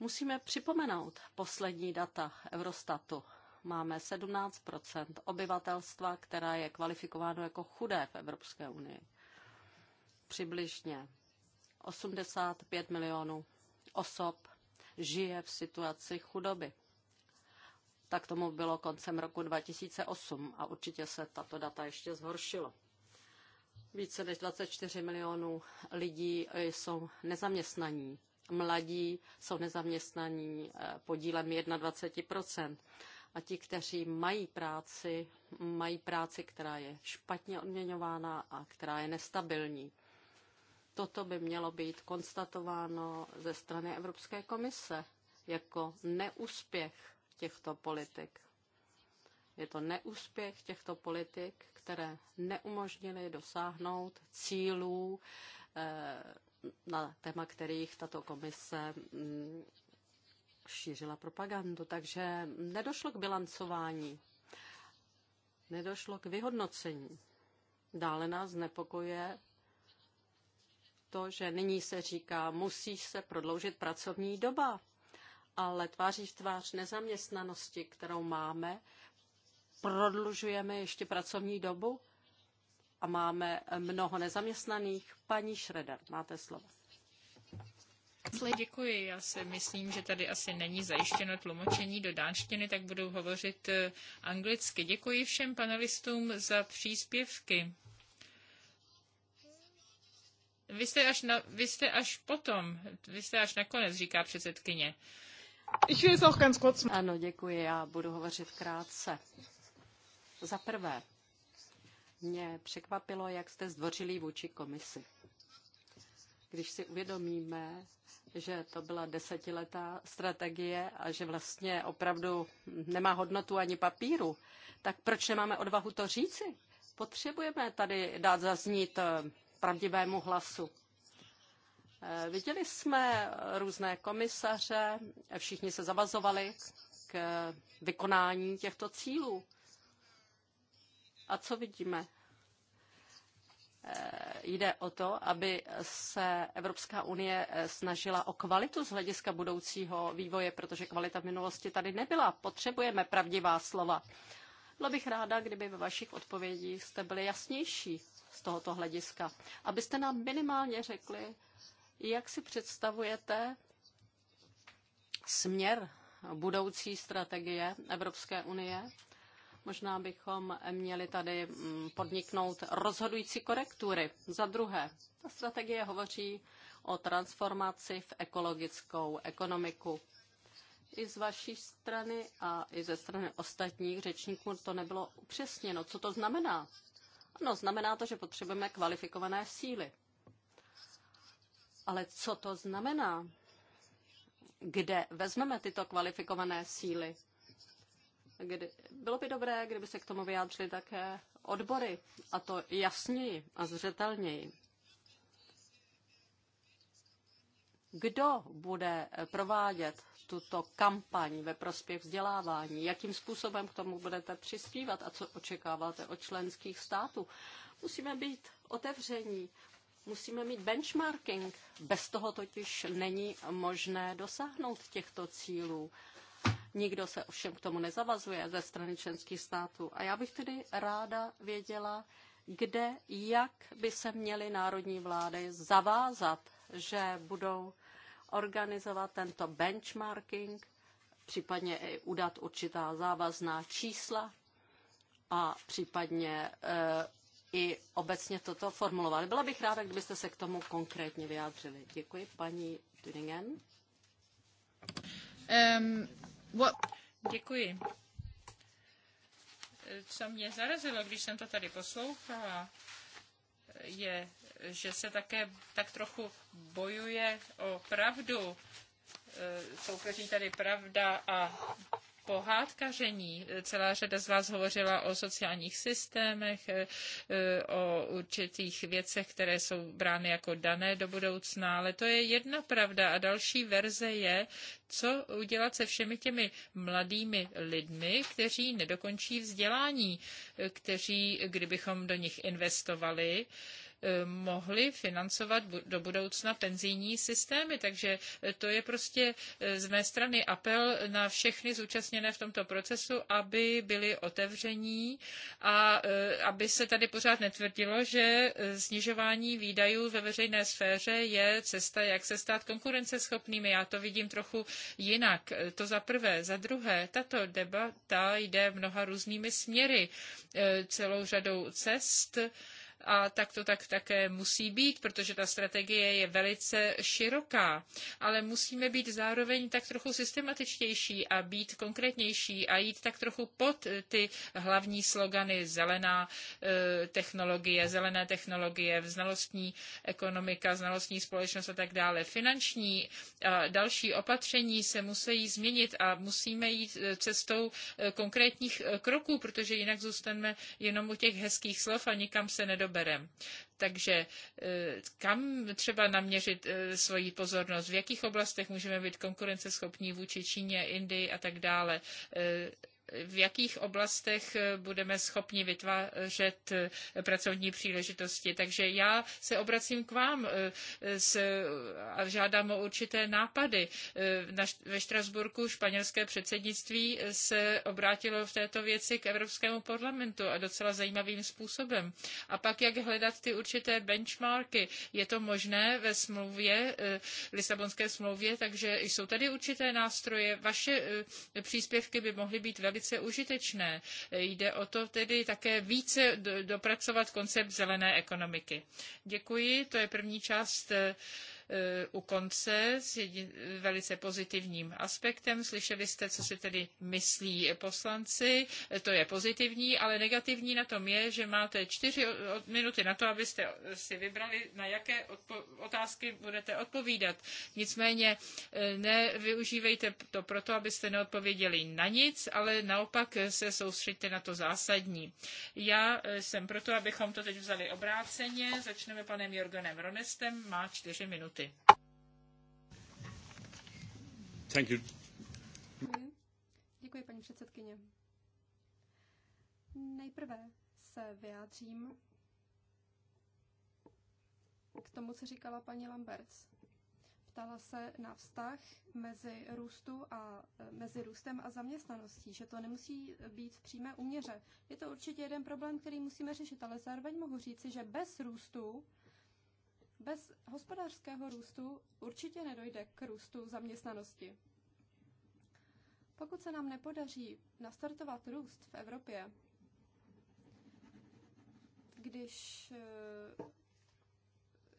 Musíme připomenout poslední data Eurostatu. Máme 17 obyvatelstva, která je kvalifikováno jako chudé v Evropské unii. Přibližně 85 milionů osob žije v situaci chudoby. Tak tomu bylo koncem roku 2008 a určitě se tato data ještě zhoršilo. Více než 24 milionů lidí jsou nezaměstnaní mladí jsou nezaměstnaní eh, podílem 21%. A ti, kteří mají práci, mají práci, která je špatně odměňována a která je nestabilní. Toto by mělo být konstatováno ze strany Evropské komise jako neúspěch těchto politik. Je to neúspěch těchto politik, které neumožnily dosáhnout cílů eh, na téma kterých tato komise mm, šířila propagandu, takže nedošlo k bilancování, nedošlo k vyhodnocení. Dále nás znepokuje to, že nyní se říká, musí se prodloužit pracovní doba, ale tváří v tvář nezaměstnanosti, kterou máme, prodlužujeme ještě pracovní dobu a máme mnoho nezaměstnaných. Paní Šreder, máte slovo. Děkuji. Já si myslím, že tady asi není zajištěno tlumočení do dánštiny, tak budu hovořit eh, anglicky. Děkuji všem panelistům za příspěvky. Vy jste až, na, vy jste až potom, vy jste až nakonec, říká předsedkyně. Ano, děkuji, já budu hovořit krátce. Za prvé, mě překvapilo, jak jste zdvořili vůči komisi. Když si uvědomíme, že to byla desetiletá strategie a že vlastně opravdu nemá hodnotu ani papíru, tak proč nemáme odvahu to říci? Potřebujeme tady dát zaznít eh, pravdivému hlasu. Eh, viděli jsme různé komisaře, všichni se zavazovali k vykonání těchto cílů. A co vidíme? Eh, jde o to, aby se Evropská unie eh, snažila o kvalitu z hlediska budoucího vývoje, protože kvalita v minulosti tady nebyla. Potřebujeme pravdivá slova. Byla bych ráda, kdyby ve vašich odpovědích jste byli jasnější z tohoto hlediska, abyste nám minimálně řekli, jak si představujete směr budoucí strategie Evropské unie Možná bychom měli tady mm, podniknout rozhodující korektury. Za druhé, ta strategie hovoří o transformaci v ekologickou ekonomiku. I z vaší strany a i ze strany ostatních řečníků to nebylo upřesněno. Co to znamená? No, znamená to, že potřebujeme kvalifikované síly. Ale co to znamená? Kde vezmeme tyto kvalifikované síly? Kdy, bylo by dobré, kdyby se k tomu vyjádřili také odbory, a to jasněji a zřetelněji. Kdo bude provádět tuto kampaň ve prospěch vzdělávání? Jakým způsobem k tomu budete přispívat a co očekáváte od členských států? Musíme být otevření, musíme mít benchmarking. Bez toho totiž není možné dosáhnout těchto cílů. Nikdo se ovšem k tomu nezavazuje ze strany členských států. A já bych tedy ráda věděla, kde, jak by se měly národní vlády zavázat, že budou organizovat tento benchmarking, případně i udat určitá závazná čísla a případně e, i obecně toto formulovat. Byla bych ráda, kdybyste se k tomu konkrétně vyjádřili. Děkuji, paní Düningen. Um, ehm, What... Děkuji. Co mě zarazilo, když jsem to tady poslouchala, je, že se také tak trochu bojuje o pravdu. Soupeří tady pravda a pohádkaření. Celá řada z vás hovořila o sociálních systémech, o určitých věcech, které jsou brány jako dané do budoucna, ale to je jedna pravda a další verze je, co udělat se všemi těmi mladými lidmi, kteří nedokončí vzdělání, kteří, kdybychom do nich investovali, eh, mohli financovat do budoucna penzijní systémy. Takže eh, to je prostě eh, z mé strany apel na všechny zúčastněné v tomto procesu, aby byli otevření a aby se tady pořád netvrdilo, že snižování výdajů ve veřejné sféře je cesta, jak se stát konkurenceschopnými. Já to vidím trochu jinak. E, to za prvé. Za druhé, tato debata jde mnoha různými směry, e, celou řadou cest a tak to tak také musí být, protože ta strategie je velice široká, ale musíme být zároveň tak trochu systematičtější a být konkrétnější a jít tak trochu pod ty hlavní slogany zelená eh, technologie, zelené technologie, znalostní ekonomika, znalostní společnost a tak dále. Finanční a další opatření se musí změnit a musíme jít eh, cestou eh, konkrétních kroků, protože jinak zůstaneme jenom u těch hezkých slov a nikam se nedostaneme probereme. Takže eh, kam třeba naměřit eh, svoji pozornost, v jakých oblastech můžeme být konkurenceschopní vůči Číně, Indii a tak dále. Eh, v jakých oblastech eh, budeme schopni vytvářet eh, pracovní příležitosti. Takže já se obracím k vám eh, s, a žádám o určité nápady. Na, ve Štrasburku španělské předsednictví se obrátilo v této věci k Evropskému parlamentu a docela zajímavým způsobem. A pak jak hledat ty určité benchmarky. Je to možné ve smlouvě, Lisabonské smlouvě, takže jsou tady určité nástroje. Vaše příspěvky by mohly být velmi velice užitečné. Jde o to tedy také více dopracovat koncept zelené ekonomiky. Děkuji, to je první část eh, Eh, u konce s jedin, velice pozitivním aspektem. Slyšeli jste, co si tedy myslí poslanci, eh, to je pozitivní, ale negativní na tom je, že máte čtyři minuty na to, abyste si vybrali, na jaké otázky budete odpovídat. Nicméně eh, nevyužívejte to proto, abyste neodpověděli na nic, ale naopak se soustřeďte na to zásadní. Já jsem proto, abychom to teď vzali obráceně. Začneme panem Jorgenem Ronestem, má čtyři minuty minuty. Thank you. Děkuji. paní předsedkyně. Nejprve se vyjádřím k tomu, co říkala paní Lamberts. Ptala se na vztah mezi, růstu a, mezi růstem a zaměstnaností, že to nemusí být v přímé uměře. Je to určitě jeden problém, který musíme řešit, ale zároveň mohu říci, že bez růstu bez hospodářského růstu určitě nedojde k růstu zaměstnanosti. Pokud se nám nepodaří nastartovat růst v Evropě, když eh,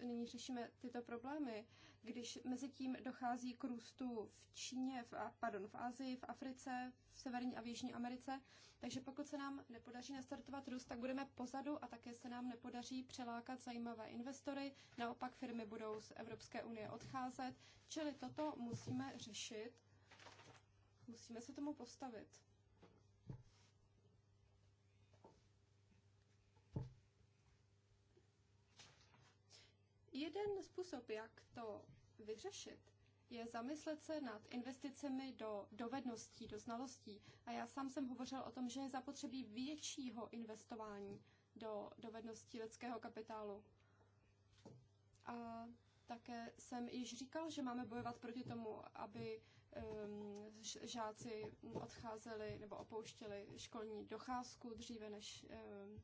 nyní řešíme tyto problémy, když mezi tím dochází k růstu v Číně, v, pardon, v Asii, v Africe, v Severní a v Jižní Americe. Takže pokud se nám nepodaří nastartovat růst, tak budeme pozadu a také se nám nepodaří přelákat zajímavé investory. Naopak firmy budou z Evropské unie odcházet. Čili toto musíme řešit. Musíme se tomu postavit. Jeden způsob, jak to vyřešit, je zamyslet se nad investicemi do dovedností, do znalostí. A já sám jsem hovořil o tom, že je zapotřebí většího investování do dovedností lidského kapitálu. A také jsem již říkal, že máme bojovat proti tomu, aby um, žáci odcházeli nebo opouštěli školní docházku dříve, než um,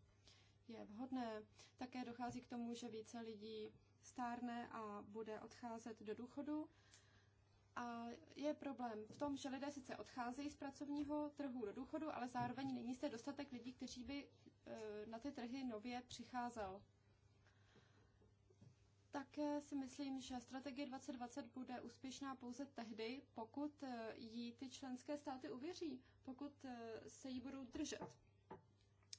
je vhodné. Také dochází k tomu, že více lidí stárne a bude odcházet do důchodu. A je problém v tom, že lidé sice odcházejí z pracovního trhu do důchodu, ale zároveň není zde dostatek lidí, kteří by eh, na ty trhy nově přicházel. Také si myslím, že strategie 2020 bude úspěšná pouze tehdy, pokud eh, jí ty členské státy uvěří, pokud eh, se jí budou držet.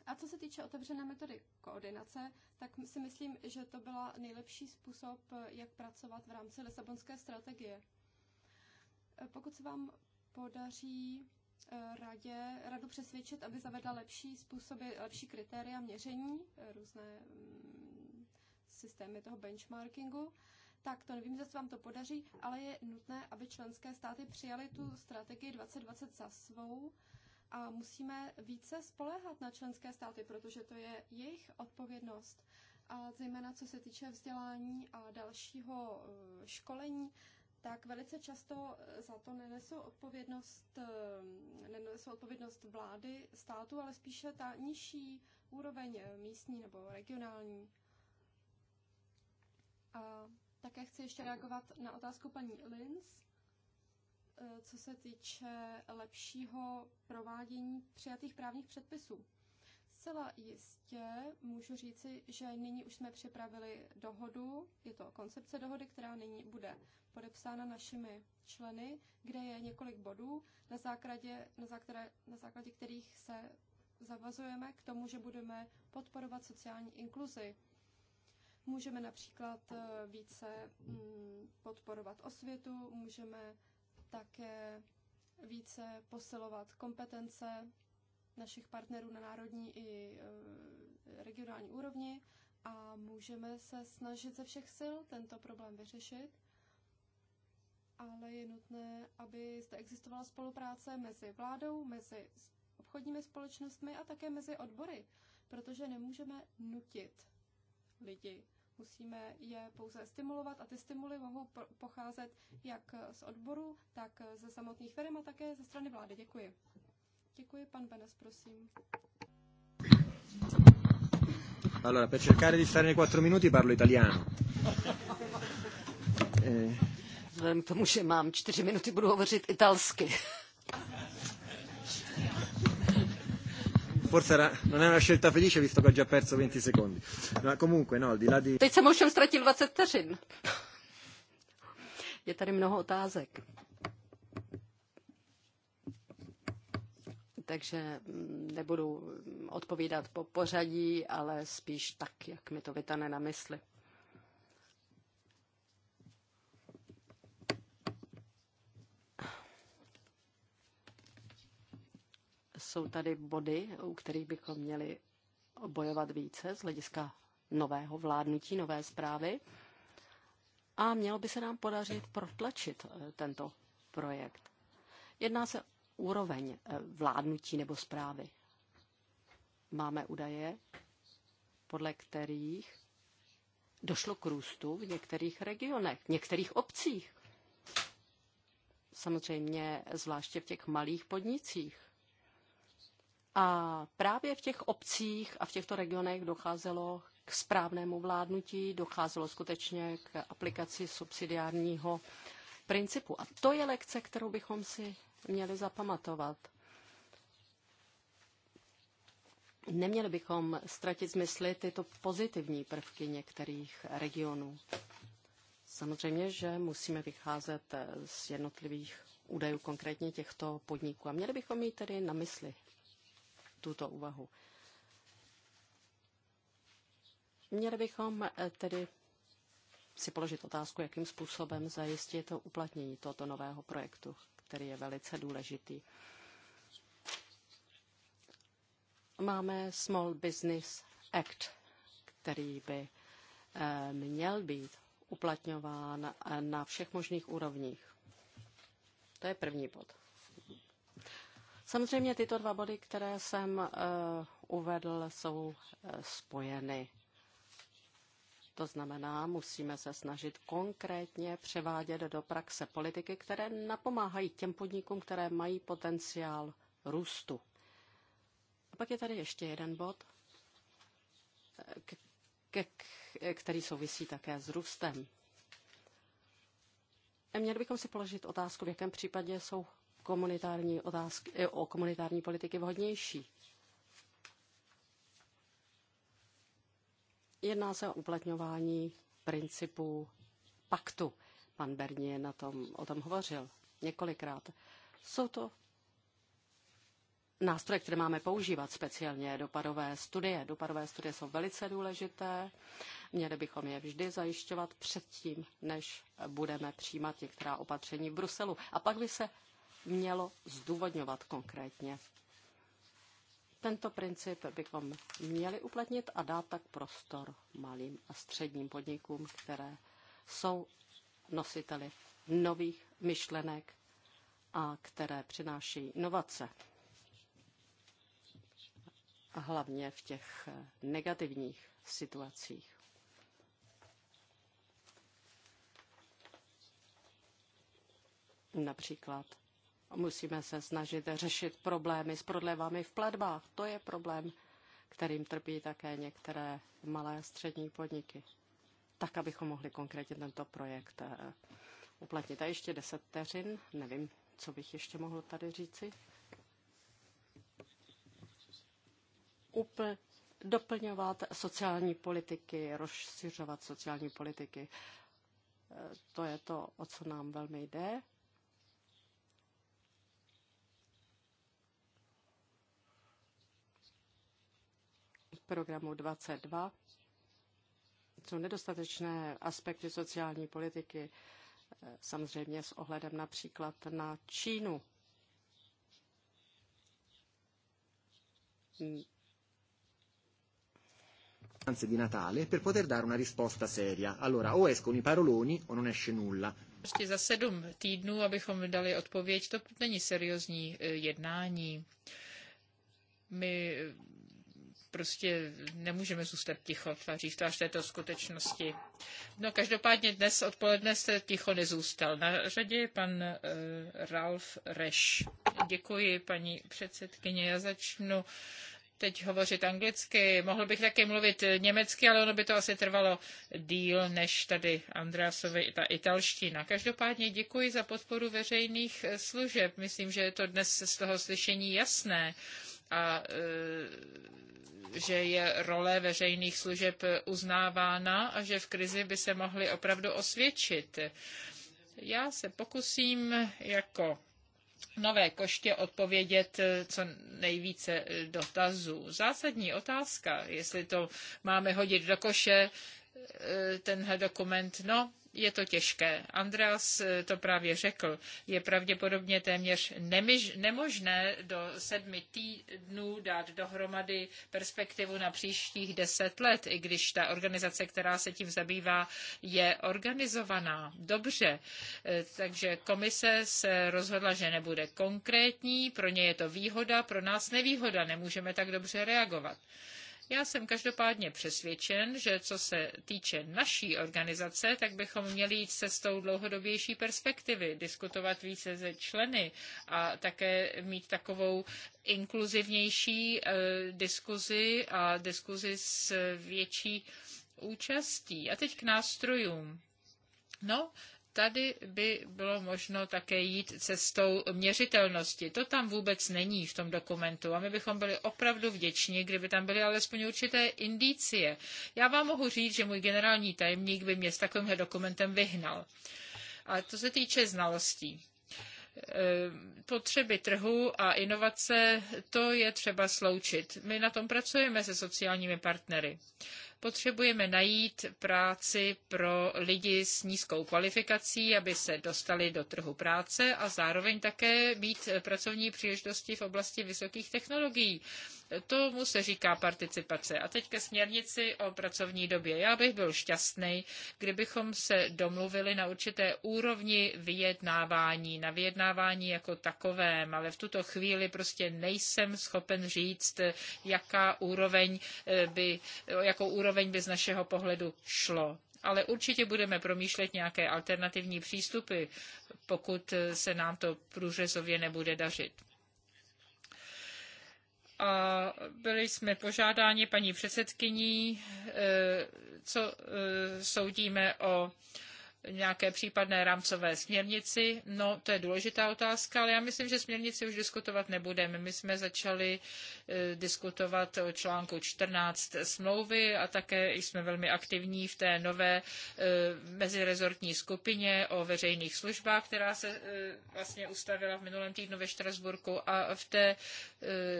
A co se týče otevřené metody koordinace, tak si myslím, že to byla nejlepší způsob, jak pracovat v rámci Lisabonské strategie. E, pokud se vám podaří e, radě, radu přesvědčit, aby zavedla lepší způsoby, lepší kritéria měření, e, různé mm, systémy toho benchmarkingu, tak to nevím, zase vám to podaří, ale je nutné, aby členské státy přijaly tu strategii 2020 za svou, a musíme více spoléhat na členské státy, protože to je jejich odpovědnost. A zejména co se týče vzdělání a dalšího eh, školení, tak velice často eh, za to nenesou odpovědnost, eh, nenesou odpovědnost vlády, státu, ale spíše ta nižší úroveň místní nebo regionální. A také chci ještě reagovat na otázku paní Linz. Eh, co se týče lepšího provádění přijatých právních předpisů. Zcela jistě můžu říci, že nyní už jsme připravili dohodu, je to koncepce dohody, která nyní bude podepsána našimi členy, kde je několik bodů, na základě, na základě, na základě kterých se zavazujeme k tomu, že budeme podporovat sociální inkluzi. Můžeme například eh, více mm, podporovat osvětu, můžeme také více posilovat kompetence našich partnerů na národní i e, regionální úrovni a můžeme se snažit ze všech sil tento problém vyřešit, ale je nutné, aby zde existovala spolupráce mezi vládou, mezi obchodními společnostmi a také mezi odbory, protože nemůžeme nutit lidi musíme je pouze stimulovat a ty stimuly mohou pocházet jak z odboru, tak ze samotných firm a také ze strany vlády. Děkuji. Děkuji, pan Benes, prosím. Allora, per cercare di stare nei quattro minuti parlo italiano. Vzhledem k tomu, že mám čtyři minuty, budu hovořit italsky. forse era, non è una scelta felice visto che ho già perso 20 secondi. Ma comunque, no, al di là di... Teď jsem ovšem ztratil 20 vteřin. Je tady mnoho otázek. takže mm, nebudu odpovídat po pořadí, ale spíš tak, jak mi to vytane na mysli. jsou tady body, u kterých bychom měli bojovat více z hlediska nového vládnutí, nové zprávy. A mělo by se nám podařit protlačit eh, tento projekt. Jedná se úroveň eh, vládnutí nebo zprávy. Máme údaje, podle kterých došlo k růstu v některých regionech, v některých obcích. Samozřejmě zvláště v těch malých podnicích. A právě v těch obcích a v těchto regionech docházelo k správnému vládnutí, docházelo skutečně k aplikaci subsidiárního principu. A to je lekce, kterou bychom si měli zapamatovat. Neměli bychom ztratit z mysli tyto pozitivní prvky některých regionů. Samozřejmě, že musíme vycházet z jednotlivých údajů konkrétně těchto podniků. A měli bychom mít tedy na mysli tuto úvahu. Měli bychom eh, tedy si položit otázku, jakým způsobem zajistit to uplatnění tohoto nového projektu, který je velice důležitý. Máme Small Business Act, který by eh, měl být uplatňován eh, na všech možných úrovních. To je první bod. Samozřejmě tyto dva body, které jsem eh, uvedl, jsou eh, spojeny. To znamená, musíme se snažit konkrétně převádět do praxe politiky, které napomáhají těm podnikům, které mají potenciál růstu. A pak je tady ještě jeden bod, ke, který souvisí také s růstem. Měli bychom si položit otázku, v jakém případě jsou komunitární otázky, eh, o komunitární politiky vhodnější. Jedná se o uplatňování principu paktu. Pan Bernier na tom, o tom hovořil několikrát. Jsou to nástroje, které máme používat speciálně, dopadové studie. Dopadové studie jsou velice důležité, měli bychom je vždy zajišťovat předtím, než budeme přijímat některá opatření v Bruselu. A pak by se mělo zdůvodňovat konkrétně. Tento princip bychom měli uplatnit a dát tak prostor malým a středním podnikům, které jsou nositeli nových myšlenek a které přináší inovace. A hlavně v těch negativních situacích. Například Musíme se snažit řešit problémy s prodlevami v platbách. To je problém, kterým trpí také některé malé a střední podniky. Tak, abychom mohli konkrétně tento projekt eh, uplatnit. A ještě deset vteřin, nevím, co bych ještě mohl tady říci. Úplně doplňovat sociální politiky, rozšiřovat sociální politiky. Eh, to je to, o co nám velmi jde. programu 22 jsou nedostatečné aspekty sociální politiky, eh, samozřejmě s ohledem například na Čínu. Hmm. di Natale per poter dare una risposta seria. Allora o escono i paroloni o non esce nulla. Prostě za sedm týdnů, abychom dali odpověď, to není seriózní eh, jednání. My Prostě nemůžeme zůstat ticho tváří v tvář této skutečnosti. No každopádně dnes odpoledne se ticho nezůstal. Na řadě je pan uh, Ralf Reš. Děkuji, paní předsedkyně. Já začnu teď hovořit anglicky. Mohl bych taky mluvit německy, ale ono by to asi trvalo díl než tady Andreasovi ta italština. Každopádně děkuji za podporu veřejných eh, služeb. Myslím, že je to dnes z toho slyšení jasné. A e, že je role veřejných služeb uznávána a že v krizi by se mohly opravdu osvědčit. Já se pokusím jako nové koště odpovědět co nejvíce dotazů. Zásadní otázka, jestli to máme hodit do koše, eh, tenhle dokument, no, je to těžké. Andreas eh, to právě řekl. Je pravděpodobně téměř nemiž, nemožné do sedmi týdnů dát dohromady perspektivu na příštích deset let, i když ta organizace, která se tím zabývá, je organizovaná dobře. Eh, takže komise se rozhodla, že nebude konkrétní, pro ně je to výhoda, pro nás nevýhoda, nemůžeme tak dobře reagovat. Já jsem každopádně přesvědčen, že co se týče naší organizace, tak bychom měli jít cestou dlouhodobější perspektivy, diskutovat více ze členy a také mít takovou inkluzivnější eh, diskuzi a diskuzi s větší účastí. A teď k nástrojům. No, tady by bylo možno také jít cestou měřitelnosti. To tam vůbec není v tom dokumentu a my bychom byli opravdu vděční, kdyby tam byly alespoň určité indicie. Já vám mohu říct, že můj generální tajemník by mě s takovýmhle dokumentem vyhnal. A to se týče znalostí ehm, potřeby trhu a inovace, to je třeba sloučit. My na tom pracujeme se sociálními partnery. Potřebujeme najít práci pro lidi s nízkou kvalifikací, aby se dostali do trhu práce a zároveň také mít pracovní příležitosti v oblasti vysokých technologií. Tomu se říká participace. A teď ke směrnici o pracovní době. Já bych byl šťastný, kdybychom se domluvili na určité úrovni vyjednávání, na vyjednávání jako takovém, ale v tuto chvíli prostě nejsem schopen říct, jaká úroveň by, jakou úroveň úroveň by z našeho pohledu šlo. Ale určitě budeme promýšlet nějaké alternativní přístupy, pokud se nám to průřezově nebude dařit. A byli jsme požádáni paní předsedkyní, eh, co eh, soudíme o nějaké případné rámcové směrnici. No, to je důležitá otázka, ale já myslím, že směrnici už diskutovat nebudeme. My jsme začali eh, diskutovat o článku 14 smlouvy a také jsme velmi aktivní v té nové eh, mezirezortní skupině o veřejných službách, která se eh, vlastně ustavila v minulém týdnu ve Štrasburku a v té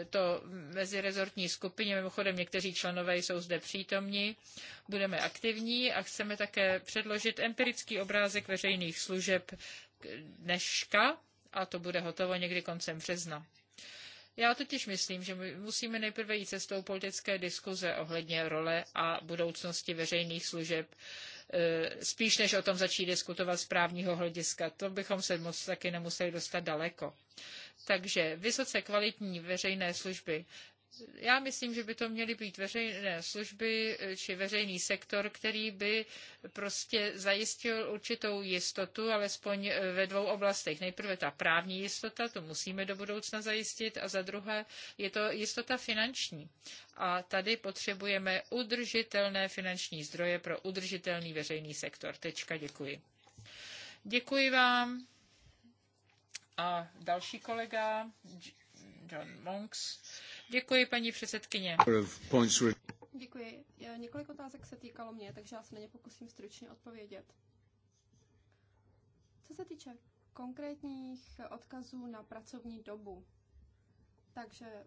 to mezirezortní skupině, mimochodem někteří členové jsou zde přítomni, budeme aktivní a chceme také předložit empirický obrázek veřejných služeb dneška a to bude hotovo někdy koncem března. Já totiž myslím, že my musíme nejprve jít cestou politické diskuze ohledně role a budoucnosti veřejných služeb, e, spíš než o tom začít diskutovat z právního hlediska. To bychom se moc taky nemuseli dostat daleko. Takže vysoce kvalitní veřejné služby já myslím, že by to měly být veřejné služby eh, či veřejný sektor, který by prostě zajistil určitou jistotu, alespoň eh, ve dvou oblastech. Nejprve ta právní jistota, to musíme do budoucna zajistit, a za druhé je to jistota finanční. A tady potřebujeme udržitelné finanční zdroje pro udržitelný veřejný sektor. Tečka, děkuji. Děkuji vám. A další kolega, John Monks. Děkuji, paní předsedkyně. Děkuji. E, několik otázek se týkalo mě, takže já se na ně pokusím stručně odpovědět. Co se týče konkrétních odkazů na pracovní dobu, takže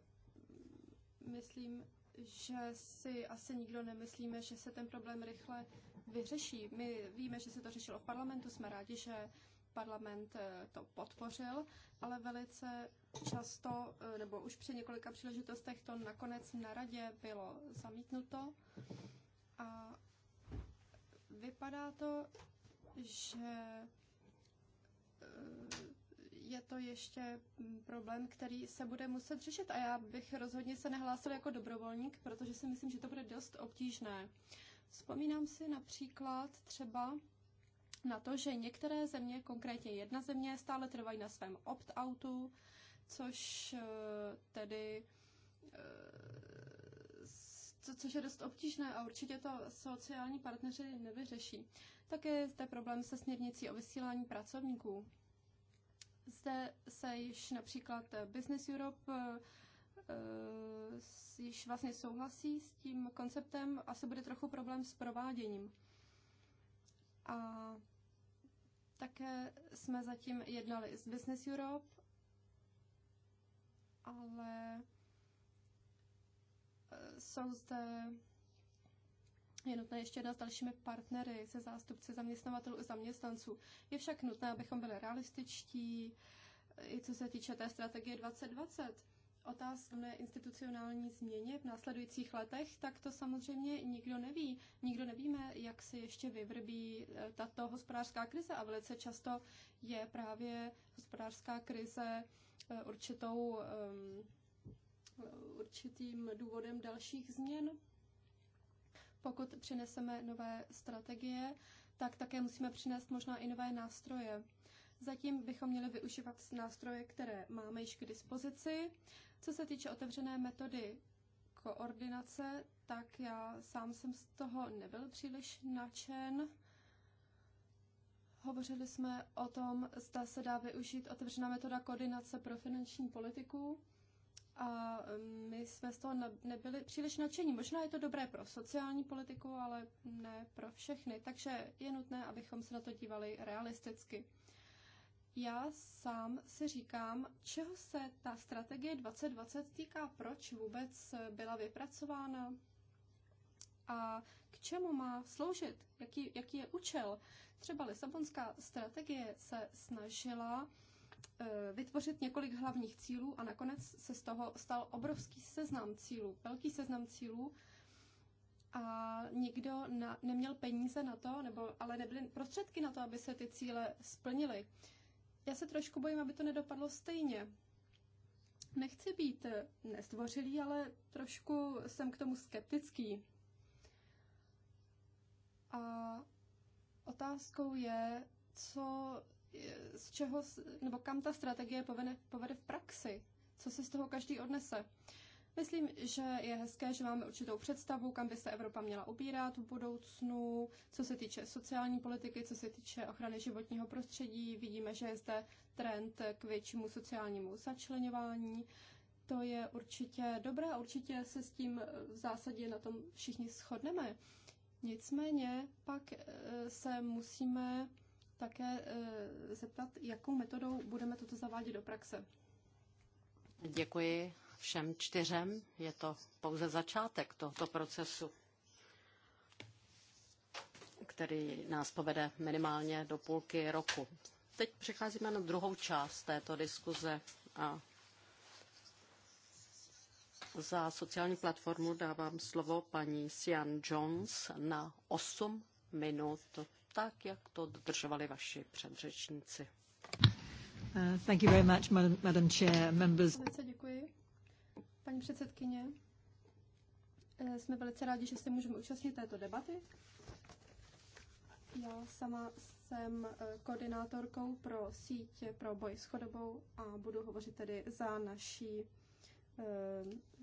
myslím, že si asi nikdo nemyslíme, že se ten problém rychle vyřeší. My víme, že se to řešilo v parlamentu, jsme rádi, že parlament eh, to podpořil, ale velice často, eh, nebo už při několika příležitostech to nakonec na radě bylo zamítnuto. A vypadá to, že eh, je to ještě problém, který se bude muset řešit. A já bych rozhodně se nehlásil jako dobrovolník, protože si myslím, že to bude dost obtížné. Vzpomínám si například třeba na to, že některé země, konkrétně jedna země, stále trvají na svém opt-outu, což eh, tedy eh, co, což je dost obtížné a určitě to sociální partneři nevyřeší. Také je zde problém se směrnicí o vysílání pracovníků. Zde se již například Business Europe uh, již vlastně souhlasí s tím konceptem, se bude trochu problém s prováděním. A také jsme zatím jednali s Business Europe, ale eh, jsou zde je nutné ještě jednat s dalšími partnery, se zástupci zaměstnavatelů i zaměstnanců. Je však nutné, abychom byli realističtí, i co se týče té strategie 2020 na institucionální změně v následujících letech, tak to samozřejmě nikdo neví. Nikdo nevíme, jak se ještě vyvrbí eh, tato hospodářská krize a velice často je právě hospodářská krize eh, určitou, ehm, určitým důvodem dalších změn. Pokud přineseme nové strategie, tak také musíme přinést možná i nové nástroje. Zatím bychom měli využívat nástroje, které máme již k dispozici. Co se týče otevřené metody koordinace, tak já sám jsem z toho nebyl příliš nadšen. Hovořili jsme o tom, zda se dá využít otevřená metoda koordinace pro finanční politiku a mm, my jsme z toho nebyli příliš nadšení. Možná je to dobré pro sociální politiku, ale ne pro všechny, takže je nutné, abychom se na to dívali realisticky já sám si říkám, čeho se ta strategie 2020 týká, proč vůbec byla vypracována a k čemu má sloužit, jaký, jaký je účel. Třeba Lisabonská strategie se snažila eh, vytvořit několik hlavních cílů a nakonec se z toho stal obrovský seznam cílů, velký seznam cílů a nikdo na, neměl peníze na to, nebo ale nebyly prostředky na to, aby se ty cíle splnily já se trošku bojím, aby to nedopadlo stejně. Nechci být nestvořilý, ale trošku jsem k tomu skeptický. A otázkou je, co, z čeho, nebo kam ta strategie povede, povede v praxi, co si z toho každý odnese. Myslím, že je hezké, že máme určitou představu, kam by se Evropa měla ubírat v budoucnu, co se týče sociální politiky, co se týče ochrany životního prostředí. Vidíme, že je zde trend k většímu sociálnímu začlenování. To je určitě dobré a určitě se s tím v zásadě na tom všichni shodneme. Nicméně pak eh, se musíme také eh, zeptat, jakou metodou budeme toto zavádět do praxe. Děkuji všem čtyřem. Je to pouze začátek tohoto procesu, který nás povede minimálně do půlky roku. Teď přicházíme na druhou část této diskuze a za sociální platformu dávám slovo paní Sian Jones na 8 minut, tak jak to dodržovali vaši předřečníci. Uh, thank you very much, Madam, Madam Chair, members. Děkuji paní předsedkyně. Eh, jsme velice rádi, že se můžeme účastnit této debaty. Já sama jsem eh, koordinátorkou pro síť eh, pro boj s chodobou a budu hovořit tedy za naší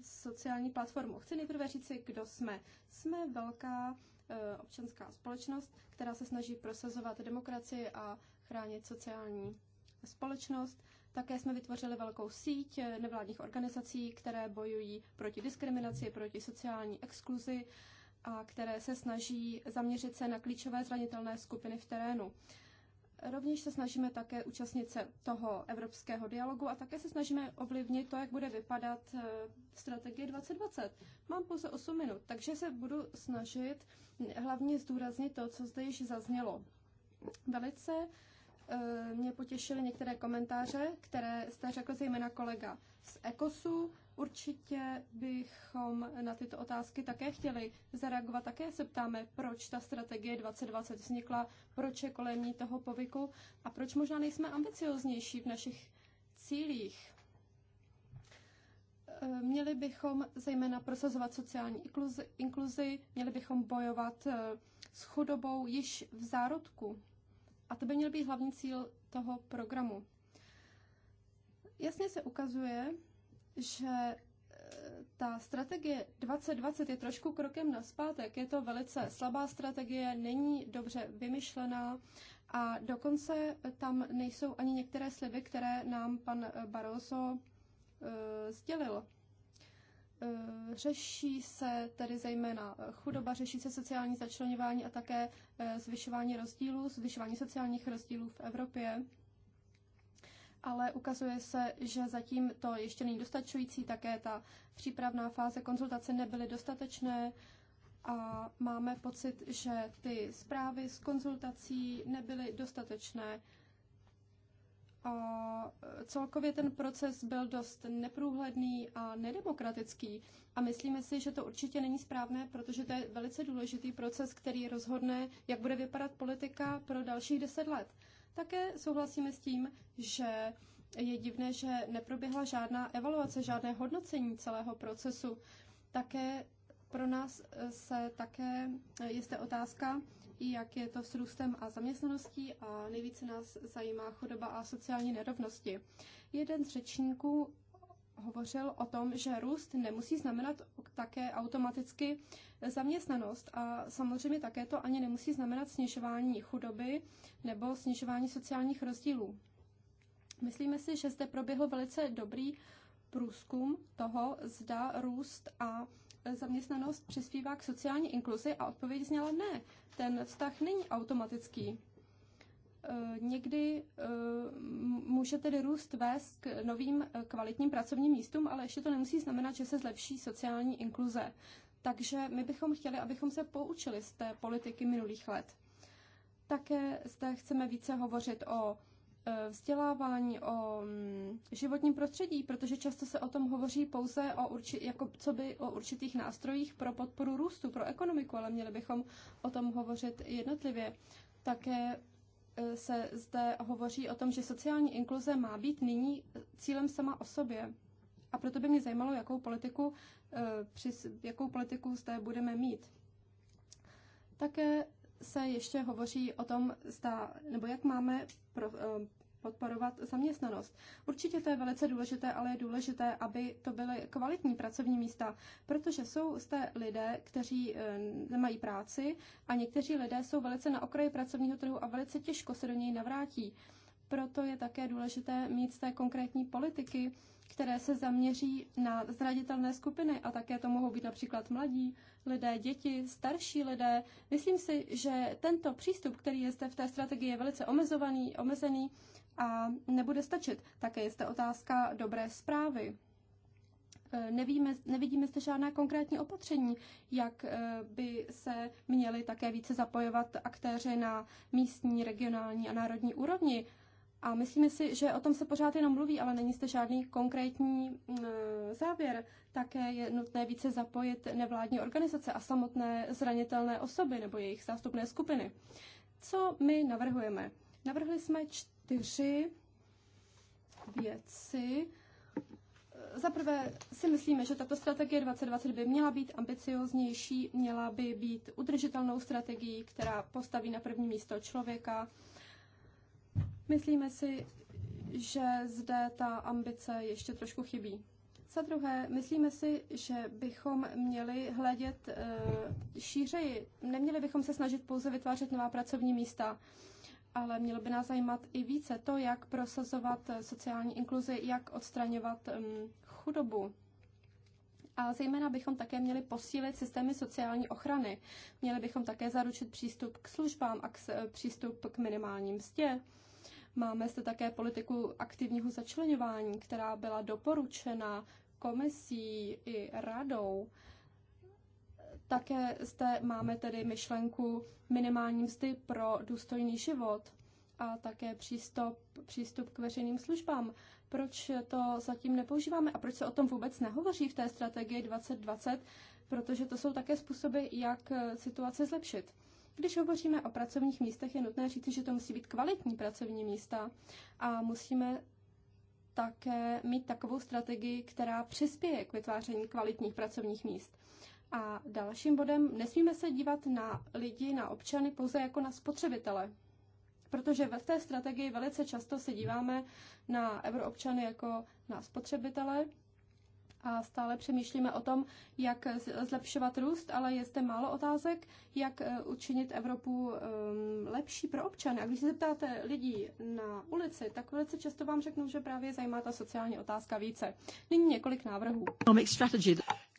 sociální platformu. Chci nejprve říci, kdo jsme. Jsme velká občanská společnost, která se snaží prosazovat demokracii a chránit sociální společnost. Také jsme vytvořili velkou síť eh, nevládních organizací, které bojují proti diskriminaci, proti sociální exkluzi a které se snaží zaměřit se na klíčové zranitelné skupiny v terénu. Rovněž se snažíme také účastnit se toho evropského dialogu a také se snažíme ovlivnit to, jak bude vypadat eh, strategie 2020. Mám pouze 8 minut, takže se budu snažit hlavně zdůraznit to, co zde již zaznělo. Velice Eh, mě potěšily některé komentáře, které jste řekl zejména kolega z ekosu Určitě bychom na tyto otázky také chtěli zareagovat. Také se ptáme, proč ta strategie 2020 vznikla, proč je kolem ní toho povyku a proč možná nejsme ambicioznější v našich cílích. Eh, měli bychom zejména prosazovat sociální inkluzi, inkluzi měli bychom bojovat eh, s chudobou již v zárodku. A to by měl být hlavní cíl toho programu. Jasně se ukazuje, že e, ta strategie 2020 je trošku krokem na zpátek. Je to velice slabá strategie, není dobře vymyšlená a dokonce tam nejsou ani některé sliby, které nám pan Barroso e, sdělil. Eh, řeší se tedy zejména eh, chudoba, řeší se sociální začlenování a také eh, zvyšování rozdílů, zvyšování sociálních rozdílů v Evropě. Ale ukazuje se, že zatím to ještě není dostačující, také ta přípravná fáze konzultace nebyly dostatečné a máme pocit, že ty zprávy z konzultací nebyly dostatečné a celkově ten proces byl dost neprůhledný a nedemokratický. A myslíme si, že to určitě není správné, protože to je velice důležitý proces, který rozhodne, jak bude vypadat politika pro dalších deset let. Také souhlasíme s tím, že je divné, že neproběhla žádná evaluace, žádné hodnocení celého procesu. Také pro nás se také je zde otázka, jak je to s růstem a zaměstnaností a nejvíce nás zajímá chudoba a sociální nerovnosti. Jeden z řečníků hovořil o tom, že růst nemusí znamenat také automaticky zaměstnanost a samozřejmě také to ani nemusí znamenat snižování chudoby nebo snižování sociálních rozdílů. Myslíme si, že zde proběhl velice dobrý průzkum toho, zda růst a zaměstnanost přispívá k sociální inkluzi a odpověď zněla ne. Ten vztah není automatický. E, někdy e, může tedy růst vést k novým e, kvalitním pracovním místům, ale ještě to nemusí znamenat, že se zlepší sociální inkluze. Takže my bychom chtěli, abychom se poučili z té politiky minulých let. Také zde chceme více hovořit o Eh, vzdělávání, o mm, životním prostředí, protože často se o tom hovoří pouze o, urči, jako co by, o určitých nástrojích pro podporu růstu, pro ekonomiku, ale měli bychom o tom hovořit jednotlivě. Také eh, se zde hovoří o tom, že sociální inkluze má být nyní eh, cílem sama o sobě. A proto by mě zajímalo, jakou politiku, jakou politiku zde budeme mít. Také se ještě hovoří o tom, zda, nebo jak máme pro, podporovat zaměstnanost. Určitě to je velice důležité, ale je důležité, aby to byly kvalitní pracovní místa, protože jsou zde lidé, kteří eh, nemají práci a někteří lidé jsou velice na okraji pracovního trhu a velice těžko se do něj navrátí. Proto je také důležité mít z té konkrétní politiky, které se zaměří na zraditelné skupiny a také to mohou být například mladí lidé, děti, starší lidé. Myslím si, že tento přístup, který je zde v té strategii, je velice omezovaný, omezený a nebude stačit. Také je zde otázka dobré zprávy. E, nevíme, nevidíme zde žádná konkrétní opatření, jak e, by se měli také více zapojovat aktéři na místní, regionální a národní úrovni. A myslíme si, že o tom se pořád jenom mluví, ale není zde žádný konkrétní e, závěr. Také je nutné více zapojit nevládní organizace a samotné zranitelné osoby nebo jejich zástupné skupiny. Co my navrhujeme? Navrhli jsme čtyři čtyři věci. Za prvé si myslíme, že tato strategie 2020 by měla být ambicioznější, měla by být udržitelnou strategií, která postaví na první místo člověka. Myslíme si, že zde ta ambice ještě trošku chybí. Za druhé, myslíme si, že bychom měli hledět eh, šířeji. Neměli bychom se snažit pouze vytvářet nová pracovní místa ale mělo by nás zajímat i více to, jak prosazovat sociální inkluzi, jak odstraňovat chudobu. A zejména bychom také měli posílit systémy sociální ochrany. Měli bychom také zaručit přístup k službám a k, přístup k minimálním mzdě. Máme zde také politiku aktivního začlenování, která byla doporučena komisí i radou. Také zde máme tedy myšlenku minimální mzdy pro důstojný život a také přístup, přístup k veřejným službám. Proč to zatím nepoužíváme a proč se o tom vůbec nehovoří v té strategii 2020? Protože to jsou také způsoby, jak situaci zlepšit. Když hovoříme o pracovních místech, je nutné říci, že to musí být kvalitní pracovní místa a musíme také mít takovou strategii, která přispěje k vytváření kvalitních pracovních míst. A dalším bodem, nesmíme se dívat na lidi, na občany pouze jako na spotřebitele, protože ve té strategii velice často se díváme na euroobčany jako na spotřebitele a stále přemýšlíme o tom, jak zlepšovat růst, ale je zde málo otázek, jak eh, učinit Evropu ehm, lepší pro občany. A když se zeptáte lidí na ulici, tak velice často vám řeknou, že právě zajímá ta sociální otázka více. Nyní několik návrhů.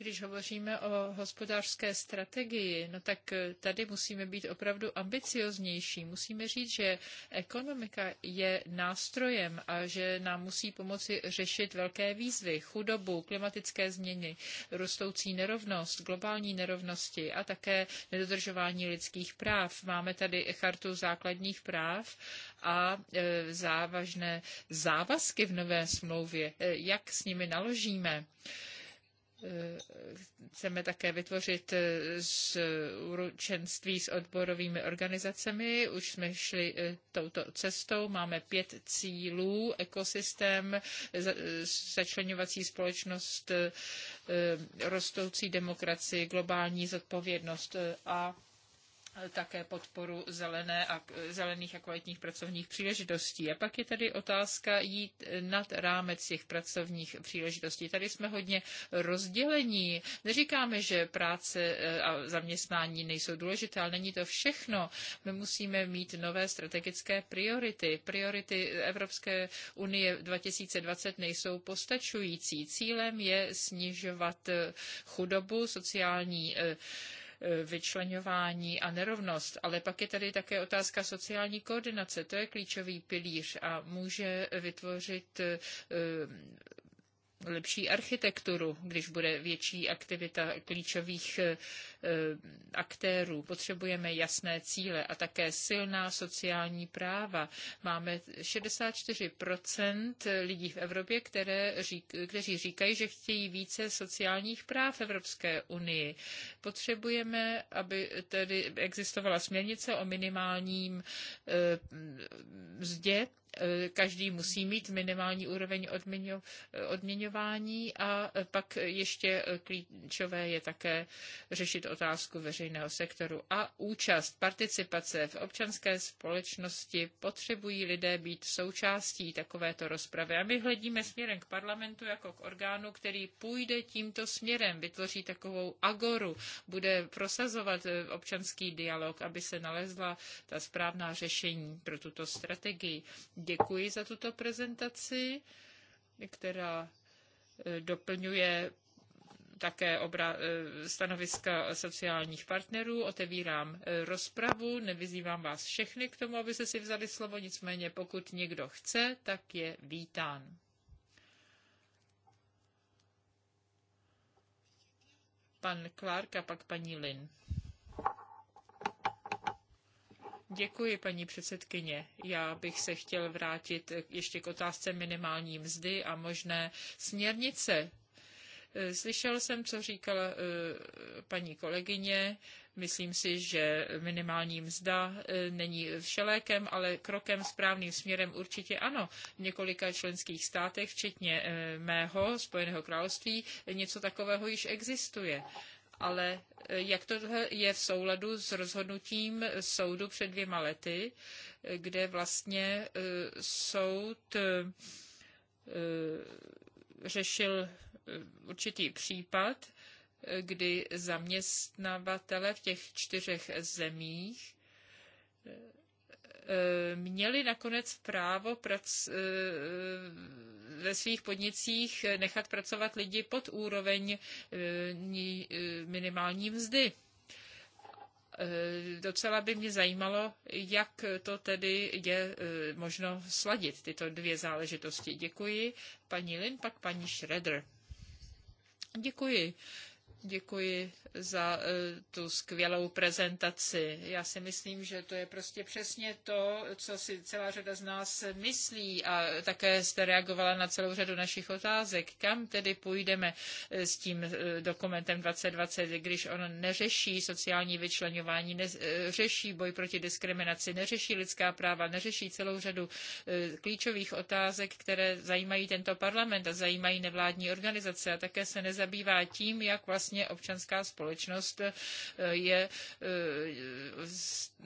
Když hovoříme o hospodářské strategii, no tak eh, tady musíme být opravdu ambicioznější. Musíme říct, že ekonomika je nástrojem a že nám musí pomoci řešit velké výzvy, chudobu, klimatické změny, rostoucí nerovnost, globální nerovnosti a také nedodržování lidských práv. Máme tady chartu základních práv a eh, závažné závazky v nové smlouvě. Eh, jak s nimi naložíme? Eh, chceme také vytvořit eh, z uručenství s odborovými organizacemi. Už jsme šli eh, touto cestou. Máme pět cílů. Ekosystém, začlenovací společnost, rostoucí demokracii, globální zodpovědnost a také podporu zelené a, zelených a kvalitních pracovních příležitostí. A pak je tady otázka jít nad rámec těch pracovních příležitostí. Tady jsme hodně rozdělení. Neříkáme, že práce eh, a zaměstnání nejsou důležité, ale není to všechno. My musíme mít nové strategické priority. Priority Evropské unie 2020 nejsou postačující. Cílem je snižovat eh, chudobu, sociální eh, Eh, vyčlenování a nerovnost, ale pak je tady také otázka sociální koordinace. To je klíčový pilíř a může vytvořit eh, lepší architekturu, když bude větší aktivita klíčových eh, aktérů. Potřebujeme jasné cíle a také silná sociální práva. Máme 64% lidí v Evropě, které řík, kteří říkají, že chtějí více sociálních práv Evropské unii. Potřebujeme, aby tedy existovala směrnice o minimálním eh, mzdě Eh, každý musí mít minimální úroveň eh, odměňování a eh, pak ještě klíčové je také řešit otázku veřejného sektoru a účast, participace v občanské společnosti. Potřebují lidé být součástí takovéto rozpravy a my hledíme směrem k parlamentu jako k orgánu, který půjde tímto směrem, vytvoří takovou agoru, bude prosazovat občanský dialog, aby se nalezla ta správná řešení pro tuto strategii děkuji za tuto prezentaci, která eh, doplňuje také obra- eh, stanoviska sociálních partnerů. Otevírám eh, rozpravu, nevyzývám vás všechny k tomu, abyste se si vzali slovo, nicméně pokud někdo chce, tak je vítán. Pan Clark a pak paní Lynn. Děkuji, paní předsedkyně. Já bych se chtěl vrátit ještě k otázce minimální mzdy a možné směrnice. Slyšel jsem, co říkala eh, paní kolegyně. Myslím si, že minimální mzda eh, není všelékem, ale krokem správným směrem určitě ano. V několika členských státech, včetně eh, mého, Spojeného království, něco takového již existuje ale eh, jak to je v souladu s rozhodnutím soudu před dvěma lety, eh, kde vlastně eh, soud řešil určitý případ, kdy zaměstnavatele v těch čtyřech zemích měli nakonec právo prac, ve svých podnicích nechat pracovat lidi pod úroveň e, e, minimální mzdy e, docela by mě zajímalo, jak to tedy je možno sladit, tyto dvě záležitosti. Děkuji paní Lin, pak paní Schroeder. Děkuji. Děkuji za eh, tu skvělou prezentaci. Já si myslím, že to je prostě přesně to, co si celá řada z nás myslí a také jste reagovala na celou řadu našich otázek. Kam tedy půjdeme eh, s tím eh, dokumentem 2020, když on neřeší sociální vyčlenování, neřeší boj proti diskriminaci, neřeší lidská práva, neřeší celou řadu klíčových otázek, které zajímají tento parlament a zajímají nevládní organizace a také se nezabývá tím, jak vlastně vlastně občanská společnost eh, je eh,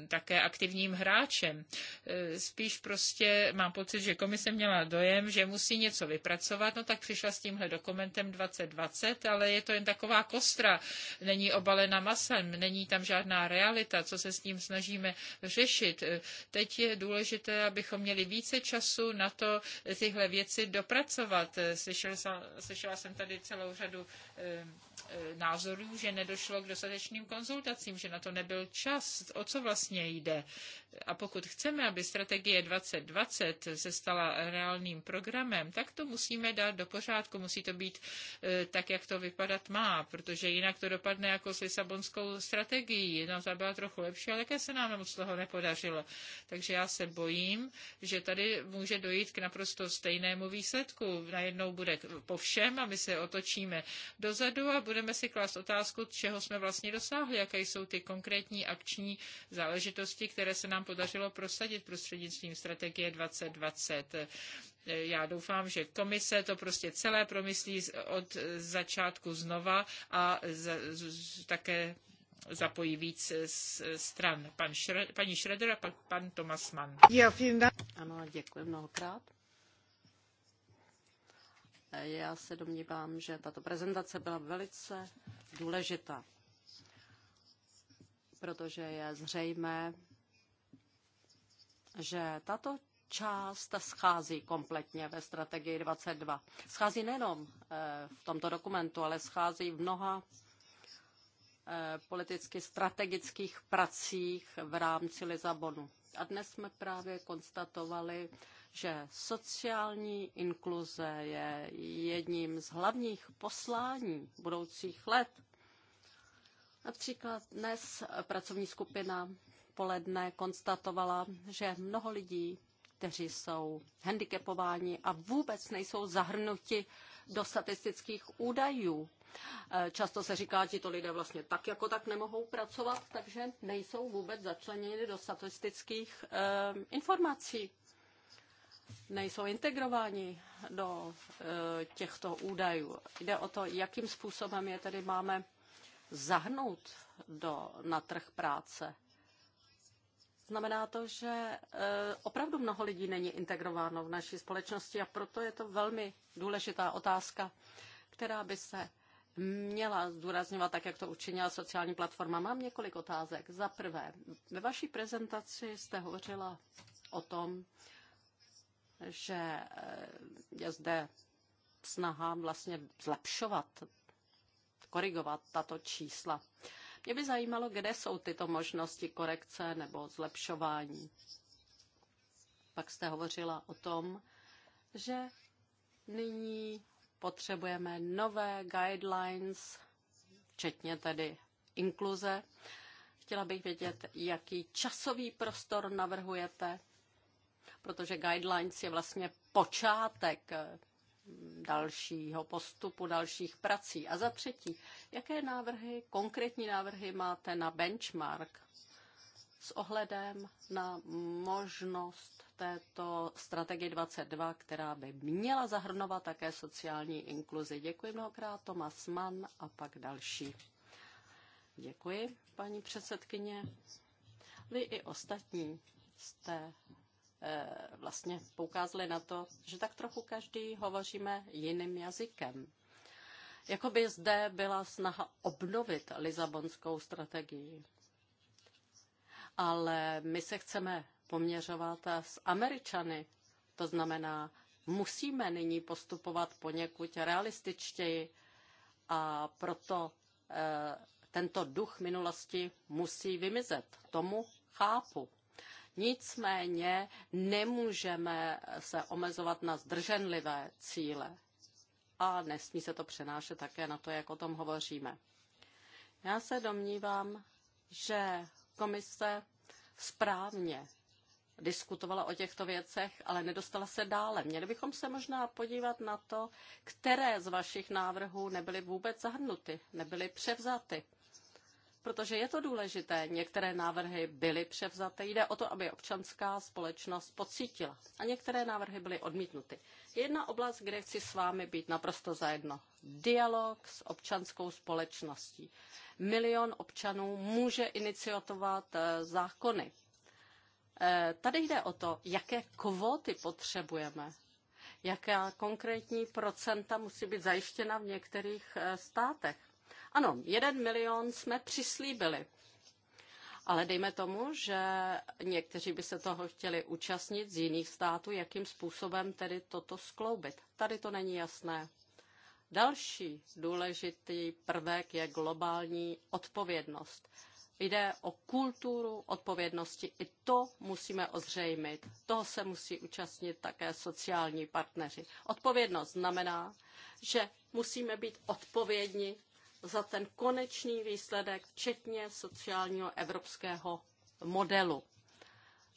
také aktivním hráčem. Eh, spíš prostě mám pocit, že komise měla dojem, že musí něco vypracovat, no tak přišla s tímhle dokumentem 2020, ale je to jen taková kostra, není obalena masem, není tam žádná realita, co se s tím snažíme řešit. Teď je důležité, abychom měli více času na to tyhle věci dopracovat. Slyšela, slyšela jsem tady celou řadu Eh, názorů, že nedošlo k dostatečným konzultacím, že na to nebyl čas. O co vlastně jde? A pokud chceme, aby strategie 2020 se stala reálným programem, tak to musíme dát do pořádku. Musí to být eh, tak, jak to vypadat má, protože jinak to dopadne jako s Lisabonskou strategií. No, ta byla trochu lepší, ale také se nám moc toho nepodařilo. Takže já se bojím, že tady může dojít k naprosto stejnému výsledku. Najednou bude po všem a my se otočíme dozadu a budeme si klást otázku, čeho jsme vlastně dosáhli, jaké jsou ty konkrétní akční záležitosti, které se nám nám podařilo prosadit prostřednictvím strategie 2020. Já doufám, že komise to prostě celé promyslí od začátku znova a z, z, také zapojí víc z stran. Pan Šre, paní Šreder a pak pan Tomas Mann. Ano, děkuji mnohokrát. Já se domnívám, že tato prezentace byla velice důležitá, protože je zřejmé, že tato část schází kompletně ve strategii 22. Schází nejenom eh, v tomto dokumentu, ale schází v mnoha eh, politicky strategických pracích v rámci Lisabonu. A dnes jsme právě konstatovali, že sociální inkluze je jedním z hlavních poslání budoucích let. Například dnes pracovní skupina odpoledne konstatovala, že mnoho lidí, kteří jsou handicapováni a vůbec nejsou zahrnuti do statistických údajů. E, často se říká, že to lidé vlastně tak jako tak nemohou pracovat, takže nejsou vůbec začleněni do statistických e, informací. Nejsou integrováni do e, těchto údajů. Jde o to, jakým způsobem je tedy máme zahrnout do, na trh práce. Znamená to, že e, opravdu mnoho lidí není integrováno v naší společnosti a proto je to velmi důležitá otázka, která by se měla zdůrazňovat, tak jak to učinila sociální platforma. Mám několik otázek. Za prvé, ve vaší prezentaci jste hovořila o tom, že e, je zde snaha vlastně zlepšovat, korigovat tato čísla. Mě by zajímalo, kde jsou tyto možnosti korekce nebo zlepšování. Pak jste hovořila o tom, že nyní potřebujeme nové guidelines, včetně tedy inkluze. Chtěla bych vědět, jaký časový prostor navrhujete, protože guidelines je vlastně počátek dalšího postupu, dalších prací? A za třetí, jaké návrhy, konkrétní návrhy máte na benchmark s ohledem na možnost této strategie 22, která by měla zahrnovat také sociální inkluzi. Děkuji mnohokrát, Tomas Mann a pak další. Děkuji, paní předsedkyně. Vy i ostatní jste Eh, vlastně poukázali na to, že tak trochu každý hovoříme jiným jazykem. Jakoby zde byla snaha obnovit Lizabonskou strategii. Ale my se chceme poměřovat s Američany. To znamená, musíme nyní postupovat poněkud realističtěji a proto eh, tento duch minulosti musí vymizet. Tomu chápu. Nicméně nemůžeme se omezovat na zdrženlivé cíle a nesmí se to přenášet také na to, jak o tom hovoříme. Já se domnívám, že komise správně diskutovala o těchto věcech, ale nedostala se dále. Měli bychom se možná podívat na to, které z vašich návrhů nebyly vůbec zahrnuty, nebyly převzaty protože je to důležité. Některé návrhy byly převzaty, jde o to, aby občanská společnost pocítila. A některé návrhy byly odmítnuty. Jedna oblast, kde chci s vámi být naprosto zajedno. Dialog s občanskou společností. Milion občanů může iniciovat eh, zákony. Eh, tady jde o to, jaké kvóty potřebujeme, jaká konkrétní procenta musí být zajištěna v některých eh, státech. Ano, jeden milion jsme přislíbili. Ale dejme tomu, že někteří by se toho chtěli účastnit z jiných států, jakým způsobem tedy toto skloubit. Tady to není jasné. Další důležitý prvek je globální odpovědnost. Jde o kulturu odpovědnosti. I to musíme ozřejmit. Toho se musí účastnit také sociální partneři. Odpovědnost znamená, že musíme být odpovědní za ten konečný výsledek, včetně sociálního evropského modelu.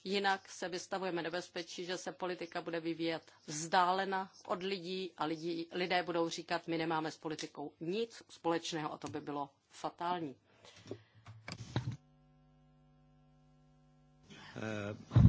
Jinak se vystavujeme nebezpečí, že se politika bude vyvíjet vzdálena od lidí a lidi, lidé budou říkat, my nemáme s politikou nic společného a to by bylo fatální. Eh,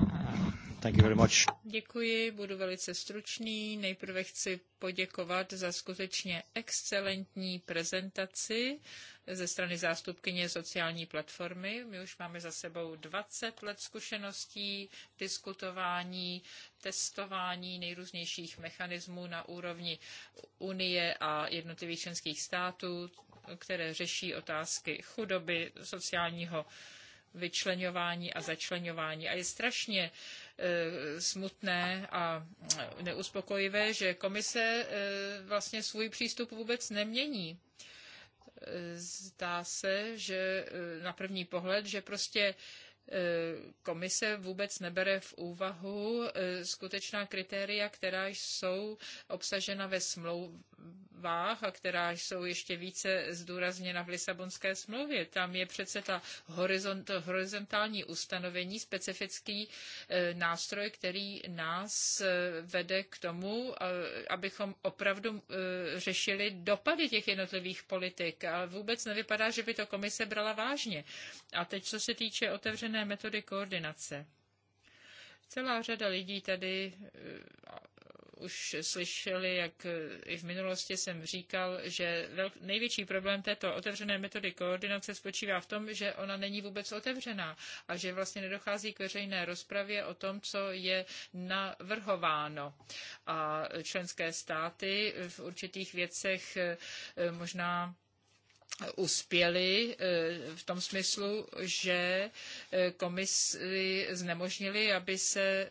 Thank you very much. Děkuji, budu velice stručný. Nejprve chci poděkovat za skutečně excelentní prezentaci ze strany zástupkyně sociální platformy. My už máme za sebou 20 let zkušeností, diskutování, testování nejrůznějších mechanismů na úrovni Unie a jednotlivých členských států, které řeší otázky chudoby, sociálního vyčlenování a začlenování. A je strašně e, smutné a neuspokojivé, že komise e, vlastně svůj přístup vůbec nemění e, zdá se, že na první pohled, že prostě komise vůbec nebere v úvahu skutečná kritéria, která jsou obsažena ve smlouvě právách a která jsou ještě více zdůrazněna v Lisabonské smlouvě. Tam je přece ta horizont, horizontální ustanovení, specifický e, nástroj, který nás e, vede k tomu, a, abychom opravdu e, řešili dopady těch jednotlivých politik. A vůbec nevypadá, že by to komise brala vážně. A teď, co se týče otevřené metody koordinace. Celá řada lidí tady e, už slyšeli, jak eh, i v minulosti jsem říkal, že největší problém této otevřené metody koordinace spočívá v tom, že ona není vůbec otevřená a že vlastně nedochází k veřejné rozpravě o tom, co je navrhováno. A členské státy v určitých věcech eh, možná uspěli eh, v tom smyslu, že eh, komisi znemožnili, aby se eh,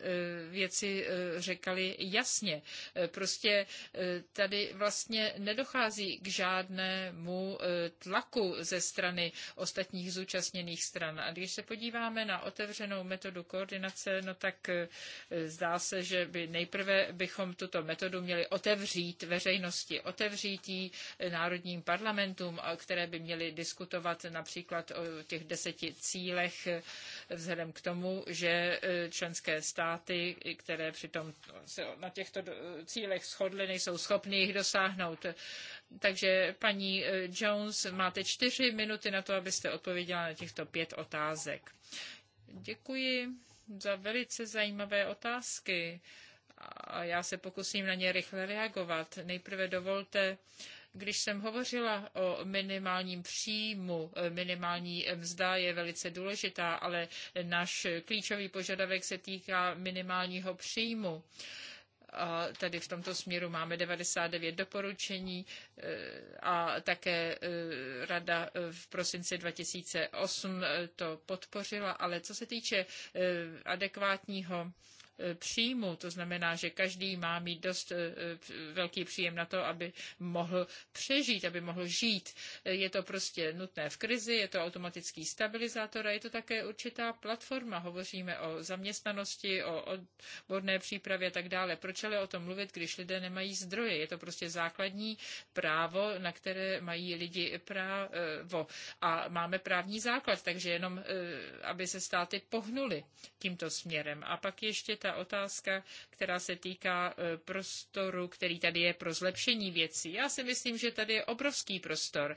věci řekaly jasně. Prostě tady vlastně nedochází k žádnému tlaku ze strany ostatních zúčastněných stran. A když se podíváme na otevřenou metodu koordinace, no tak zdá se, že by nejprve bychom tuto metodu měli otevřít veřejnosti, otevřít ji národním parlamentům, které které by měly diskutovat například o těch deseti cílech eh, vzhledem k tomu, že eh, členské státy, které přitom se na těchto eh, cílech shodly, nejsou schopny jich dosáhnout. Takže paní Jones, máte čtyři minuty na to, abyste odpověděla na těchto pět otázek. Děkuji za velice zajímavé otázky a já se pokusím na ně rychle reagovat. Nejprve dovolte když jsem hovořila o minimálním příjmu, eh, minimální mzda je velice důležitá, ale náš klíčový požadavek se týká minimálního příjmu. A tady v tomto směru máme 99 doporučení eh, a také eh, rada v prosinci 2008 to podpořila, ale co se týče adekvátního E, příjmu. To znamená, že každý má mít dost e, velký příjem na to, aby mohl přežít, aby mohl žít. E, je to prostě nutné v krizi, je to automatický stabilizátor a je to také určitá platforma. Hovoříme o zaměstnanosti, o odborné přípravě a tak dále. Proč ale o tom mluvit, když lidé nemají zdroje? Je to prostě základní právo, na které mají lidi právo. A máme právní základ, takže jenom, aby se státy pohnuly tímto směrem. A pak ještě ta ta otázka, která se týká e, prostoru, který tady je pro zlepšení věcí. Já si myslím, že tady je obrovský prostor.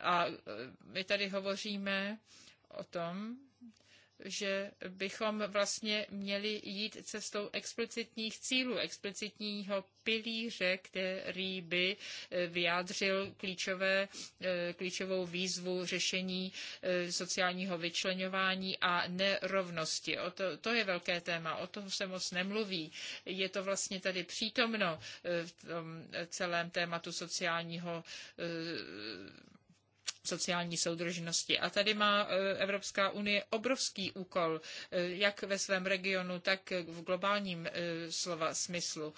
A e, my tady hovoříme o tom, že bychom vlastně měli jít cestou explicitních cílů, explicitního pilíře, který by eh, vyjádřil klíčové, eh, klíčovou výzvu řešení eh, sociálního vyčlenování a nerovnosti. O to, to je velké téma, o tom se moc nemluví. Je to vlastně tady přítomno v tom celém tématu sociálního sociální soudržnosti. A tady má e, Evropská unie obrovský úkol, e, jak ve svém regionu, tak v globálním e, slova smyslu.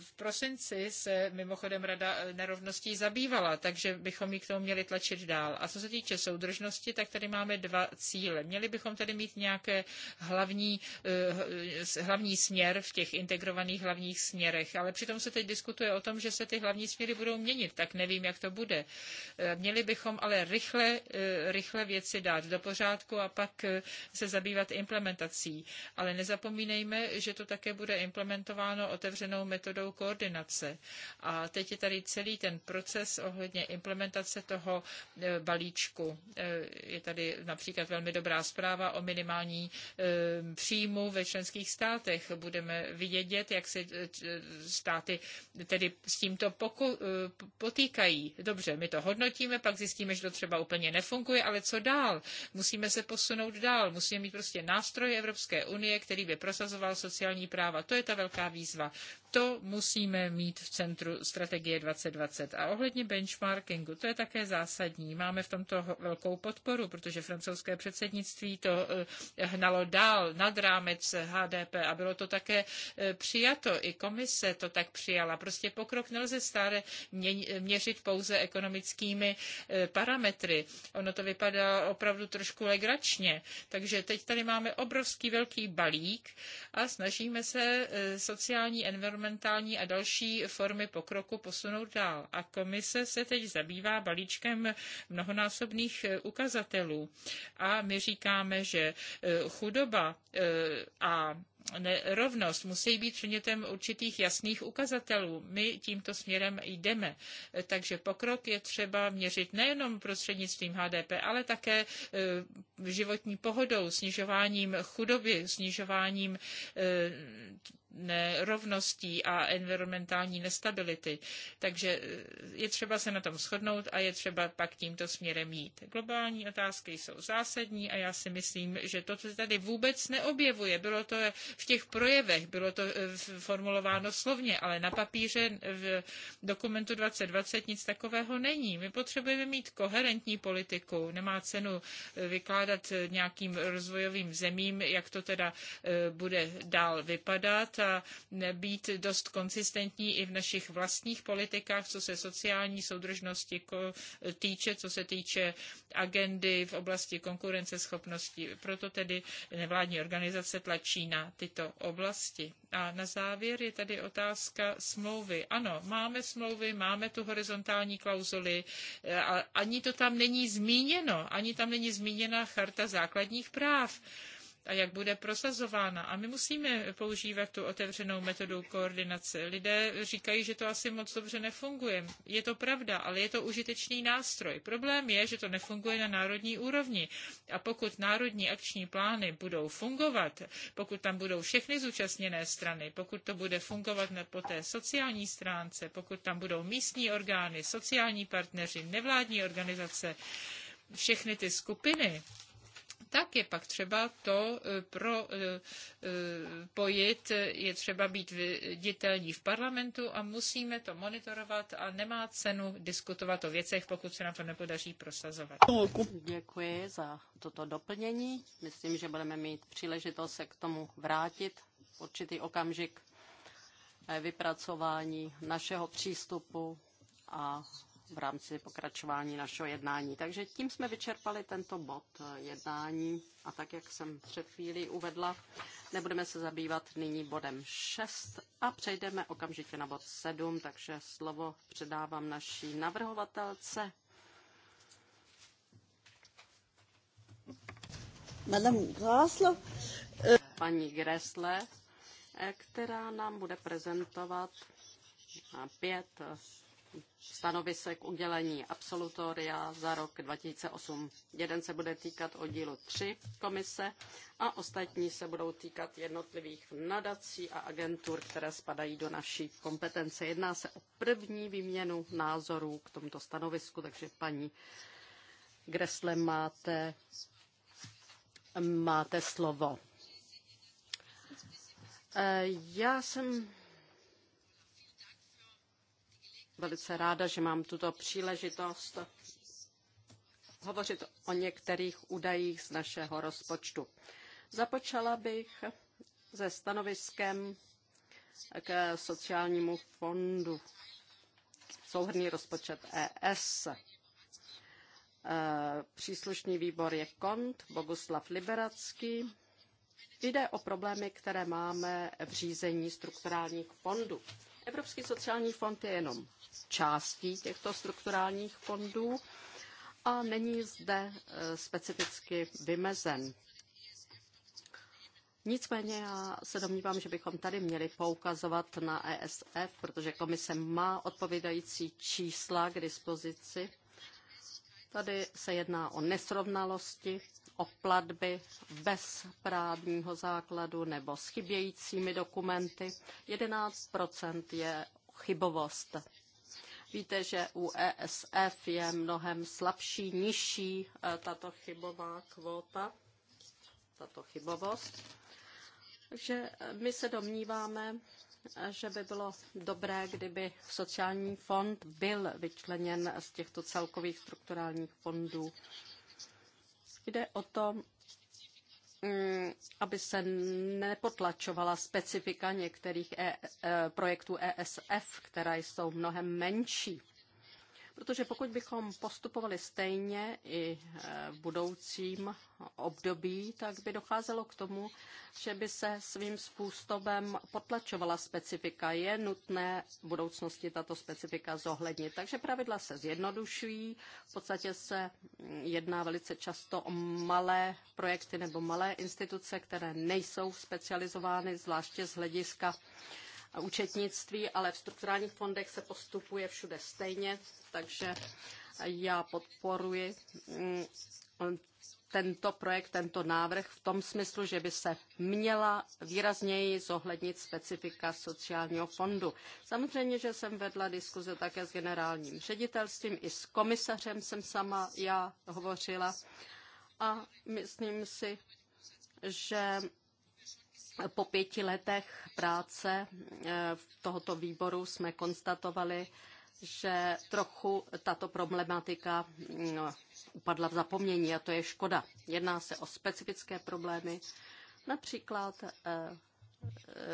V prosinci se mimochodem Rada nerovností zabývala, takže bychom ji k tomu měli tlačit dál. A co se týče soudržnosti, tak tady máme dva cíle. Měli bychom tady mít nějaké hlavní, hlavní směr v těch integrovaných hlavních směrech, ale přitom se teď diskutuje o tom, že se ty hlavní směry budou měnit, tak nevím, jak to bude. Měli bychom ale rychle, eh, rychle, věci dát do pořádku a pak eh, se zabývat implementací. Ale nezapomínejme, že to také bude implementováno otevřenou metodou koordinace. A teď je tady celý ten proces ohledně implementace toho eh, balíčku. Je tady například velmi dobrá zpráva o minimální příjmu ve členských státech. Budeme vidět, jak se státy tedy s tímto potýkají. Dobře, my to hodnotíme, pak zjistíme, že to třeba úplně nefunguje, ale co dál? Musíme se posunout dál. Musíme mít prostě nástroje Evropské unie, který by prosazoval sociální práva. To je ta velká výzva to musíme mít v centru strategie 2020. A ohledně benchmarkingu, to je také zásadní. Máme v tomto velkou podporu, protože francouzské předsednictví to eh, hnalo dál nad rámec HDP a bylo to také eh, přijato. I komise to tak přijala. Prostě pokrok nelze stále měřit pouze ekonomickými eh, parametry. Ono to vypadá opravdu trošku legračně. Takže teď tady máme obrovský velký balík a snažíme se sociální environment environmentální a další formy pokroku posunout dál. A komise se teď zabývá balíčkem mnohonásobných eh, ukazatelů. A my říkáme, že eh, chudoba eh, a nerovnost musí být předmětem určitých jasných ukazatelů. My tímto směrem jdeme. Takže pokrok je třeba měřit nejenom prostřednictvím HDP, ale také životní pohodou, snižováním chudoby, snižováním nerovností a environmentální nestability. Takže eh, je třeba se na tom shodnout a je třeba pak tímto směrem jít. Globální otázky jsou zásadní a já si myslím, že to, co tady vůbec neobjevuje, bylo to v těch projevech, bylo to eh, formulováno slovně, ale na papíře v dokumentu 2020 nic takového není. My potřebujeme mít koherentní politiku. Nemá cenu eh, vykládat nějakým rozvojovým zemím, jak to teda bude dál vypadat a být dost konsistentní i v našich vlastních politikách, co se sociální soudržnosti týče, co se týče agendy v oblasti konkurenceschopnosti. Proto tedy nevládní organizace tlačí na tyto oblasti. A na závěr je tady otázka smlouvy. Ano, máme smlouvy, máme tu horizontální klauzuli, ani to tam není zmíněno, ani tam není zmíněna charta základních práv a jak bude prosazována. A my musíme používat tu otevřenou metodu koordinace. Lidé říkají, že to asi moc dobře nefunguje. Je to pravda, ale je to užitečný nástroj. Problém je, že to nefunguje na národní úrovni. A pokud národní akční plány budou fungovat, pokud tam budou všechny zúčastněné strany, pokud to bude fungovat na, po té sociální stránce, pokud tam budou místní orgány, sociální partneři, nevládní organizace, všechny ty skupiny, tak je pak třeba to e, propojit, e, e, je třeba být viditelní v parlamentu a musíme to monitorovat a nemá cenu diskutovat o věcech, pokud se nám to nepodaří prosazovat. Děkuji za toto doplnění. Myslím, že budeme mít příležitost se k tomu vrátit v určitý okamžik vypracování našeho přístupu a v rámci pokračování našeho jednání. Takže tím jsme vyčerpali tento bod jednání a tak, jak jsem před chvílí uvedla, nebudeme se zabývat nyní bodem 6 a přejdeme okamžitě na bod 7, takže slovo předávám naší navrhovatelce. Madame Grasle. Paní eh, Gresle, která nám bude prezentovat pět stanovisek udělení absolutoria za rok 2008. Jeden se bude týkat oddílu 3 komise a ostatní se budou týkat jednotlivých nadací a agentur, které spadají do naší kompetence. Jedná se o první výměnu názorů k tomuto stanovisku, takže paní Gresle máte, máte slovo. Eh, já jsem velice ráda, že mám tuto příležitost hovořit o některých údajích z našeho rozpočtu. Započala bych se stanoviskem k sociálnímu fondu, souhrný rozpočet ES. E, příslušný výbor je KONT, Boguslav Liberacký. Jde o problémy, které máme v řízení strukturálních fondů. Evropský sociální fond je jenom částí těchto strukturálních fondů a není zde e, specificky vymezen. Nicméně já se domnívám, že bychom tady měli poukazovat na ESF, protože komise má odpovídající čísla k dispozici. Tady se jedná o nesrovnalosti o platby bez právního základu nebo s chybějícími dokumenty. 11 je chybovost. Víte, že u ESF je mnohem slabší, nižší eh, tato chybová kvóta, tato chybovost. Takže eh, my se domníváme, eh, že by bylo dobré, kdyby sociální fond byl vyčleněn z těchto celkových strukturálních fondů Jde o to, mm, aby se nepotlačovala specifika některých e, e, projektů ESF, které jsou mnohem menší. Protože pokud bychom postupovali stejně i eh, v budoucím období, tak by docházelo k tomu, že by se svým způsobem potlačovala specifika. Je nutné v budoucnosti tato specifika zohlednit. Takže pravidla se zjednodušují. V podstatě se jedná velice často o malé projekty nebo malé instituce, které nejsou specializovány, zvláště z hlediska účetnictví, ale v strukturálních fondech se postupuje všude stejně, takže já podporuji mm, tento projekt, tento návrh v tom smyslu, že by se měla výrazněji zohlednit specifika sociálního fondu. Samozřejmě, že jsem vedla diskuze také s generálním ředitelstvím, i s komisařem jsem sama já hovořila a myslím si, že po pěti letech práce eh, v tohoto výboru jsme konstatovali, že trochu tato problematika mm, upadla v zapomnění a to je škoda. Jedná se o specifické problémy, například eh, eh,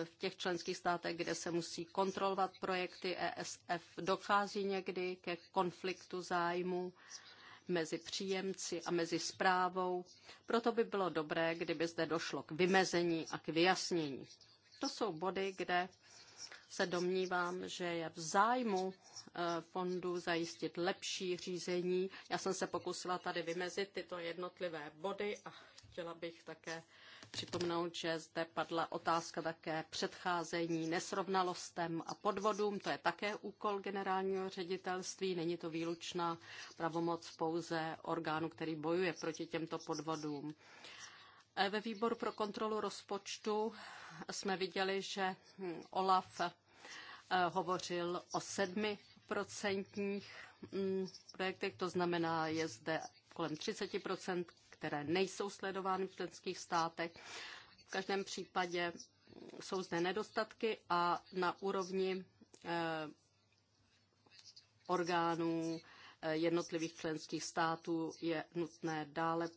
v těch členských státech, kde se musí kontrolovat projekty ESF, dochází někdy ke konfliktu zájmu mezi příjemci a mezi zprávou. Proto by bylo dobré, kdyby zde došlo k vymezení a k vyjasnění. To jsou body, kde se domnívám, že je v zájmu eh, fondu zajistit lepší řízení. Já jsem se pokusila tady vymezit tyto jednotlivé body a chtěla bych také připomenout, že zde padla otázka také předcházení nesrovnalostem a podvodům. To je také úkol generálního ředitelství. Není to výlučná pravomoc pouze orgánu, který bojuje proti těmto podvodům. Eh, ve výboru pro kontrolu rozpočtu jsme viděli, že hm, OLAF eh, hovořil o sedmi procentních hm, projektech, to znamená, je zde kolem 30 které nejsou sledovány v členských státech. V každém případě jsou zde nedostatky a na úrovni eh, orgánů eh, jednotlivých členských států je nutné dále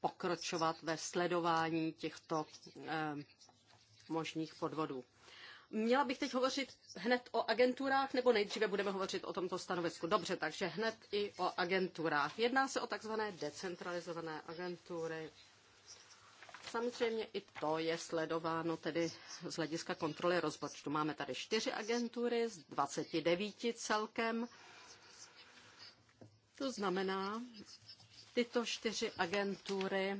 pokročovat ve sledování těchto eh, možných podvodů. Měla bych teď hovořit hned o agenturách, nebo nejdříve budeme hovořit o tomto stanovisku? Dobře, takže hned i o agenturách. Jedná se o takzvané decentralizované agentury. Samozřejmě i to je sledováno tedy z hlediska kontroly rozpočtu. Máme tady čtyři agentury z 29 celkem. To znamená, tyto čtyři agentury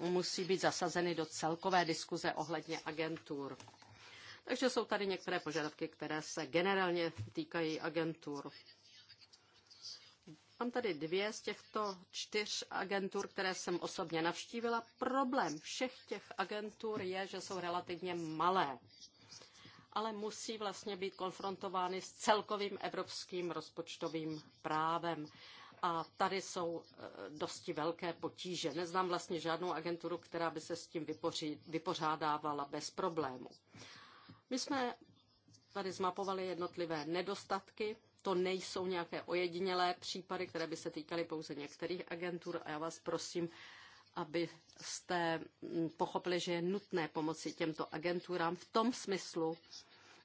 musí být zasazeny do celkové diskuze ohledně agentur. Takže jsou tady některé požadavky, které se generálně týkají agentur. Mám tady dvě z těchto čtyř agentur, které jsem osobně navštívila. Problém všech těch agentur je, že jsou relativně malé, ale musí vlastně být konfrontovány s celkovým evropským rozpočtovým právem. A tady jsou eh, dosti velké potíže. Neznám vlastně žádnou agenturu, která by se s tím vypořádávala bez problému. My jsme tady zmapovali jednotlivé nedostatky. To nejsou nějaké ojedinělé případy, které by se týkaly pouze některých agentur a já vás prosím, abyste mm, pochopili, že je nutné pomoci těmto agenturám v tom smyslu,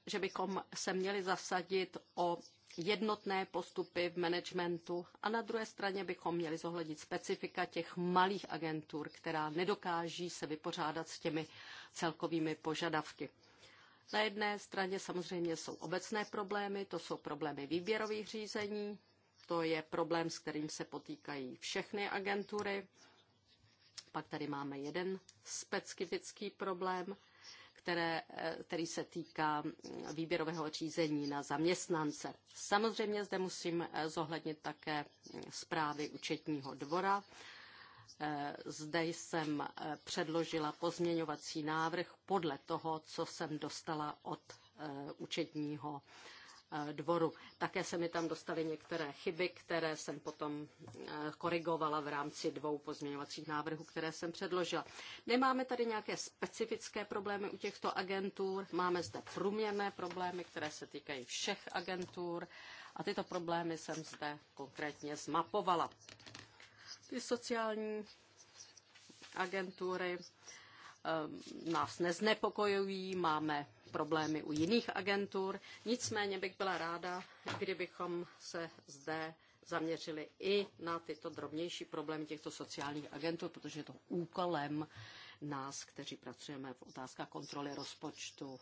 že bychom se měli zasadit o jednotné postupy v managementu a na druhé straně bychom měli zohlednit specifika těch malých agentur, která nedokáží se vypořádat s těmi celkovými požadavky. Na jedné straně samozřejmě jsou obecné problémy, to jsou problémy výběrových řízení, to je problém, s kterým se potýkají všechny agentury. Pak tady máme jeden specifický problém, které, eh, který se týká mm, výběrového řízení na zaměstnance. Samozřejmě zde musím eh, zohlednit také mm, zprávy účetního dvora Eh, zde jsem eh, předložila pozměňovací návrh podle toho, co jsem dostala od eh, účetního dvoru. Také se mi tam dostaly některé chyby, které jsem potom korigovala v rámci dvou pozměňovacích návrhů, které jsem předložila. Nemáme tady nějaké specifické problémy u těchto agentur, máme zde průměrné problémy, které se týkají všech agentur a tyto problémy jsem zde konkrétně zmapovala. Ty sociální agentury ehm, nás neznepokojují, máme problémy u jiných agentur. Nicméně bych byla ráda, kdybychom se zde zaměřili i na tyto drobnější problémy těchto sociálních agentů, protože je to úkolem nás, kteří pracujeme v otázkách kontroly rozpočtu.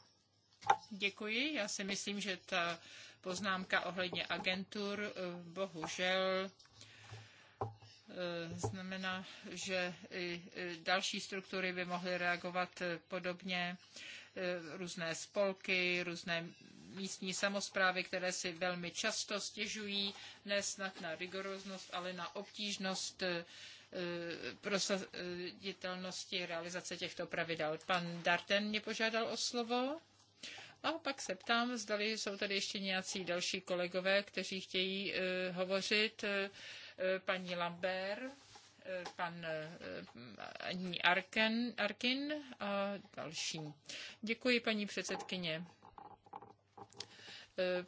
Děkuji. Já si myslím, že ta poznámka ohledně agentur eh, bohužel Eh, znamená, že i další struktury by mohly reagovat eh, podobně, eh, různé spolky, různé místní samozprávy, které si velmi často stěžují, ne snad na rigoroznost, ale na obtížnost prosaditelnosti realizace těchto pravidel. Pan Darten mě požádal o slovo. A pak se ptám, zdali jsou tady ještě nějací další kolegové, kteří chtějí uh, hovořit. Uh, Eh, paní Lambert, eh, pan eh, Aní Arken, Arkin a další. Děkuji, paní předsedkyně.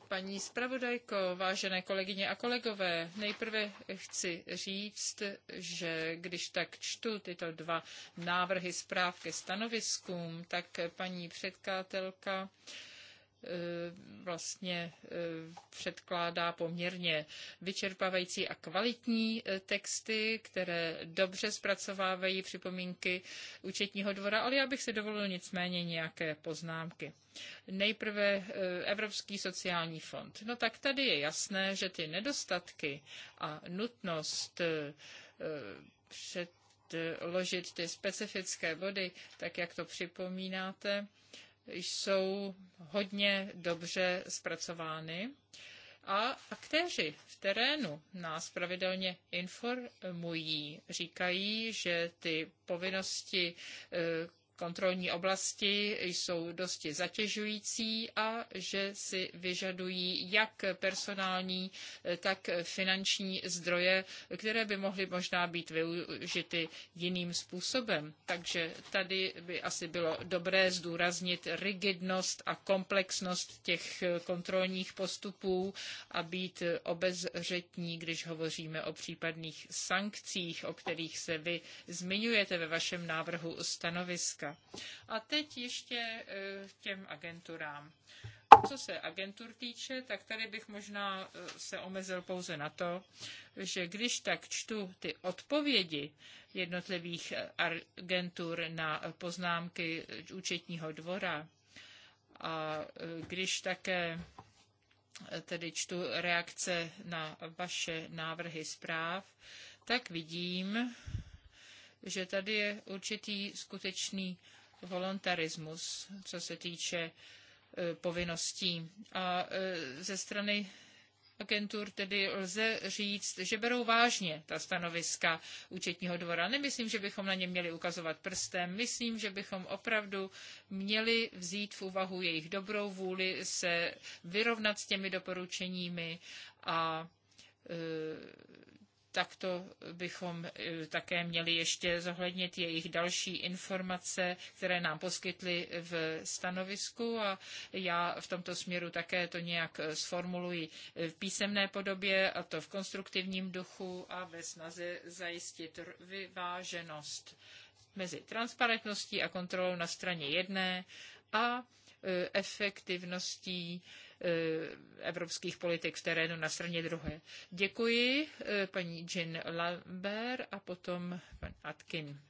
Paní zpravodajko, vážené kolegyně a kolegové, nejprve chci říct, že když tak čtu tyto dva návrhy zpráv ke stanoviskům, tak paní předkladatelka Eh, vlastně eh, předkládá poměrně vyčerpávající a kvalitní eh, texty, které dobře zpracovávají připomínky účetního dvora, ale já bych si dovolil nicméně nějaké poznámky. Nejprve Evropský sociální fond. No tak tady je jasné, že ty nedostatky a nutnost před ložit ty specifické body, tak jak to připomínáte, jsou hodně dobře zpracovány a aktéři v terénu nás pravidelně informují. Říkají, že ty povinnosti eh, kontrolní oblasti jsou dosti zatěžující a že si vyžadují jak personální, tak finanční zdroje, které by mohly možná být využity jiným způsobem. Takže tady by asi bylo dobré zdůraznit rigidnost a komplexnost těch kontrolních postupů a být obezřetní, když hovoříme o případných sankcích, o kterých se vy zmiňujete ve vašem návrhu stanoviska. Turecka. A teď ještě k e, těm agenturám. Co se agentur týče, tak tady bych možná e, se omezil pouze na to, že když tak čtu ty odpovědi jednotlivých e, agentur na poznámky účetního dvora a když také tedy čtu reakce na vaše návrhy zpráv, tak vidím, že tady je určitý skutečný voluntarismus, co se týče e, povinností. A e, ze strany agentur tedy lze říct, že berou vážně ta stanoviska účetního dvora. Nemyslím, že bychom na ně měli ukazovat prstem. Myslím, že bychom opravdu měli vzít v úvahu jejich dobrou vůli, se vyrovnat s těmi doporučeními a e, takto bychom eh, také měli ještě zohlednit jejich další informace, které nám poskytli v stanovisku a já v tomto směru také to nějak eh, sformuluji eh, v písemné podobě a to v konstruktivním duchu a ve snaze zajistit vyváženost mezi transparentností a kontrolou na straně jedné a efektivností Eh, evropských politik v terénu na straně druhé. Děkuji eh, paní Jean Lambert a potom pan Atkin.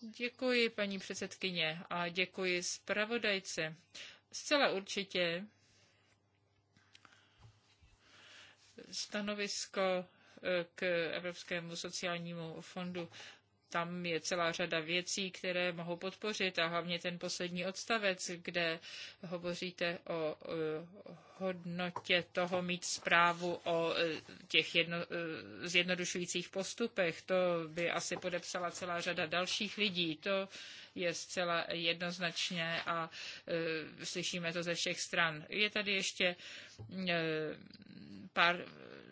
Děkuji, paní předsedkyně, a děkuji zpravodajce. Zcela určitě stanovisko eh, k Evropskému sociálnímu fondu tam je celá řada věcí, které mohou podpořit a hlavně ten poslední odstavec, kde hovoříte o eh, hodnotě toho mít zprávu o eh, těch jedno, eh, zjednodušujících postupech. To by asi podepsala celá řada dalších lidí. To je zcela jednoznačně a e, slyšíme to ze všech stran. Je tady ještě e, pár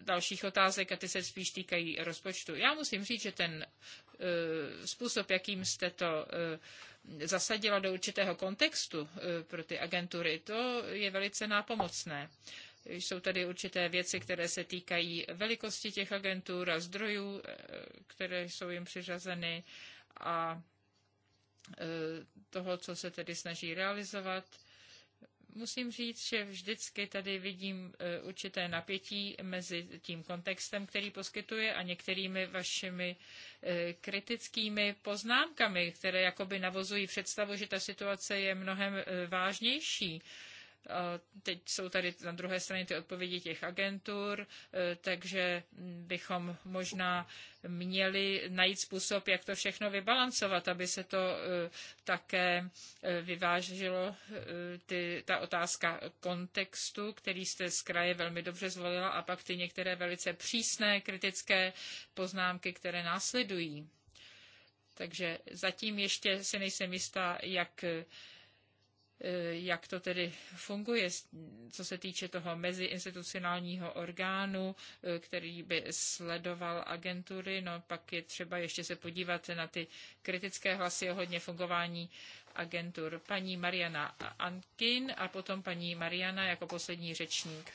dalších otázek a ty se spíš týkají rozpočtu. Já musím říct, že ten Eh, způsob, jakým jste to eh, zasadila do určitého kontextu eh, pro ty agentury, to je velice nápomocné. Jsou tady určité věci, které se týkají velikosti těch agentur a zdrojů, které jsou jim přiřazeny a toho, co se tedy snaží realizovat. Musím říct, že vždycky tady vidím e, určité napětí mezi tím kontextem, který poskytuje a některými vašimi e, kritickými poznámkami, které jakoby navozují představu, že ta situace je mnohem e, vážnější. Teď jsou tady na druhé straně ty odpovědi těch agentur, e, takže bychom možná měli najít způsob, jak to všechno vybalancovat, aby se to e, také e, vyvážilo, ty, ta otázka kontextu, který jste z kraje velmi dobře zvolila, a pak ty některé velice přísné kritické poznámky, které následují. Takže zatím ještě si nejsem jistá, jak E, jak to tedy funguje, co se týče toho meziinstitucionálního orgánu, e, který by sledoval agentury. No pak je třeba ještě se podívat na ty kritické hlasy ohledně fungování agentur. Paní Mariana Ankin a potom paní Mariana jako poslední řečník.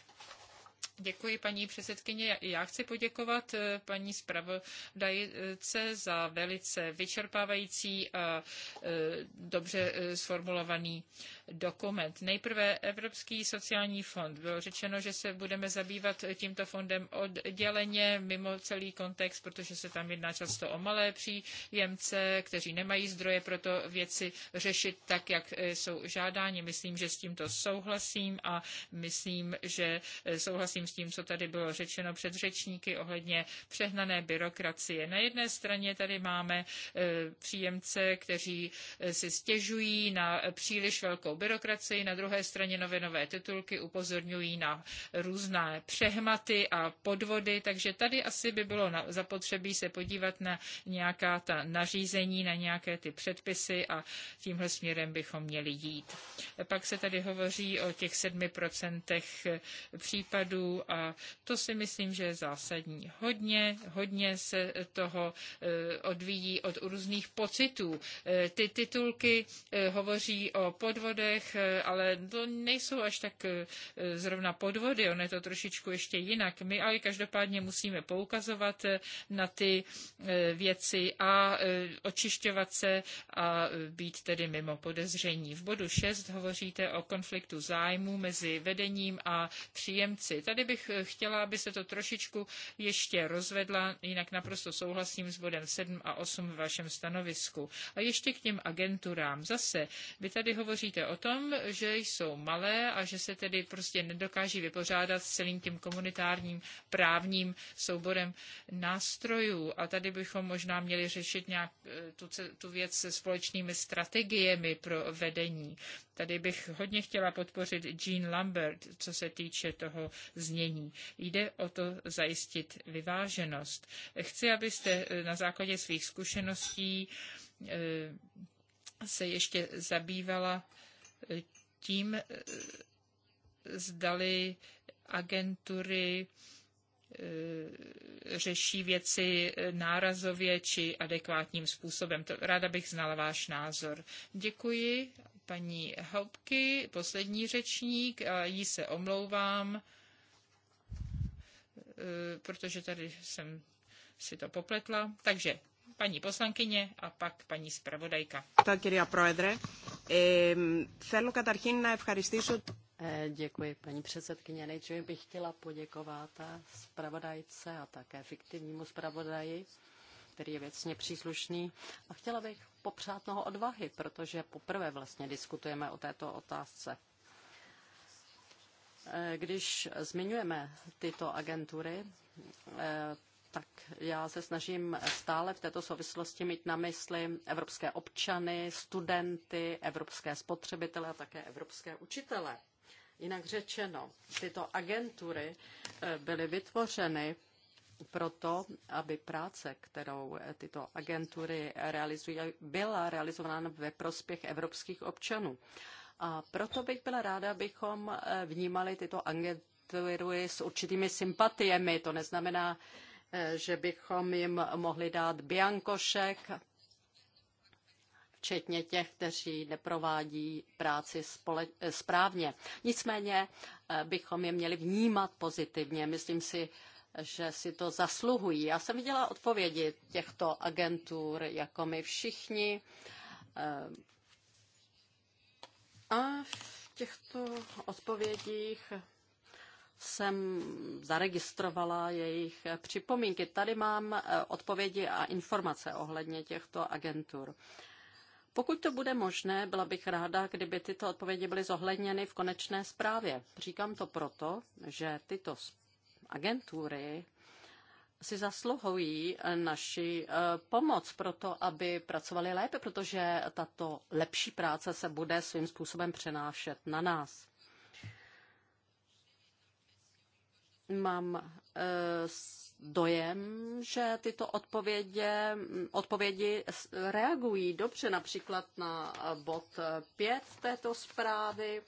Děkuji paní předsedkyně. Já chci poděkovat eh, paní zpravodajce za velice vyčerpávající a eh, dobře eh, sformulovaný dokument. Nejprve Evropský sociální fond. Bylo řečeno, že se budeme zabývat tímto fondem odděleně, mimo celý kontext, protože se tam jedná často o malé příjemce, kteří nemají zdroje pro to věci řešit tak, jak jsou žádáni. Myslím, že s tímto souhlasím a myslím, že souhlasím s tím, co tady bylo řečeno před řečníky ohledně přehnané byrokracie. Na jedné straně tady máme e, příjemce, kteří e, si stěžují na příliš velkou byrokracii, na druhé straně novinové titulky upozorňují na různé přehmaty a podvody, takže tady asi by bylo zapotřebí se podívat na nějaká ta nařízení, na nějaké ty předpisy a tímhle směrem bychom měli jít. Pak se tady hovoří o těch sedmi procentech případů a to si myslím, že je zásadní. Hodně, hodně se toho eh, odvíjí od různých pocitů. Eh, ty titulky eh, hovoří o podvodech, ale to nejsou až tak zrovna podvody, ono je to trošičku ještě jinak. My ale každopádně musíme poukazovat na ty věci a očišťovat se a být tedy mimo podezření. V bodu 6 hovoříte o konfliktu zájmu mezi vedením a příjemci. Tady Tady bych eh, chtěla, aby se to trošičku ještě rozvedla, jinak naprosto souhlasím s bodem 7 a 8 v vašem stanovisku. A ještě k těm agenturám. Zase, vy tady hovoříte o tom, že jsou malé a že se tedy prostě nedokáží vypořádat s celým tím komunitárním právním souborem nástrojů. A tady bychom možná měli řešit nějak eh, tu, tu věc se společnými strategiemi pro vedení. Tady bych hodně chtěla podpořit Jean Lambert, co se týče toho znění. Jde o to zajistit vyváženost. Chci, abyste eh, na základě svých zkušeností eh, se ještě zabývala eh, tím, zdali agentury řeší věci nárazově či adekvátním způsobem. To, ráda bych znala váš názor. Děkuji paní Hopky, poslední řečník, a jí se omlouvám, e, protože tady jsem si to popletla. Takže paní poslankyně a pak paní zpravodajka. Eh, eh, děkuji, paní předsedkyně. Nejdříve bych chtěla poděkovat zpravodajce a také fiktivnímu zpravodaji který je věcně příslušný. A chtěla bych popřát mnoho odvahy, protože poprvé vlastně diskutujeme o této otázce. Eh, když zmiňujeme tyto agentury, eh, tak já se snažím stále v této souvislosti mít na mysli evropské občany, studenty, evropské spotřebitele a také evropské učitele. Jinak řečeno, tyto agentury eh, byly vytvořeny proto, aby práce, kterou tyto agentury realizují, byla realizována ve prospěch evropských občanů. A proto bych byla ráda, abychom eh, vnímali tyto agentury s určitými sympatiemi. To neznamená, eh, že bychom jim mohli dát biankošek, včetně těch, kteří neprovádí práci spole- eh, správně. Nicméně bychom je měli vnímat pozitivně. Myslím si, že si to zasluhují. Já jsem viděla odpovědi těchto agentur, jako my všichni. Eh, a v těchto odpovědích jsem zaregistrovala jejich připomínky. Tady mám eh, odpovědi a informace ohledně těchto agentur. Pokud to bude možné, byla bych ráda, kdyby tyto odpovědi byly zohledněny v konečné zprávě. Říkám to proto, že tyto agentury si zasluhují eh, naši eh, pomoc pro to, aby pracovali lépe, protože tato lepší práce se bude svým způsobem přenášet na nás. Mám eh, dojem, že tyto mm, odpovědi, odpovědi reagují dobře například na bod 5 této zprávy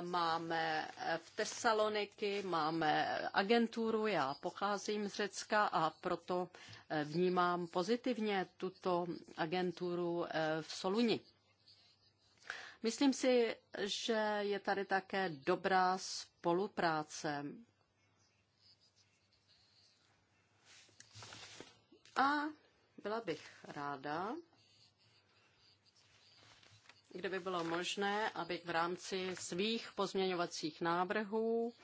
máme eh, v Tesaloniky, máme agenturu, já pocházím z Řecka a proto eh, vnímám pozitivně tuto agenturu eh, v Soluni. Myslím si, že je tady také dobrá spolupráce. A byla bych ráda, kde by bylo možné, abych v rámci svých pozměňovacích návrhů,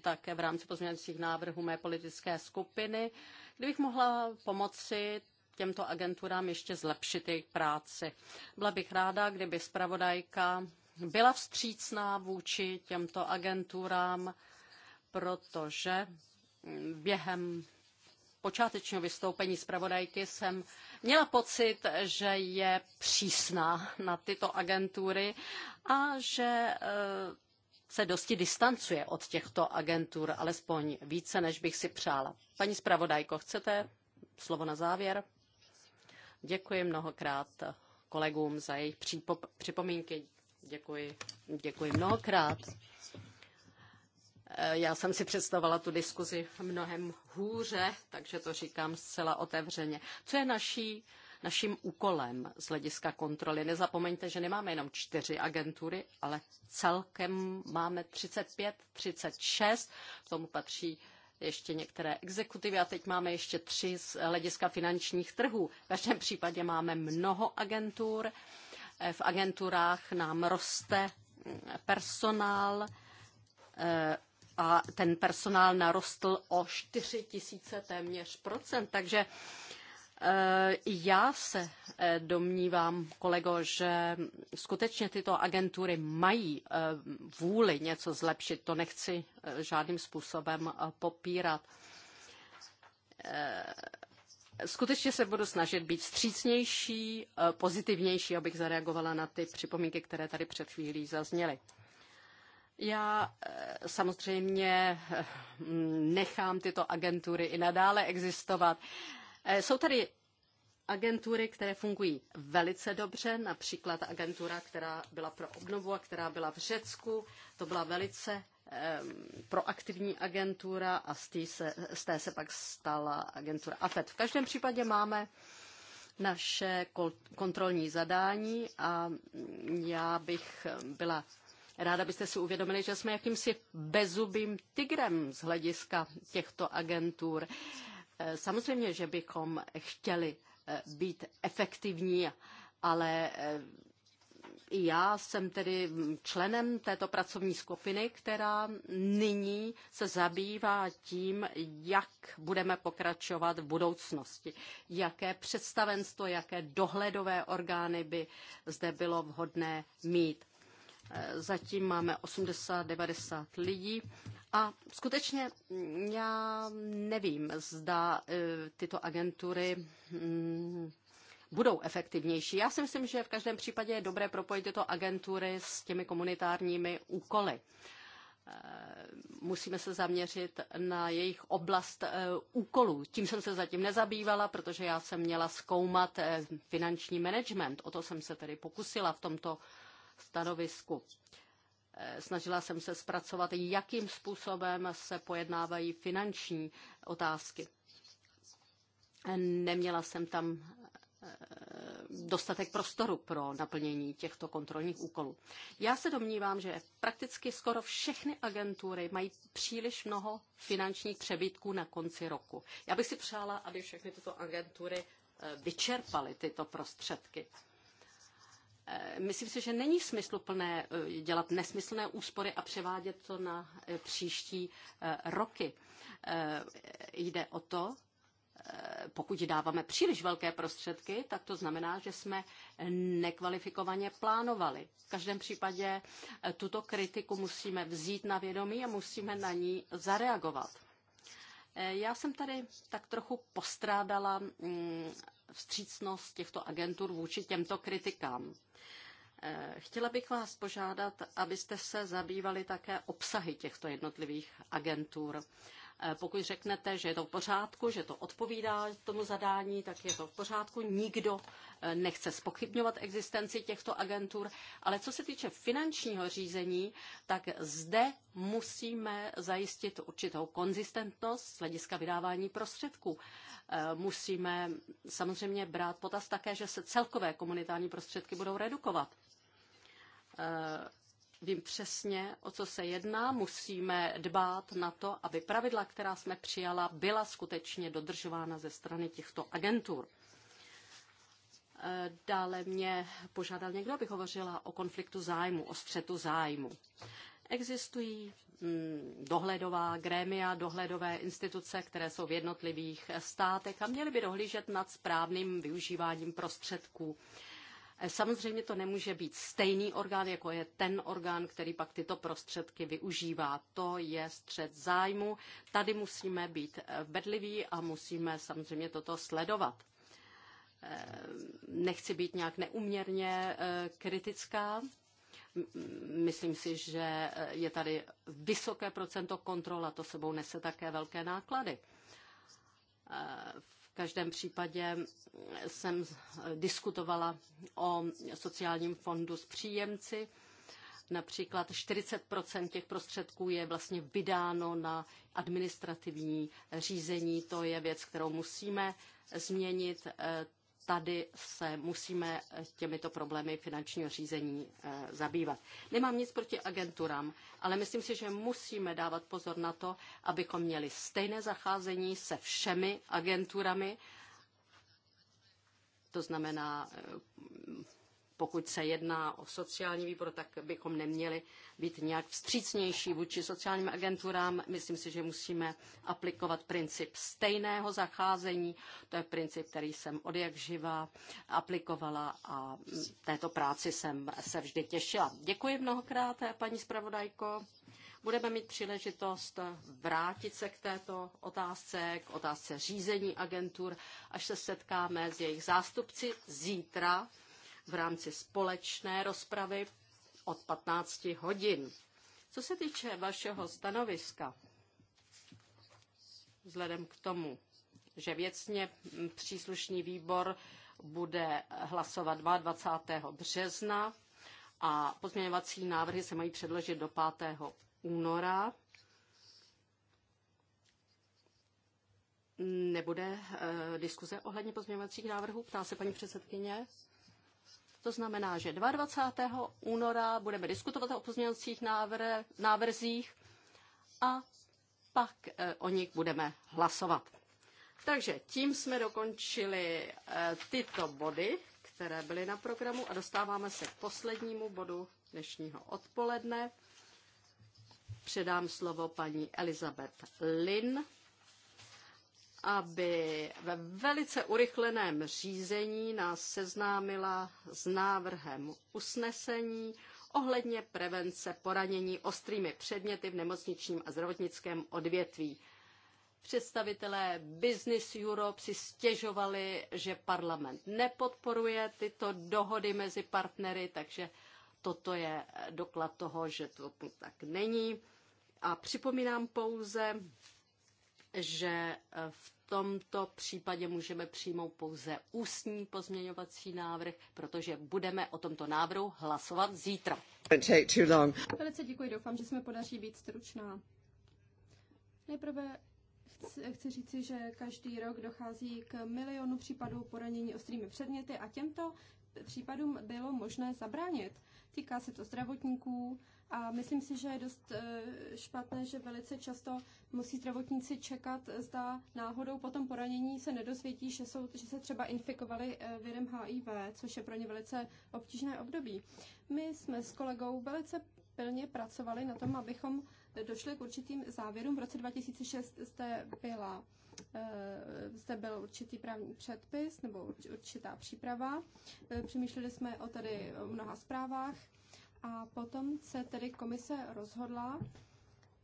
také v rámci pozměňovacích návrhů mé politické skupiny, kdybych mohla pomoci těmto agenturám ještě zlepšit jejich práci. Byla bych ráda, kdyby zpravodajka byla vstřícná vůči těmto agenturám, protože během počátečního vystoupení zpravodajky jsem měla pocit, že je přísná na tyto agentury a že eh, se dosti distancuje od těchto agentur, alespoň více, než bych si přála. Paní zpravodajko, chcete slovo na závěr? Děkuji mnohokrát kolegům za jejich připomínky. Děkuji, děkuji mnohokrát. Eh, já jsem si představovala tu diskuzi mnohem hůře, takže to říkám zcela otevřeně. Co je naší naším úkolem z hlediska kontroly. Nezapomeňte, že nemáme jenom čtyři agentury, ale celkem máme 35, 36, k tomu patří ještě některé exekutivy a teď máme ještě tři z hlediska finančních trhů. V každém případě máme mnoho agentur. Eh, v agenturách nám roste hm, personál eh, a ten personál narostl o 4 tisíce téměř procent, takže eh, já se eh, domnívám, kolego, že skutečně tyto agentury mají eh, vůli něco zlepšit. To nechci žádným způsobem popírat. Skutečně se budu snažit být střícnější, pozitivnější, abych zareagovala na ty připomínky, které tady před chvílí zazněly. Já eh, samozřejmě eh, nechám tyto agentury i nadále existovat. Eh, jsou tady agentury, které fungují velice dobře, například agentura, která byla pro obnovu a která byla v Řecku, to byla velice proaktivní agentura a z té, se, z té se pak stala agentura AFET. V každém případě máme naše kontrolní zadání a já bych byla Ráda byste si uvědomili, že jsme jakýmsi bezubým tigrem z hlediska těchto agentur. E, samozřejmě, že bychom chtěli e, být efektivní, ale e, i já jsem tedy členem této pracovní skupiny, která nyní se zabývá tím, jak budeme pokračovat v budoucnosti, jaké představenstvo, jaké dohledové orgány by zde bylo vhodné mít. Eh, zatím máme 80-90 lidí a skutečně mm, já nevím, zda eh, tyto agentury mm, budou efektivnější. Já si myslím, že v každém případě je dobré propojit tyto agentury s těmi komunitárními úkoly. Eh, musíme se zaměřit na jejich oblast úkolů. Tím jsem se zatím nezabývala, protože já jsem měla zkoumat finanční management. O to jsem se tedy pokusila v tomto stanovisku. Eh, snažila jsem se zpracovat, jakým způsobem se pojednávají finanční otázky. Neměla jsem tam eh, dostatek prostoru pro naplnění těchto kontrolních úkolů. Já se domnívám, že prakticky skoro všechny agentury mají příliš mnoho finančních přebytků na konci roku. Já bych si přála, aby všechny tyto agentury eh, vyčerpaly tyto prostředky. Eh, myslím si, že není smysluplné eh, dělat nesmyslné úspory a převádět to na eh, příští roky. Jde o to, pokud dáváme příliš velké prostředky, tak to znamená, že jsme nekvalifikovaně plánovali. V každém případě tuto kritiku musíme vzít na vědomí a musíme na ní zareagovat. Já jsem tady tak trochu postrádala mm, vstřícnost těchto agentur vůči těmto kritikám. Eh, chtěla bych vás požádat, abyste se zabývali také obsahy těchto jednotlivých agentur Eh, pokud řeknete, že je to v pořádku, že to odpovídá tomu zadání, tak je to v pořádku. Nikdo eh, nechce spochybňovat existenci těchto agentur, ale co se týče finančního řízení, tak zde musíme zajistit určitou konzistentnost z hlediska vydávání prostředků. Eh, musíme samozřejmě brát potaz také, že se celkové komunitární prostředky budou redukovat Vím přesně, o co se jedná. Musíme dbát na to, aby pravidla, která jsme přijala, byla skutečně dodržována ze strany těchto agentur. Eh, dále mě požádal někdo, abych hovořila o konfliktu zájmu, o střetu zájmu. Existují mm, dohledová grémia, dohledové instituce, které jsou v jednotlivých státech a měly by dohlížet nad správným využíváním prostředků. Eh, samozřejmě to nemůže být stejný orgán, jako je ten orgán, který pak tyto prostředky využívá. To je střed zájmu. Tady musíme být eh, bedliví a musíme samozřejmě toto sledovat. Eh, nechci být nějak neuměrně kritická. Myslím si, že je tady vysoké procento kontrol a to sebou nese také velké náklady každém případě jsem diskutovala o sociálním fondu s příjemci. Například 40 těch prostředků je vlastně vydáno na administrativní řízení. To je věc, kterou musíme změnit tady se musíme těmito problémy finančního řízení eh, zabývat. Nemám nic proti agenturám, ale myslím si, že musíme dávat pozor na to, abychom měli stejné zacházení se všemi agenturami, to znamená eh, pokud se jedná o sociální výbor, tak bychom neměli být nějak vstřícnější vůči sociálním agenturám. Myslím si, že musíme aplikovat princip stejného zacházení. To je princip, který jsem od jak živa aplikovala a této práci jsem se vždy těšila. Děkuji mnohokrát, paní zpravodajko. Budeme mít příležitost vrátit se k této otázce, k otázce řízení agentur, až se setkáme s jejich zástupci zítra v rámci společné rozpravy od 15 hodin. Co se týče vašeho stanoviska, vzhledem k tomu, že věcně příslušný výbor bude hlasovat 22. března a pozměňovací návrhy se mají předložit do 5. února. Nebude e, diskuze ohledně pozměňovacích návrhů? Ptá se paní předsedkyně. To znamená, že 22. února budeme diskutovat o pozměňovacích návrzích a pak eh, o nich budeme hlasovat. Takže tím jsme dokončili eh, tyto body, které byly na programu a dostáváme se k poslednímu bodu dnešního odpoledne. Předám slovo paní Elizabeth Lynn, aby ve velice urychleném řízení nás seznámila s návrhem usnesení ohledně prevence poranění ostrými předměty v nemocničním a zdravotnickém odvětví. Představitelé Business Europe si stěžovali, že parlament nepodporuje tyto dohody mezi partnery, takže toto je doklad toho, že to tak není. A připomínám pouze, že eh, v tomto případě můžeme přijmout pouze ústní pozměňovací návrh, protože budeme o tomto návrhu hlasovat zítra. Velice děkuji, doufám, že jsme podaří být stručná. Nejprve chci, chci říci, že každý rok dochází k milionu případů poranění ostrými předměty a těmto případům bylo možné zabránit. Týká se to zdravotníků, a myslím si, že je dost eh, špatné, že velice často musí zdravotníci čekat, zda náhodou po tom poranění se nedozvědí, že, jsou, že se třeba infikovali eh, virem HIV, což je pro ně velice obtížné období. My jsme s kolegou velice pilně pracovali na tom, abychom došli k určitým závěrům. V roce 2006 zde byla eh, zde byl určitý právní předpis nebo určitá příprava. Přemýšleli jsme o tady mnoha zprávách, a potom se tedy komise rozhodla,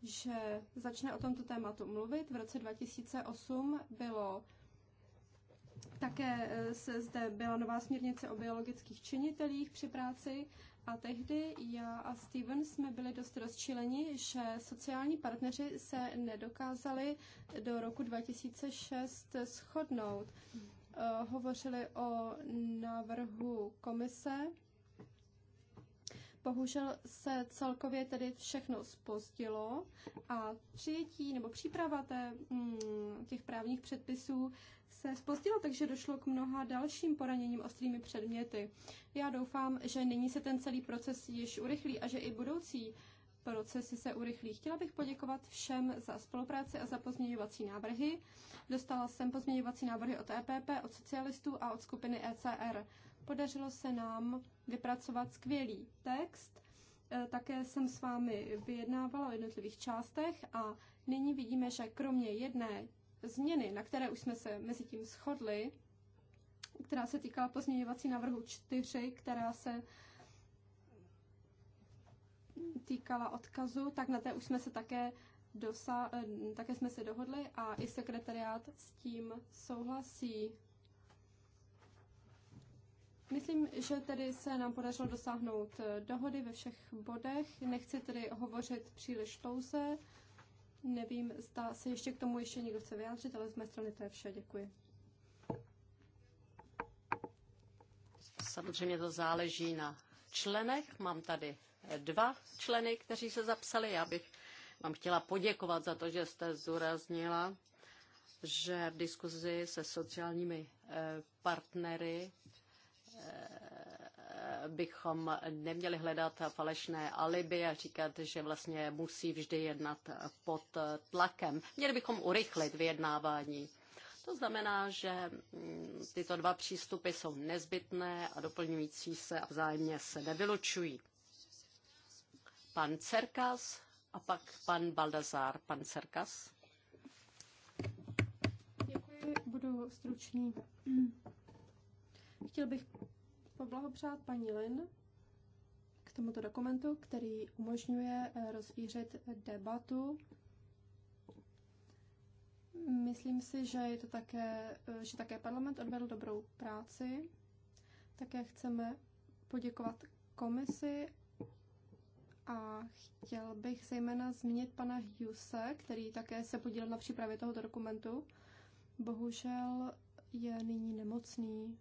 že začne o tomto tématu mluvit. V roce 2008 bylo také e, se zde byla nová směrnice o biologických činitelích při práci a tehdy já a Steven jsme byli dost rozčileni, že sociální partneři se nedokázali do roku 2006 shodnout. E, hovořili o návrhu komise Bohužel se celkově tedy všechno spozdilo a přijetí nebo příprava té, mm, těch právních předpisů se spozdilo, takže došlo k mnoha dalším poraněním ostrými předměty. Já doufám, že nyní se ten celý proces již urychlí a že i budoucí procesy se urychlí. Chtěla bych poděkovat všem za spolupráci a za pozměňovací návrhy. Dostala jsem pozměňovací návrhy od EPP, od socialistů a od skupiny ECR. Podařilo se nám vypracovat skvělý text. E, také jsem s vámi vyjednávala o jednotlivých částech a nyní vidíme, že kromě jedné změny, na které už jsme se mezi tím shodli, která se týkala pozměňovací návrhu 4, která se týkala odkazu, tak na té už jsme se také dosa- e, také jsme se dohodli a i sekretariát s tím souhlasí. Myslím, že tedy se nám podařilo dosáhnout eh, dohody ve všech bodech. Nechci tedy hovořit příliš dlouze. Nevím, zda se ještě k tomu ještě někdo chce vyjádřit, ale z mé strany to je vše. Děkuji. Samozřejmě to záleží na členech. Mám tady eh, dva členy, kteří se zapsali. Já bych vám chtěla poděkovat za to, že jste zúraznila, že v diskuzi se sociálními eh, partnery bychom neměli hledat falešné alibi a říkat, že vlastně musí vždy jednat pod tlakem. Měli bychom urychlit vyjednávání. To znamená, že mm, tyto dva přístupy jsou nezbytné a doplňující se a vzájemně se nevylučují. Pan Cerkas a pak pan Baldazar. Pan Cerkas. Děkuji, budu stručný. Chtěl bych poblahopřát paní Lin k tomuto dokumentu, který umožňuje eh, rozvířit debatu. Myslím si, že je to také, eh, že také parlament odvedl dobrou práci. Také chceme poděkovat komisi a chtěl bych zejména zmínit pana Huse, který také se podílel na přípravě tohoto dokumentu. Bohužel je nyní nemocný,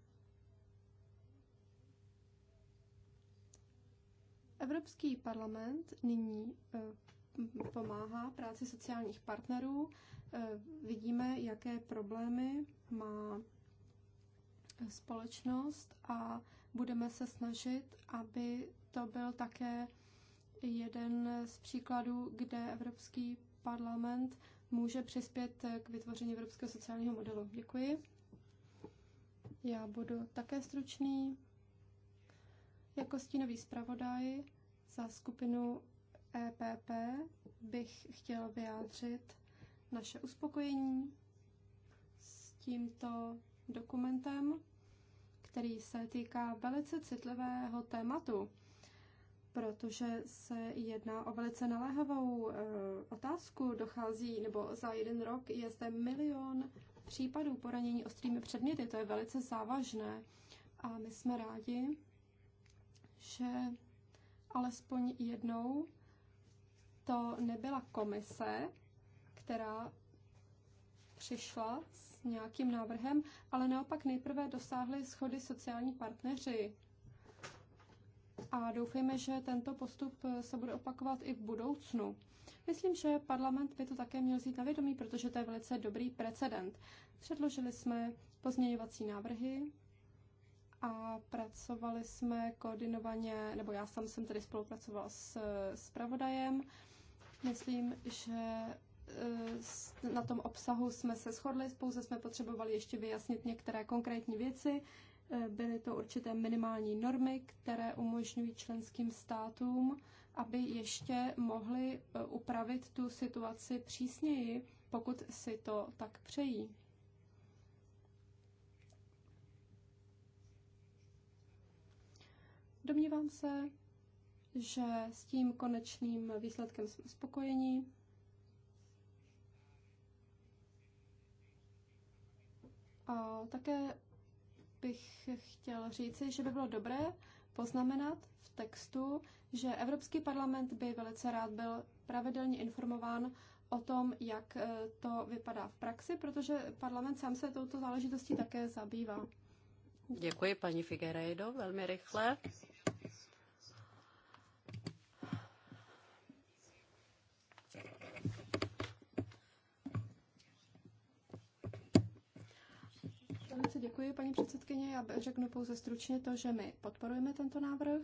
Evropský parlament nyní eh, pomáhá práci sociálních partnerů. Eh, vidíme, jaké problémy má společnost a budeme se snažit, aby to byl také jeden z příkladů, kde Evropský parlament může přispět k vytvoření evropského sociálního modelu. Děkuji. Já budu také stručný. Jako stínový zpravodaj za skupinu EPP bych chtěl vyjádřit naše uspokojení s tímto dokumentem, který se týká velice citlivého tématu, protože se jedná o velice naléhavou e, otázku. Dochází, nebo za jeden rok je zde milion případů poranění ostrými předměty. To je velice závažné a my jsme rádi, že alespoň jednou to nebyla komise, která přišla s nějakým návrhem, ale naopak nejprve dosáhli schody sociální partneři. A doufejme, že tento postup se bude opakovat i v budoucnu. Myslím, že parlament by to také měl vzít na vědomí, protože to je velice dobrý precedent. Předložili jsme pozměňovací návrhy, a pracovali jsme koordinovaně, nebo já sám jsem tedy spolupracovala s zpravodajem. Myslím, že e, na tom obsahu jsme se shodli, pouze jsme potřebovali ještě vyjasnit některé konkrétní věci. E, byly to určité minimální normy, které umožňují členským státům, aby ještě mohli e, upravit tu situaci přísněji, pokud si to tak přejí. Domnívám se, že s tím konečným výsledkem jsme spokojeni. A také bych chtěl říci, že by bylo dobré poznamenat v textu, že Evropský parlament by velice rád byl pravidelně informován o tom, jak eh, to vypadá v praxi, protože parlament sám se touto záležitostí také zabývá. Děkuji, paní Figueiredo, velmi rychle. děkuji, paní předsedkyně. Já řeknu pouze stručně to, že my podporujeme tento návrh,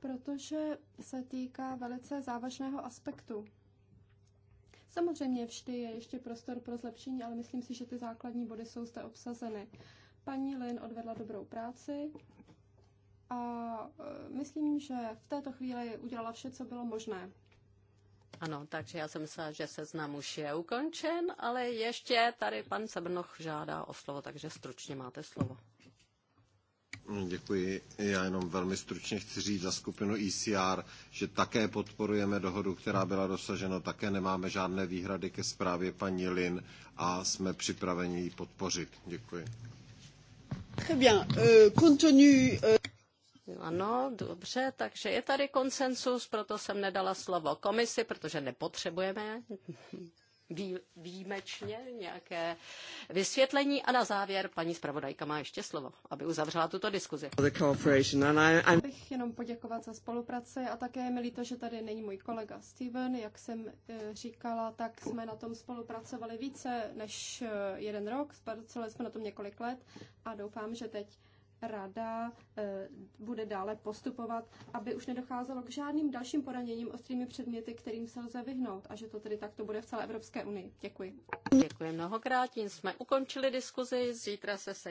protože se týká velice závažného aspektu. Samozřejmě vždy je ještě prostor pro zlepšení, ale myslím si, že ty základní body jsou zde obsazeny. Paní Lin odvedla dobrou práci a e, myslím, že v této chvíli udělala vše, co bylo možné. Ano, takže já jsem myslela, že seznam už je ukončen, ale ještě tady pan Sebrnoch žádá o slovo, takže stručně máte slovo. Děkuji. Já jenom velmi stručně chci říct za skupinu ECR, že také podporujeme dohodu, která byla dosažena, také nemáme žádné výhrady ke zprávě paní Lin a jsme připraveni ji podpořit. Děkuji. Très bien. Euh, euh... Ano, dobře, takže je tady konsensus, proto jsem nedala slovo komisi, protože nepotřebujeme výjimečně nějaké vysvětlení a na závěr paní zpravodajka má ještě slovo, aby uzavřela tuto diskuzi. Bych jenom poděkovat za spolupráci a také je mi líto, že tady není můj kolega Steven. Jak jsem eh, říkala, tak jsme na tom spolupracovali více než eh, jeden rok, spolupracovali jsme na tom několik let a doufám, že teď rada eh, bude dále postupovat, aby už nedocházelo k žádným dalším poraněním ostrými předměty, kterým se lze vyhnout a že to tedy takto bude v celé Evropské unii. Děkuji. Děkuji mnohokrát, tím jsme ukončili diskuzi, zítra se sejdeme.